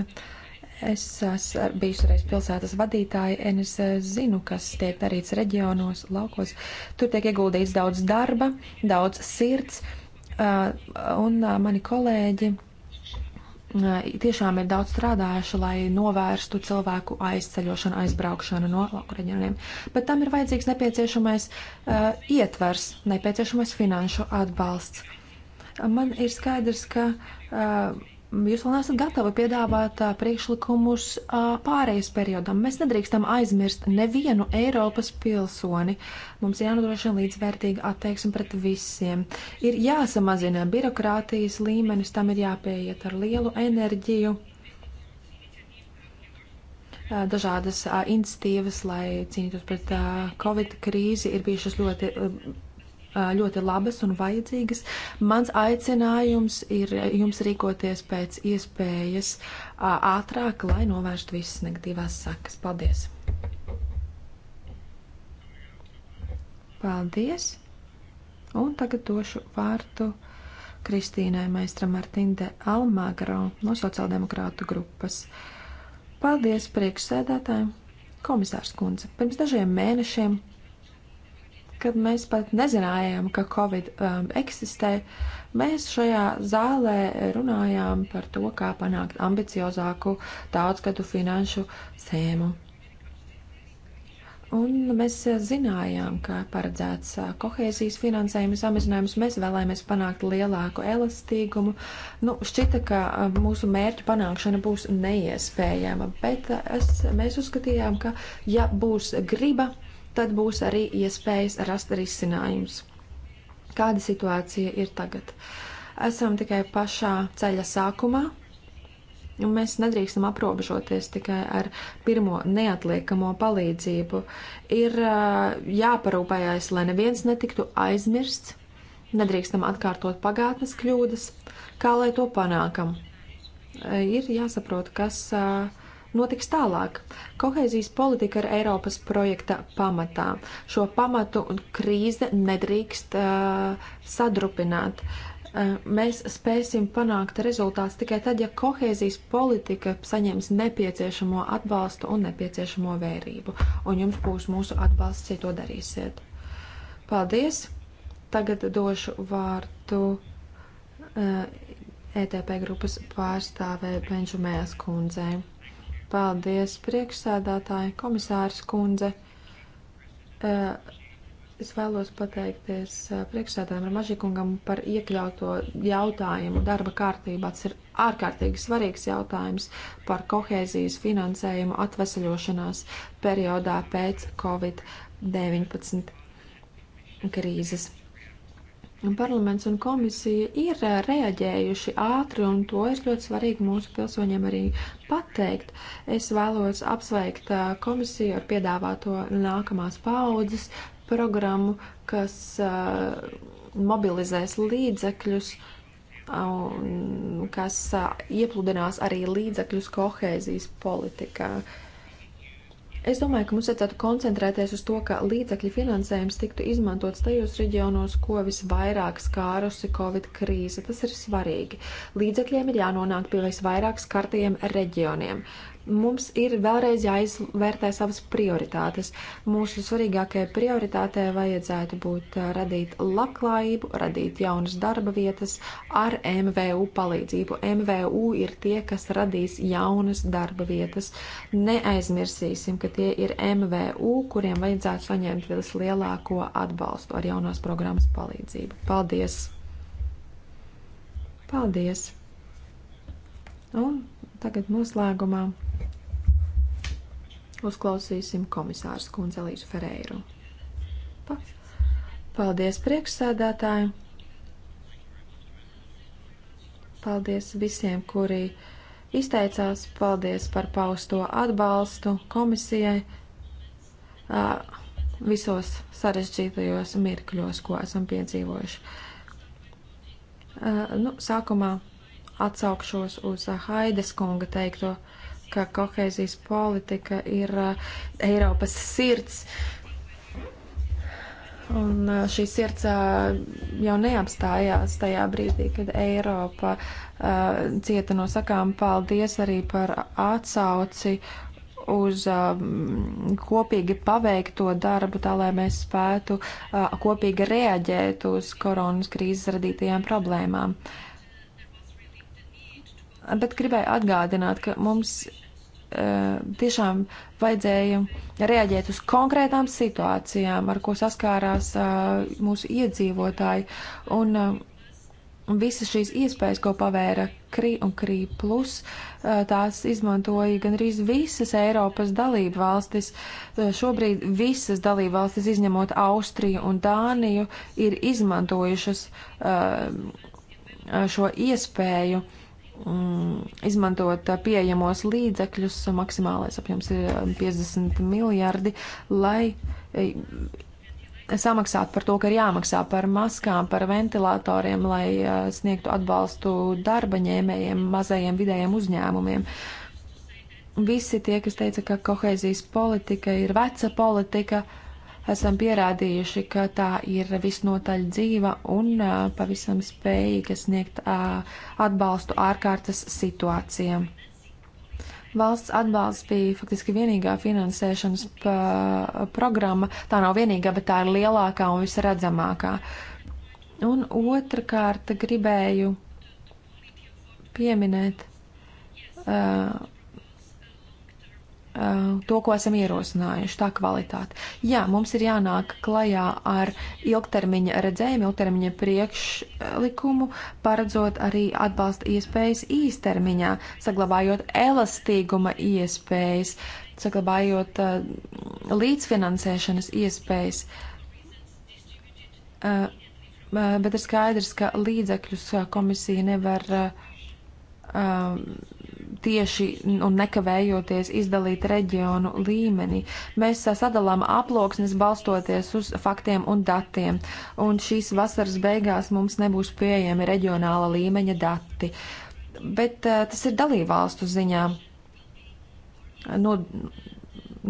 es esmu bijusi reiz pilsētas vadītāja, un es eh, zinu, kas tiek darīts reģionos, laukos. Tur tiek ieguldīts daudz darba, daudz sirds, eh, un eh, mani kolēģi tiešām ir daudz strādājuši, lai novērstu cilvēku aizceļošanu, aizbraukšanu no lauku reģioniem. Bet tam ir vajadzīgs nepieciešamais uh, ietvers, nepieciešamais finanšu atbalsts. Man ir skaidrs, ka uh, Uh, jūs vēl neesat gatavi piedāvāt uh, priekšlikumus uh, pārejas periodam. Mēs nedrīkstam aizmirst nevienu Eiropas pilsoni. Mums ir jānodrošina līdzvērtīga attieksme pret visiem. Ir jāsamazina birokrātijas līmenis, tam ir jāpieiet ar lielu enerģiju dažādas iniciatīvas, lai cīnītos pret Covid krīzi, ir bijušas ļoti ļoti labas un vajadzīgas. Mans aicinājums ir jums rīkoties pēc iespējas ātrāk, lai novērstu visas negatīvās sakas. Paldies! Paldies! Un tagad došu vārtu Kristīnai Maistra Martinde Almagro no sociāldemokrātu grupas. Paldies priekšsēdētājiem! Komisārs Kunze, pirms dažiem mēnešiem kad mēs pat nezinājām, ka Covid um, eksistē, mēs šajā zālē runājām par to, kā panākt ambiciozāku daudzgadu finanšu sēmu. Un mēs zinājām, ka paredzēts uh, kohēzijas finansējuma samazinājums, mēs vēlējāmies panākt lielāku elastīgumu. Nu, šķita, ka uh, mūsu mērķu panākšana būs neiespējama, bet uh, es, mēs uzskatījām, ka ja būs griba, tad būs arī iespējas rast risinājumus. Kāda situācija ir tagad? Esam tikai pašā ceļa sākumā, un mēs nedrīkstam aprobežoties tikai ar pirmo neatliekamo palīdzību. Ir jāparūpējās, lai neviens netiktu aizmirsts, nedrīkstam atkārtot pagātnes kļūdas, kā lai to panākam. Ir jāsaprot, kas uh, notiks tālāk. Kohēzijas politika ir Eiropas projekta pamatā. Šo pamatu un krīze nedrīkst uh, sadrupināt. Uh, mēs spēsim panākt rezultāts tikai tad, ja kohēzijas politika saņems nepieciešamo atbalstu un nepieciešamo vērību, un jums būs mūsu atbalsts, ja to darīsiet. Paldies! Tagad došu vārdu uh, ETP grupas pārstāvē Benžumējas kundzei. Paldies, priekšsēdātāji, komisārs kundze. Eh, es vēlos pateikties eh, priekšsēdājiem ar Mažikungam par iekļauto jautājumu darba kārtībā. Tas ir ārkārtīgi svarīgs jautājums par kohēzijas finansējumu atvesaļošanās periodā pēc Covid-19 krīzes. Parlaments un komisija ir reaģējuši ātri, un to es ļoti svarīgi mūsu pilsoņiem arī pateikt. Es vēlos apsveikt komisiju ar piedāvāto nākamās paudzes programmu, kas uh, mobilizēs līdzekļus, um, kas uh, iepludinās arī līdzekļus kohēzijas politikā. Uh, Es domāju, ka mums vajadzētu koncentrēties uz to, ka līdzekļu finansējums tiktu izmantots tajos reģionos, ko visvairāk skārusi Covid krīze. Tas ir svarīgi. Līdzekļiem ir jānonāk pie visvairāk skartajiem reģioniem. Uh, mums ir vēlreiz jāizvērtē savas prioritātes. Mūsu svarīgākajai prioritātei vajadzētu būt radīt labklājību, radīt jaunas darba vietas ar MVU palīdzību. MVU ir tie, kas radīs jaunas darba vietas. Neaizmirsīsim, ka tie ir MVU, kuriem vajadzētu saņemt vislielāko atbalstu ar jaunās programmas palīdzību. Paldies! Paldies! Un tagad noslēgumā uzklausīsim komisārs kundze Elīzu Ferēru. Pa. Paldies priekšsēdētāji. Paldies visiem, kuri izteicās. Paldies par pausto atbalstu komisijai visos sarežģītajos mirkļos, ko esam piedzīvojuši. Nu, sākumā atsaukšos uz Haides kunga teikto. Uh, ka kohēzijas politika ir uh, Eiropas sirds. Un uh, šī sirds uh, jau neapstājās tajā brīdī, kad Eiropa uh, cieta no sakām paldies arī par atsauci uz uh, kopīgi paveikto darbu, tā lai mēs spētu uh, kopīgi reaģēt uz koronas krīzes radītajām problēmām. Uh, bet gribēju atgādināt, ka mums e, tiešām vajadzēja reaģēt uz konkrētām situācijām, ar ko saskārās e, mūsu iedzīvotāji. Un e, visas šīs iespējas, ko pavēra KRI un KRI, plus, tās izmantoja gandrīz visas Eiropas dalību valstis. Šobrīd visas dalību valstis, izņemot Austriju un Dāniju, ir izmantojušas šo iespēju. Uh, Mm, izmantot uh, pieejamos līdzekļus, uh, maksimālais apjoms ir 50 uh, miljardi, lai samaksātu par to, ka ir jāmaksā par maskām, par ventilatoriem, lai sniegtu atbalstu darba ņēmējiem, mazajiem vidējiem uzņēmumiem. Visi tie, kas teica, ka kohēzijas politika ir veca politika, uh, esam pierādījuši, ka tā ir visnotaļ dzīva un pavisam spējīga sniegt atbalstu ārkārtas situācijām. Valsts atbalsts bija faktiski vienīgā finansēšanas programma. Tā nav vienīgā, bet tā ir lielākā un visredzamākā. Un otrkārt gribēju pieminēt uh, Uh, to, ko esam ierosinājuši, tā kvalitāte. Jā, mums ir jānāk klajā ar ilgtermiņa redzējumu, ilgtermiņa priekšlikumu, paredzot arī atbalsta iespējas īstermiņā, saglabājot elastīguma iespējas, saglabājot uh, līdzfinansēšanas iespējas. Uh, uh bet ir skaidrs, ka līdzekļus uh, komisija nevar. Uh, um, tieši un nekavējoties izdalīt reģionu līmenī. Mēs sadalām aploksnes balstoties uz faktiem un datiem, un šīs vasaras beigās mums nebūs pieejami reģionāla līmeņa dati. Bet uh, tas ir dalībvalstu ziņā nod,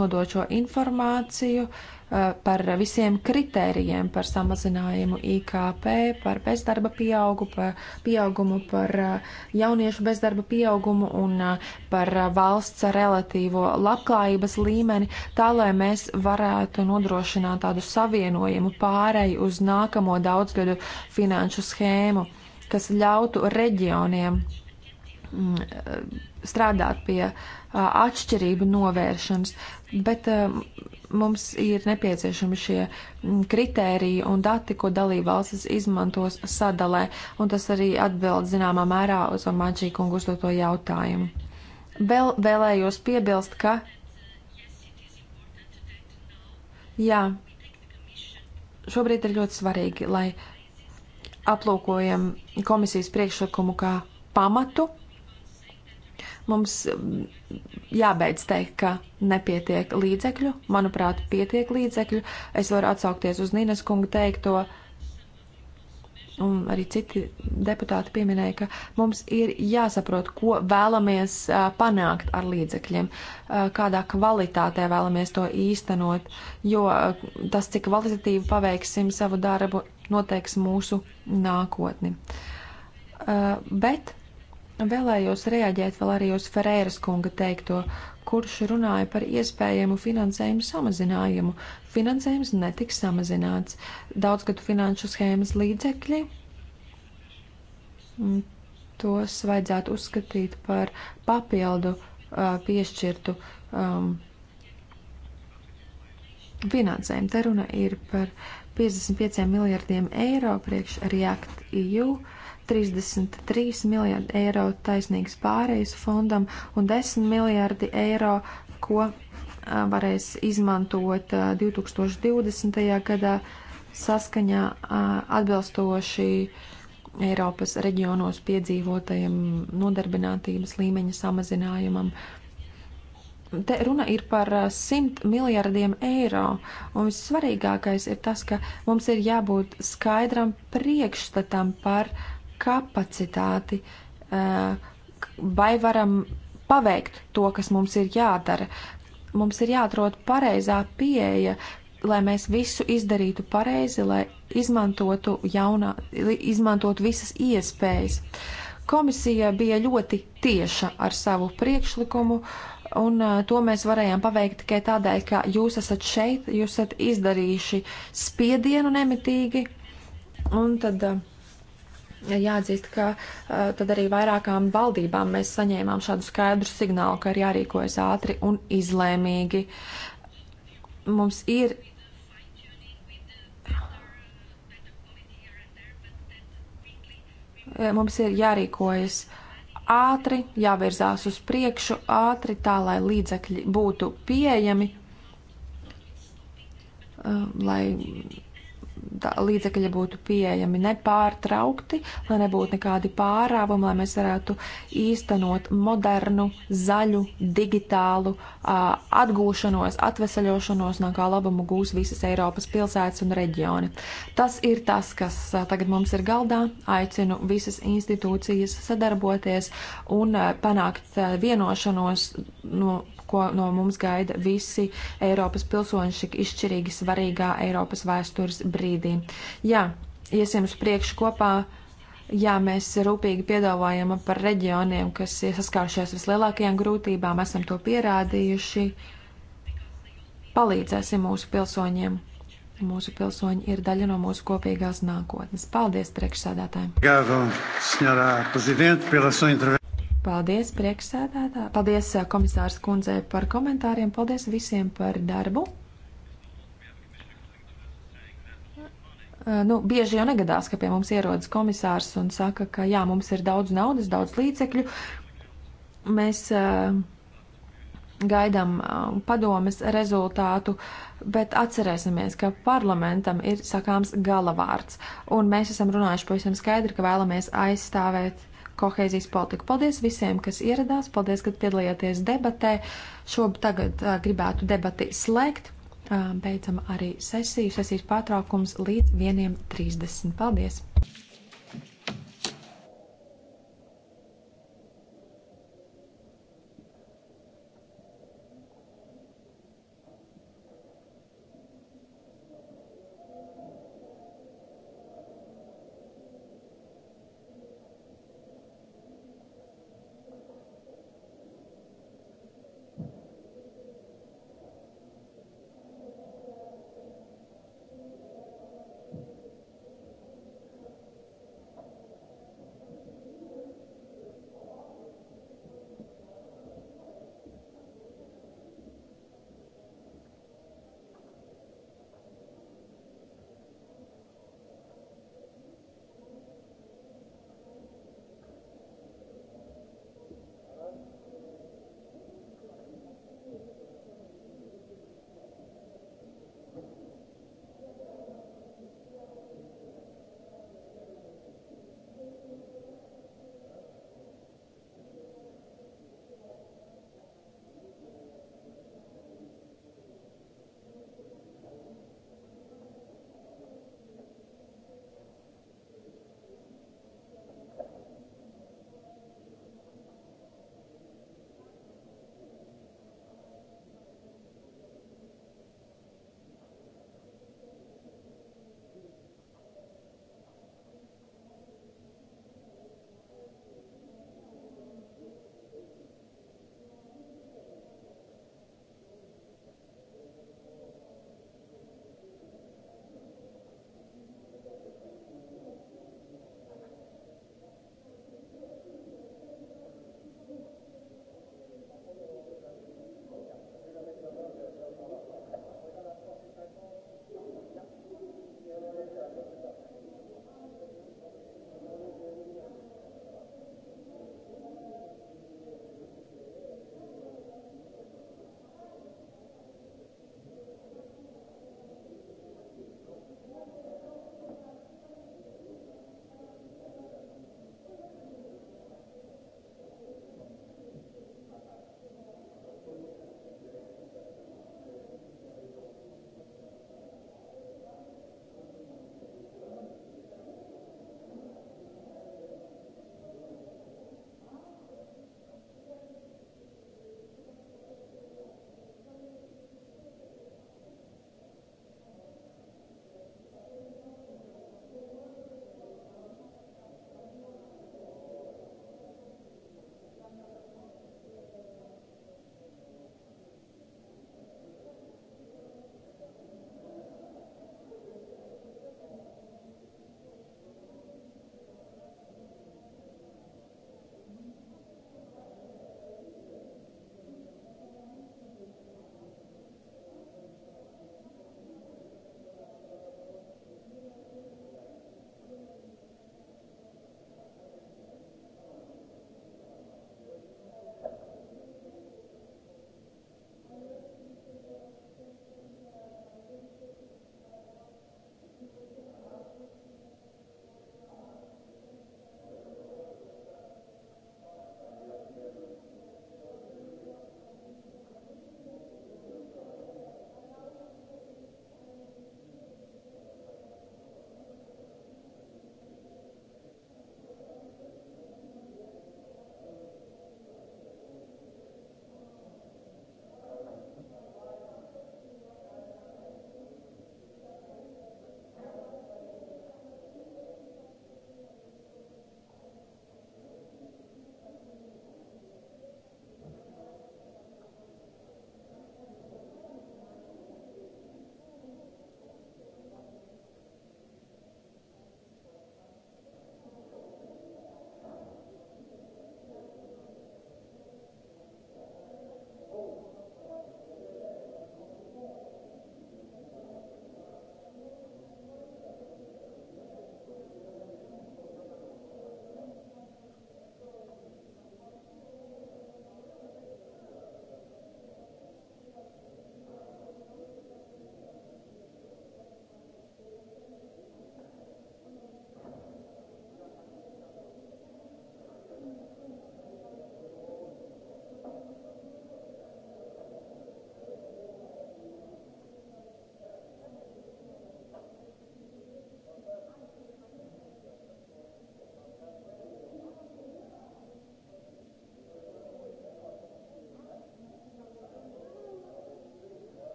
nodot šo informāciju. Uh, Uh, par visiem kritērijiem, par samazinājumu IKP, par bezdarba pieaugu, par pieaugumu, par uh, jauniešu bezdarba pieaugumu un uh, par valsts relatīvo labklājības līmeni, tā lai mēs varētu nodrošināt tādu savienojumu pārēju uz nākamo daudzgadu finanšu schēmu, kas ļautu reģioniem mm, strādāt pie atšķirību novēršanas, bet um, mums ir nepieciešami šie mm, kritēriji un dati, ko dalībvalstis izmantos sadalē, un tas arī atbild zināmā mērā uz Omaģī kungu uzdoto jautājumu. Vēl vēlējos piebilst, ka. Jā, šobrīd ir ļoti svarīgi, lai aplūkojam komisijas priekšlikumu kā pamatu Mums mm, jābeidz teikt, ka nepietiek līdzekļu. Manuprāt, pietiek līdzekļu. Es varu atsaukties uz Nīnas kunga teikto, un arī citi deputāti pieminēja, ka mums ir jāsaprot, ko vēlamies panākt ar līdzekļiem, kādā kvalitātē vēlamies to īstenot, jo tas, cik kvalitatīvi paveiksim savu darbu, noteiks mūsu nākotni. Bet Vēlējos reaģēt vēl arī uz Ferēras kunga teikto, kurš runāja par iespējamu finansējumu samazinājumu. Finansējums netiks samazināts. Daudzgadu finanšu schēmas līdzekļi mm, tos vajadzētu uzskatīt par papildu uh, piešķirtu um, finansējumu. Te runa ir par 55 miljardiem eiro priekš React EU. Uh, 33 miljardi eiro taisnīgas pārējas fondam un 10 miljardi eiro, ko a, varēs izmantot a, 2020. gadā saskaņā a, atbilstoši Eiropas reģionos piedzīvotajam nodarbinātības līmeņa samazinājumam. Te runa ir par 100 miljardiem eiro, un vissvarīgākais ir tas, ka mums ir jābūt skaidram priekšstatam par uh, kapacitāti, eh, vai varam paveikt to, kas mums ir jādara. Mums ir jāatrod pareizā pieeja, lai mēs visu izdarītu pareizi, lai izmantotu, jaunā, izmantotu visas iespējas. Komisija bija ļoti tieša ar savu priekšlikumu, un eh, to mēs varējām paveikt tikai tādēļ, ka jūs esat šeit, jūs esat izdarījuši spiedienu nemitīgi, un tad uh, jāatzīst, ka uh, tad arī vairākām valdībām mēs saņēmām šādu skaidru signālu, ka ir jārīkojas ātri un izlēmīgi. Mums ir. Mums ir jārīkojas ātri, jāvirzās uz priekšu ātri, tā lai līdzekļi būtu pieejami, uh, lai tā, līdzekļi būtu pieejami nepārtraukti, lai nebūtu nekādi pārāvumi, lai mēs varētu īstenot modernu, zaļu, digitālu uh, atgūšanos, atvesaļošanos, no kā labumu gūs visas Eiropas pilsētas un reģioni. Tas ir tas, kas uh, tagad mums ir galdā. Aicinu visas institūcijas sadarboties un uh, panākt uh, vienošanos. Nu, no ko no mums gaida visi Eiropas pilsoņi šik izšķirīgi svarīgā Eiropas vēstures brīdī. Jā, iesim uz priekšu kopā. Jā, mēs rūpīgi piedāvājam par reģioniem, kas ir saskāršies vislielākajām grūtībām, esam to pierādījuši. Palīdzēsim mūsu pilsoņiem. Mūsu pilsoņi ir daļa no mūsu kopīgās nākotnes. Paldies priekšsādātājiem! Paldies, priekšsēdētā. Paldies, eh, komisārs kundzei par komentāriem. Paldies visiem par darbu. Eh, nu, bieži jau negadās, ka pie mums ierodas komisārs un saka, ka jā, mums ir daudz naudas, daudz līdzekļu. Mēs uh, gaidām uh, padomes rezultātu, bet atcerēsimies, ka parlamentam ir sakāms galavārds. Un mēs esam runājuši pavisam skaidri, ka vēlamies aizstāvēt kohēzijas politiku. Paldies visiem, kas ieradās, paldies, ka piedalījāties debatē. Šobrīd tagad uh, gribētu debati slēgt. Uh, beidzam arī sesiju, sesijas pārtraukums līdz 1.30. Paldies!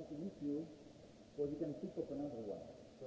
happy to meet you, or you can pick up another one. So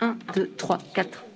1, 2, 3, 4.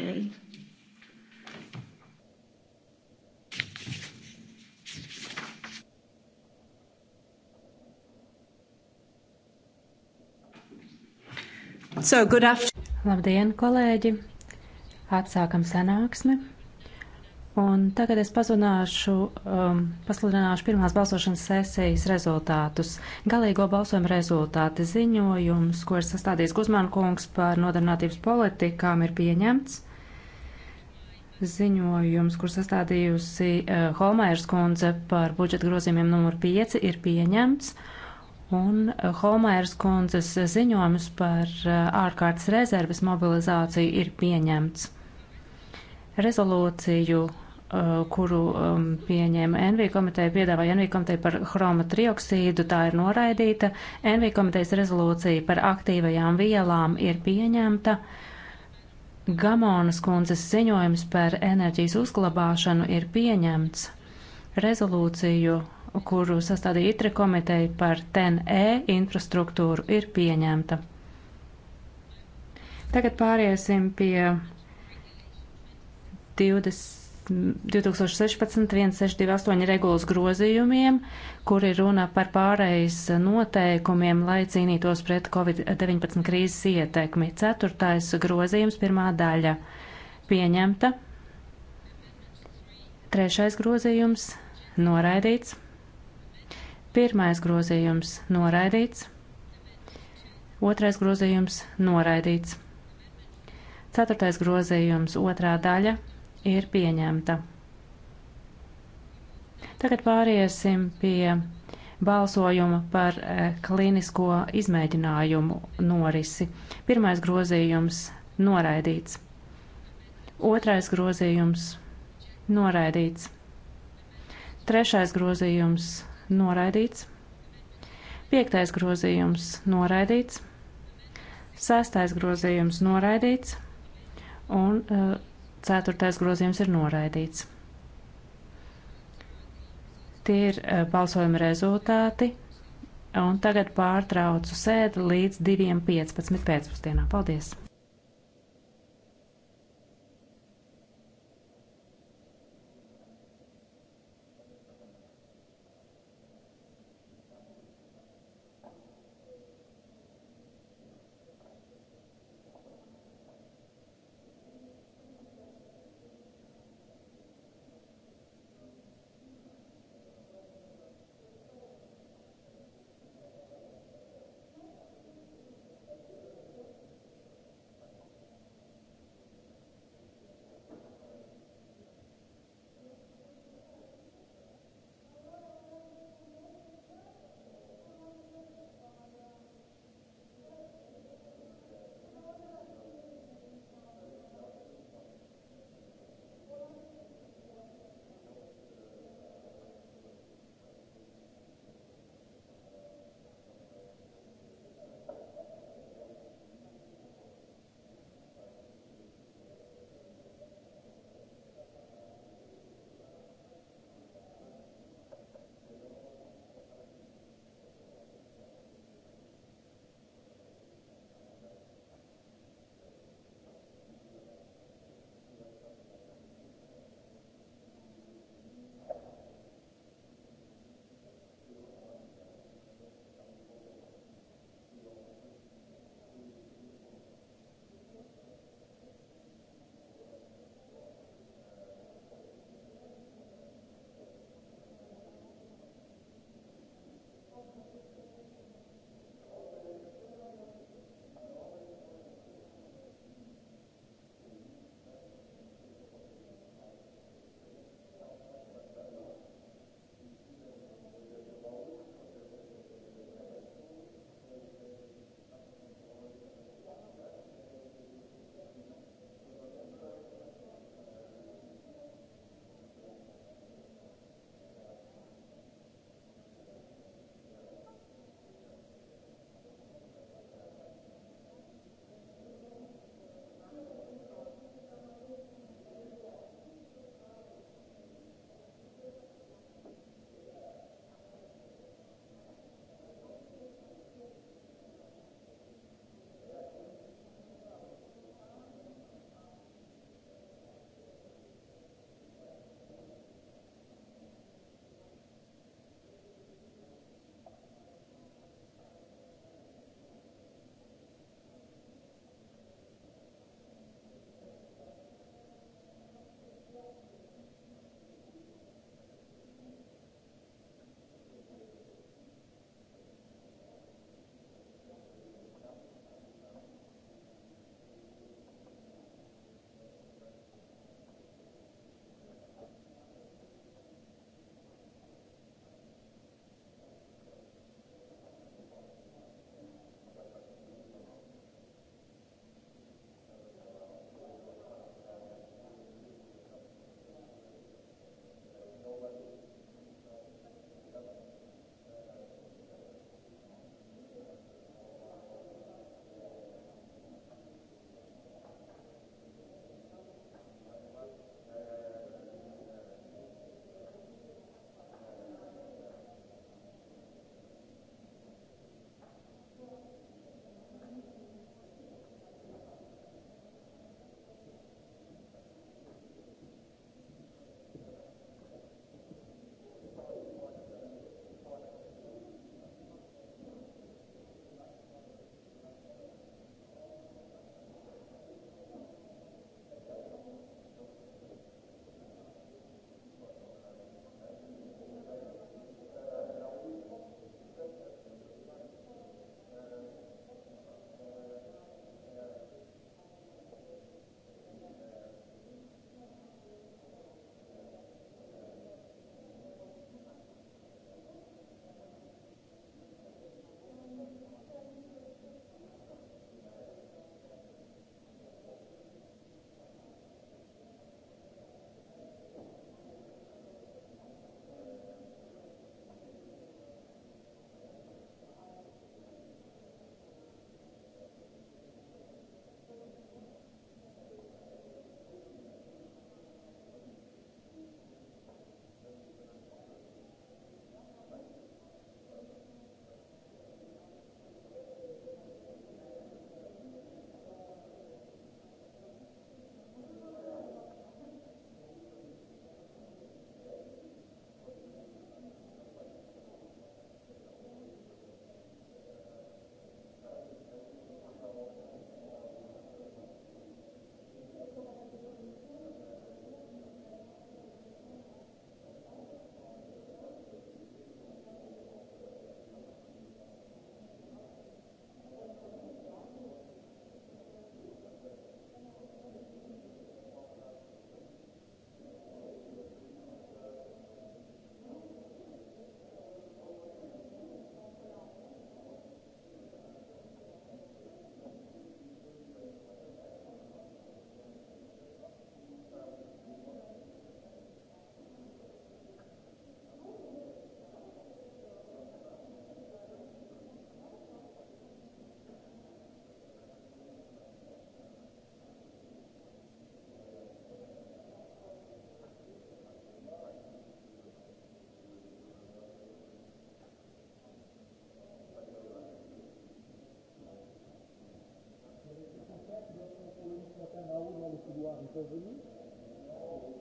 carried. So, good afternoon. Labdien, kolēģi! Atsākam sanāksmi. Un tagad es pazunāšu, um, pasludināšu pirmās balsošanas sesijas rezultātus. Galīgo balsojumu rezultāti ziņojums, ko ir sastādījis Guzmāna kungs par nodarbinātības politikām, ir pieņemts. Ziņojums, kur sastādījusi uh, Holmēras kundze par budžeta grozījumiem numur 5, ir pieņemts. Un uh, Holmēras kundzes ziņojums par uh, ārkārtas rezerves mobilizāciju ir pieņemts. Rezolūciju, uh, kuru um, pieņēma NV komiteja, piedāvāja NV komiteja par hroma trioksīdu, tā ir noraidīta. NV komitejas rezolūcija par aktīvajām vielām ir pieņemta. Uh, Gamonas kundzes ziņojums par enerģijas uzglabāšanu ir pieņemts. Rezolūciju, kuru sastādīja ITRE komiteja par TEN-E infrastruktūru, ir pieņemta. Tagad pāriesim pie 20. 2016.1628 regulas grozījumiem, kur ir runa par pārējais noteikumiem, lai cīnītos pret COVID-19 krīzes ietekmi. Ceturtais grozījums, pirmā daļa pieņemta. Trešais grozījums noraidīts. Pirmais grozījums noraidīts. Otrais grozījums noraidīts. Ceturtais grozījums otrā daļa ir pieņemta. Tagad pāriesim pie balsojuma par eh, klinisko izmēģinājumu norisi. Pirmais grozījums - noraidīts. Otrais grozījums - noraidīts. Trešais grozījums - noraidīts. Piektais grozījums - noraidīts. Sestais grozījums - noraidīts. Un uh, Ceturtais grozījums ir noraidīts. Tie ir e, balsojuma rezultāti. Un tagad pārtraucu sēdi līdz 2.15. pēcpusdienā. Paldies!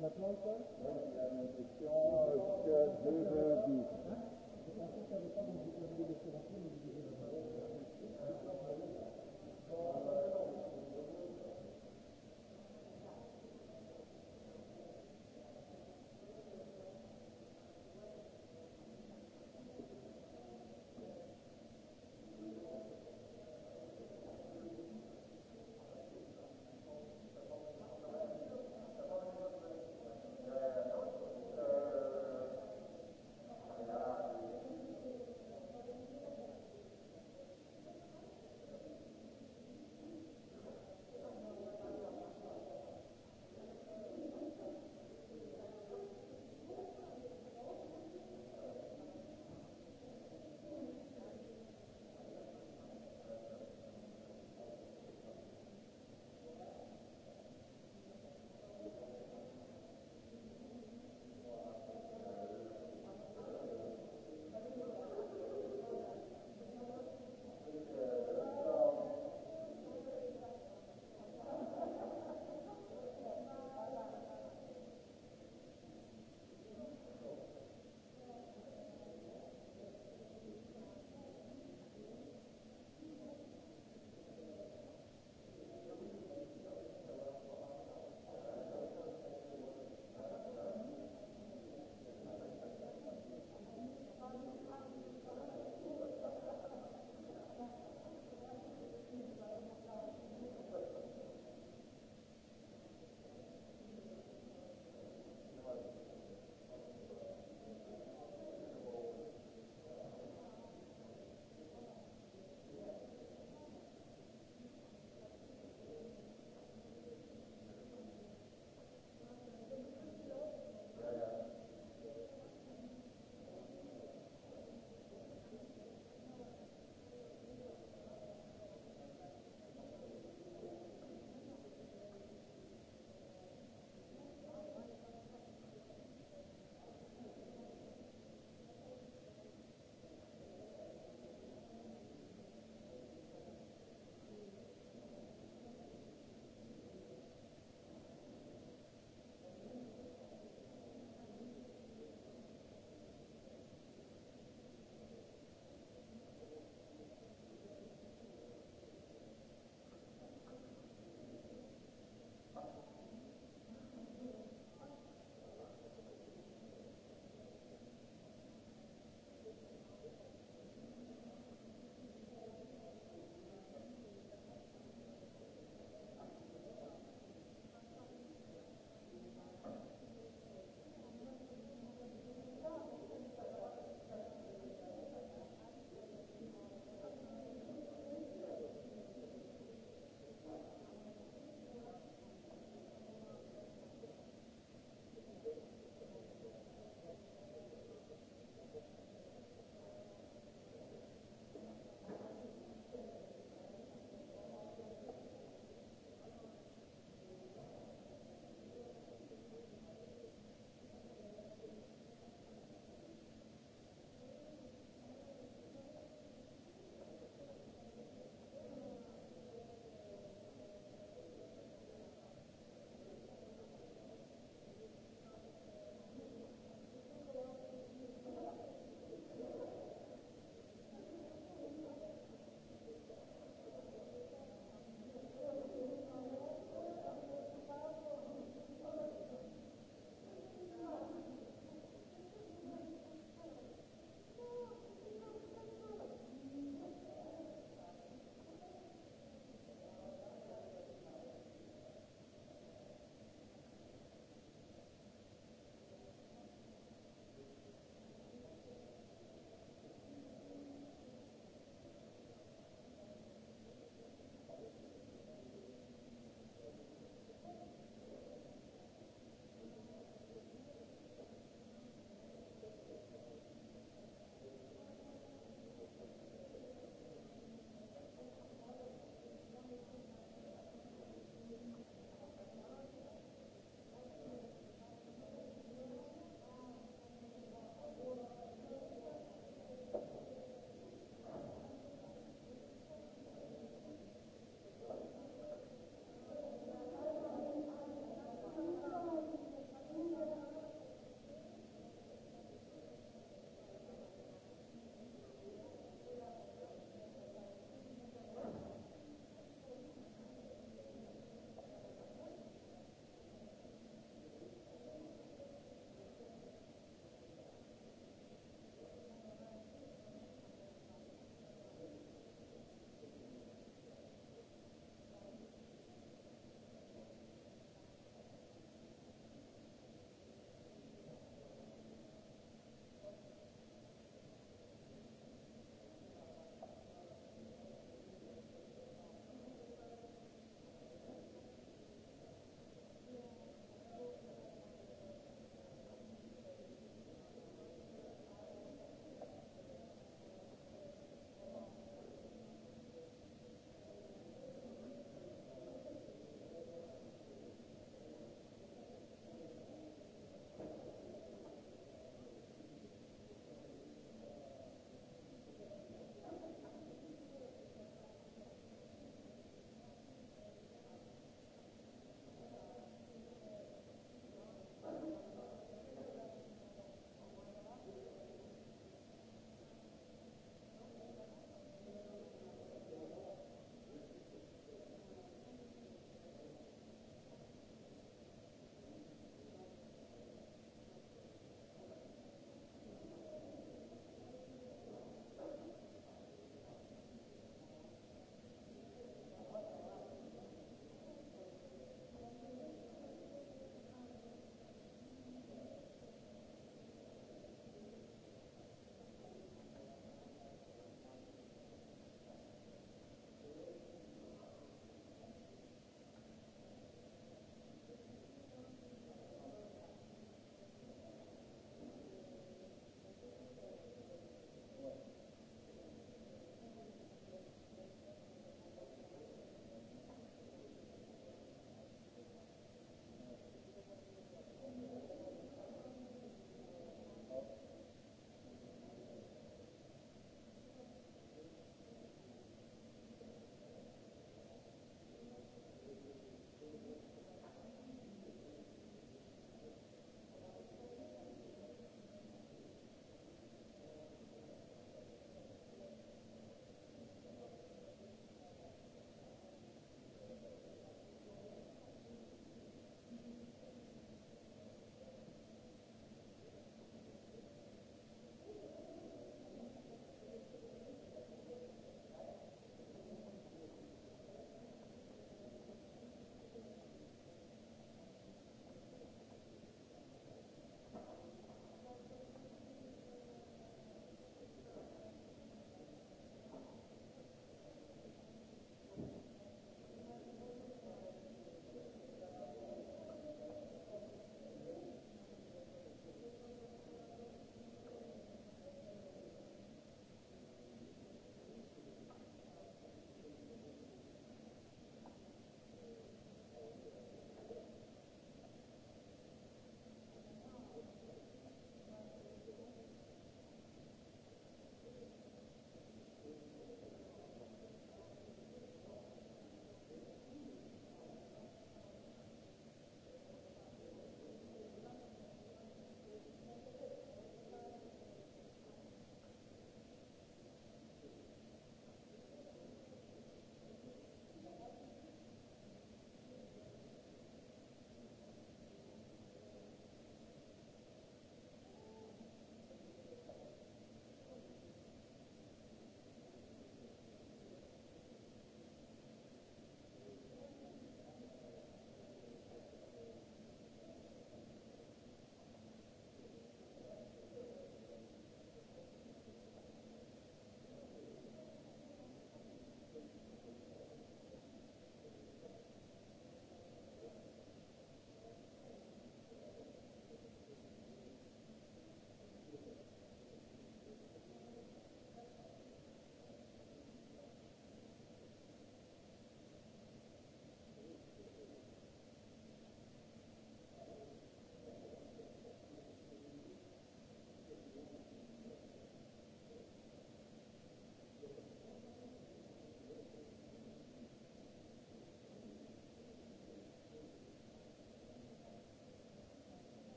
Maintenant, ça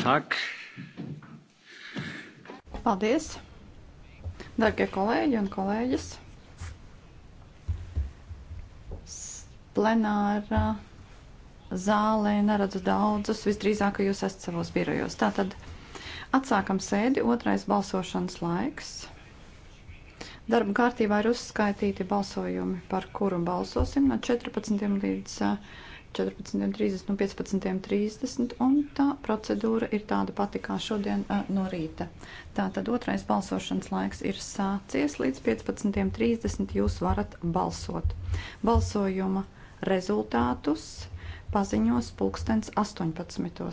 Tak. Paldies, darbie kolēģi un kolēģis. Plenāra zālē neredzu daudzus, visdrīzāk jūs esat savos birojos. Tātad atsākam sēdi, otrais balsošanas laiks. Darba kārtībā ir uzskaitīti balsojumi, par kuru balsosim no 14 līdz 18. 14.30 un 15.30, un tā procedūra ir tāda pati kā šodien eh, no rīta. Tātad otrais balsošanas laiks ir sācies līdz 15.30. Jūs varat balsot. Balsojuma rezultātus paziņos pulkstens 18.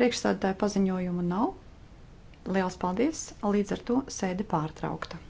Priekšsādātāja paziņojuma nav. Liels paldies! Līdz ar to sēde pārtraukta.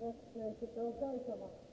Rättssäkerhet och annat.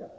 จะโก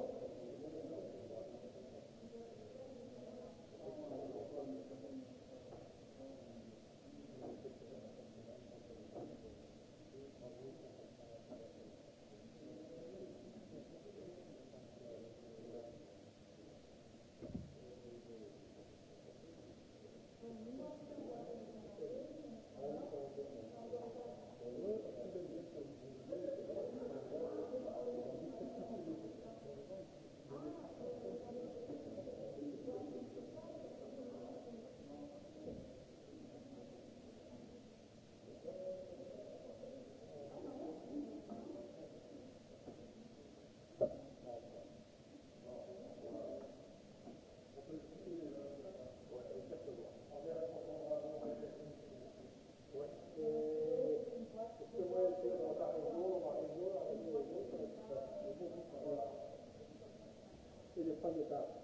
rezultātu.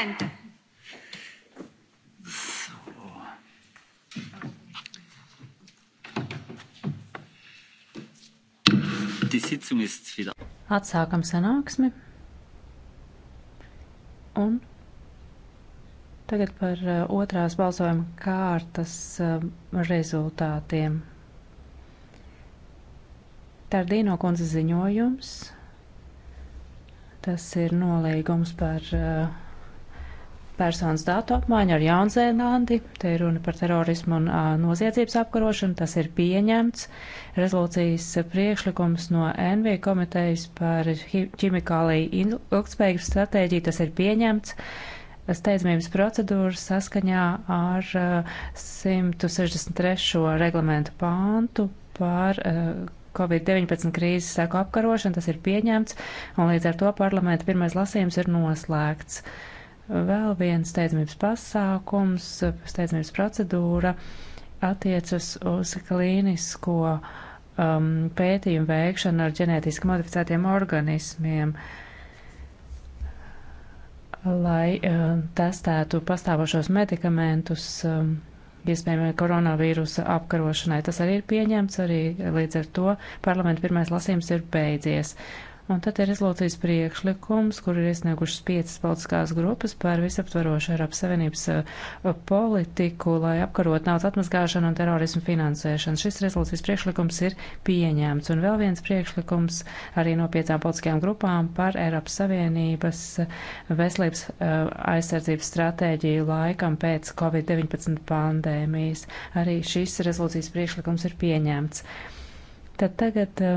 Presidente. So. Die Sitzung ist wieder. Atsākam sanāksmi. Un tagad par uh, otrās balsojuma kārtas uh, rezultātiem. Tardīno kundze ziņojums. Tas ir nolīgums par uh, personas datu apmaiņu ar Jaunzēlandi. Te ir runa par terorismu un a, noziedzības apkarošanu. Tas ir pieņemts. Rezolūcijas priekšlikums no NV komitejas par ķimikāliju ilgspējīgu stratēģiju. Tas ir pieņemts. Steidzamības procedūra saskaņā ar a, 163. reglamentu pāntu par a, Covid-19 krīzes sēku apkarošanu. Tas ir pieņemts, un līdz ar to parlamenta pirmais lasījums ir noslēgts. Uh, Vēl viens steidzamības pasākums, steidzamības procedūra attiecas uz klīnisko um, pētījumu veikšanu ar ģenētiski modificētiem organismiem. Uh, lai uh, testētu pastāvošos medikamentus, um, iespējami koronavīrusa apkarošanai. Tas arī ir pieņemts, arī līdz ar to parlamenta pirmais lasījums ir beidzies. Un tad ir rezolūcijas priekšlikums, kur ir iesniegušas piecas politiskās grupas par visaptvarošu Eiropas Savienības eh, politiku, lai apkarot naudas atmazgāšanu un terorismu finansēšanu. Šis rezolūcijas priekšlikums ir pieņēmts. Un vēl viens priekšlikums arī no piecām politiskajām grupām par Eiropas Savienības eh, veselības eh, aizsardzības stratēģiju laikam pēc Covid-19 pandēmijas. Arī šis rezolūcijas priekšlikums ir pieņēmts. Tad tagad uh,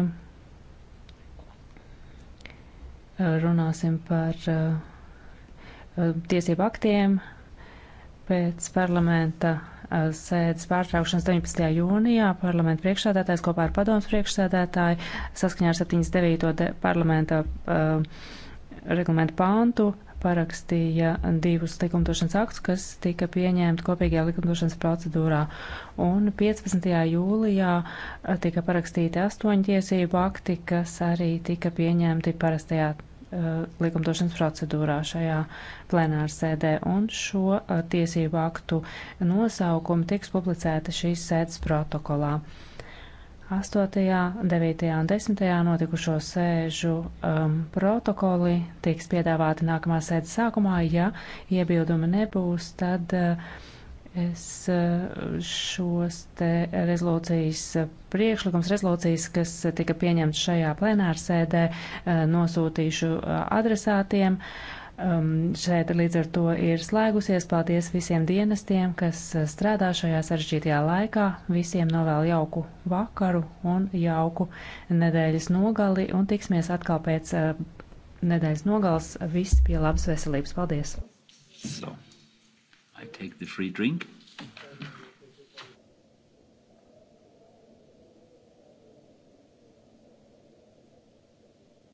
runāsim par uh, uh, tiesību aktiem pēc parlamenta uh, sēdes pārtraukšanas 19. jūnijā parlamenta priekšsēdētājs kopā ar padomus priekšsēdētāju saskaņā ar 79. parlamenta uh, reglamentu pāntu parakstīja divus likumdošanas aktus, kas tika pieņemti kopīgajā likumdošanas procedūrā. Un 15. jūlijā tika parakstīti astoņu tiesību akti, kas arī tika pieņemti parastajā uh, likumdošanas procedūrā šajā plenāra sēdē, un šo uh, tiesību aktu nosaukumu tiks publicēta šīs sēdes protokolā. 8., 9. un 10. notikušo sēžu um, protokoli tiks piedāvāti nākamā sēdes sākumā. Ja iebildumi nebūs, tad uh, es uh, šos te rezolūcijas uh, priekšlikums, rezolūcijas, kas tika pieņemts šajā plenārsēdē, uh, nosūtīšu uh, adresātiem. Uh, um, šeit līdz ar to ir slēgusies. Paldies visiem dienestiem, kas uh, strādā šajā sarežģītajā laikā. Visiem novēlu jauku vakaru un jauku nedēļas nogali un tiksimies atkal pēc uh, nedēļas nogals. Viss pie labas veselības. Paldies! So, I take the free drink.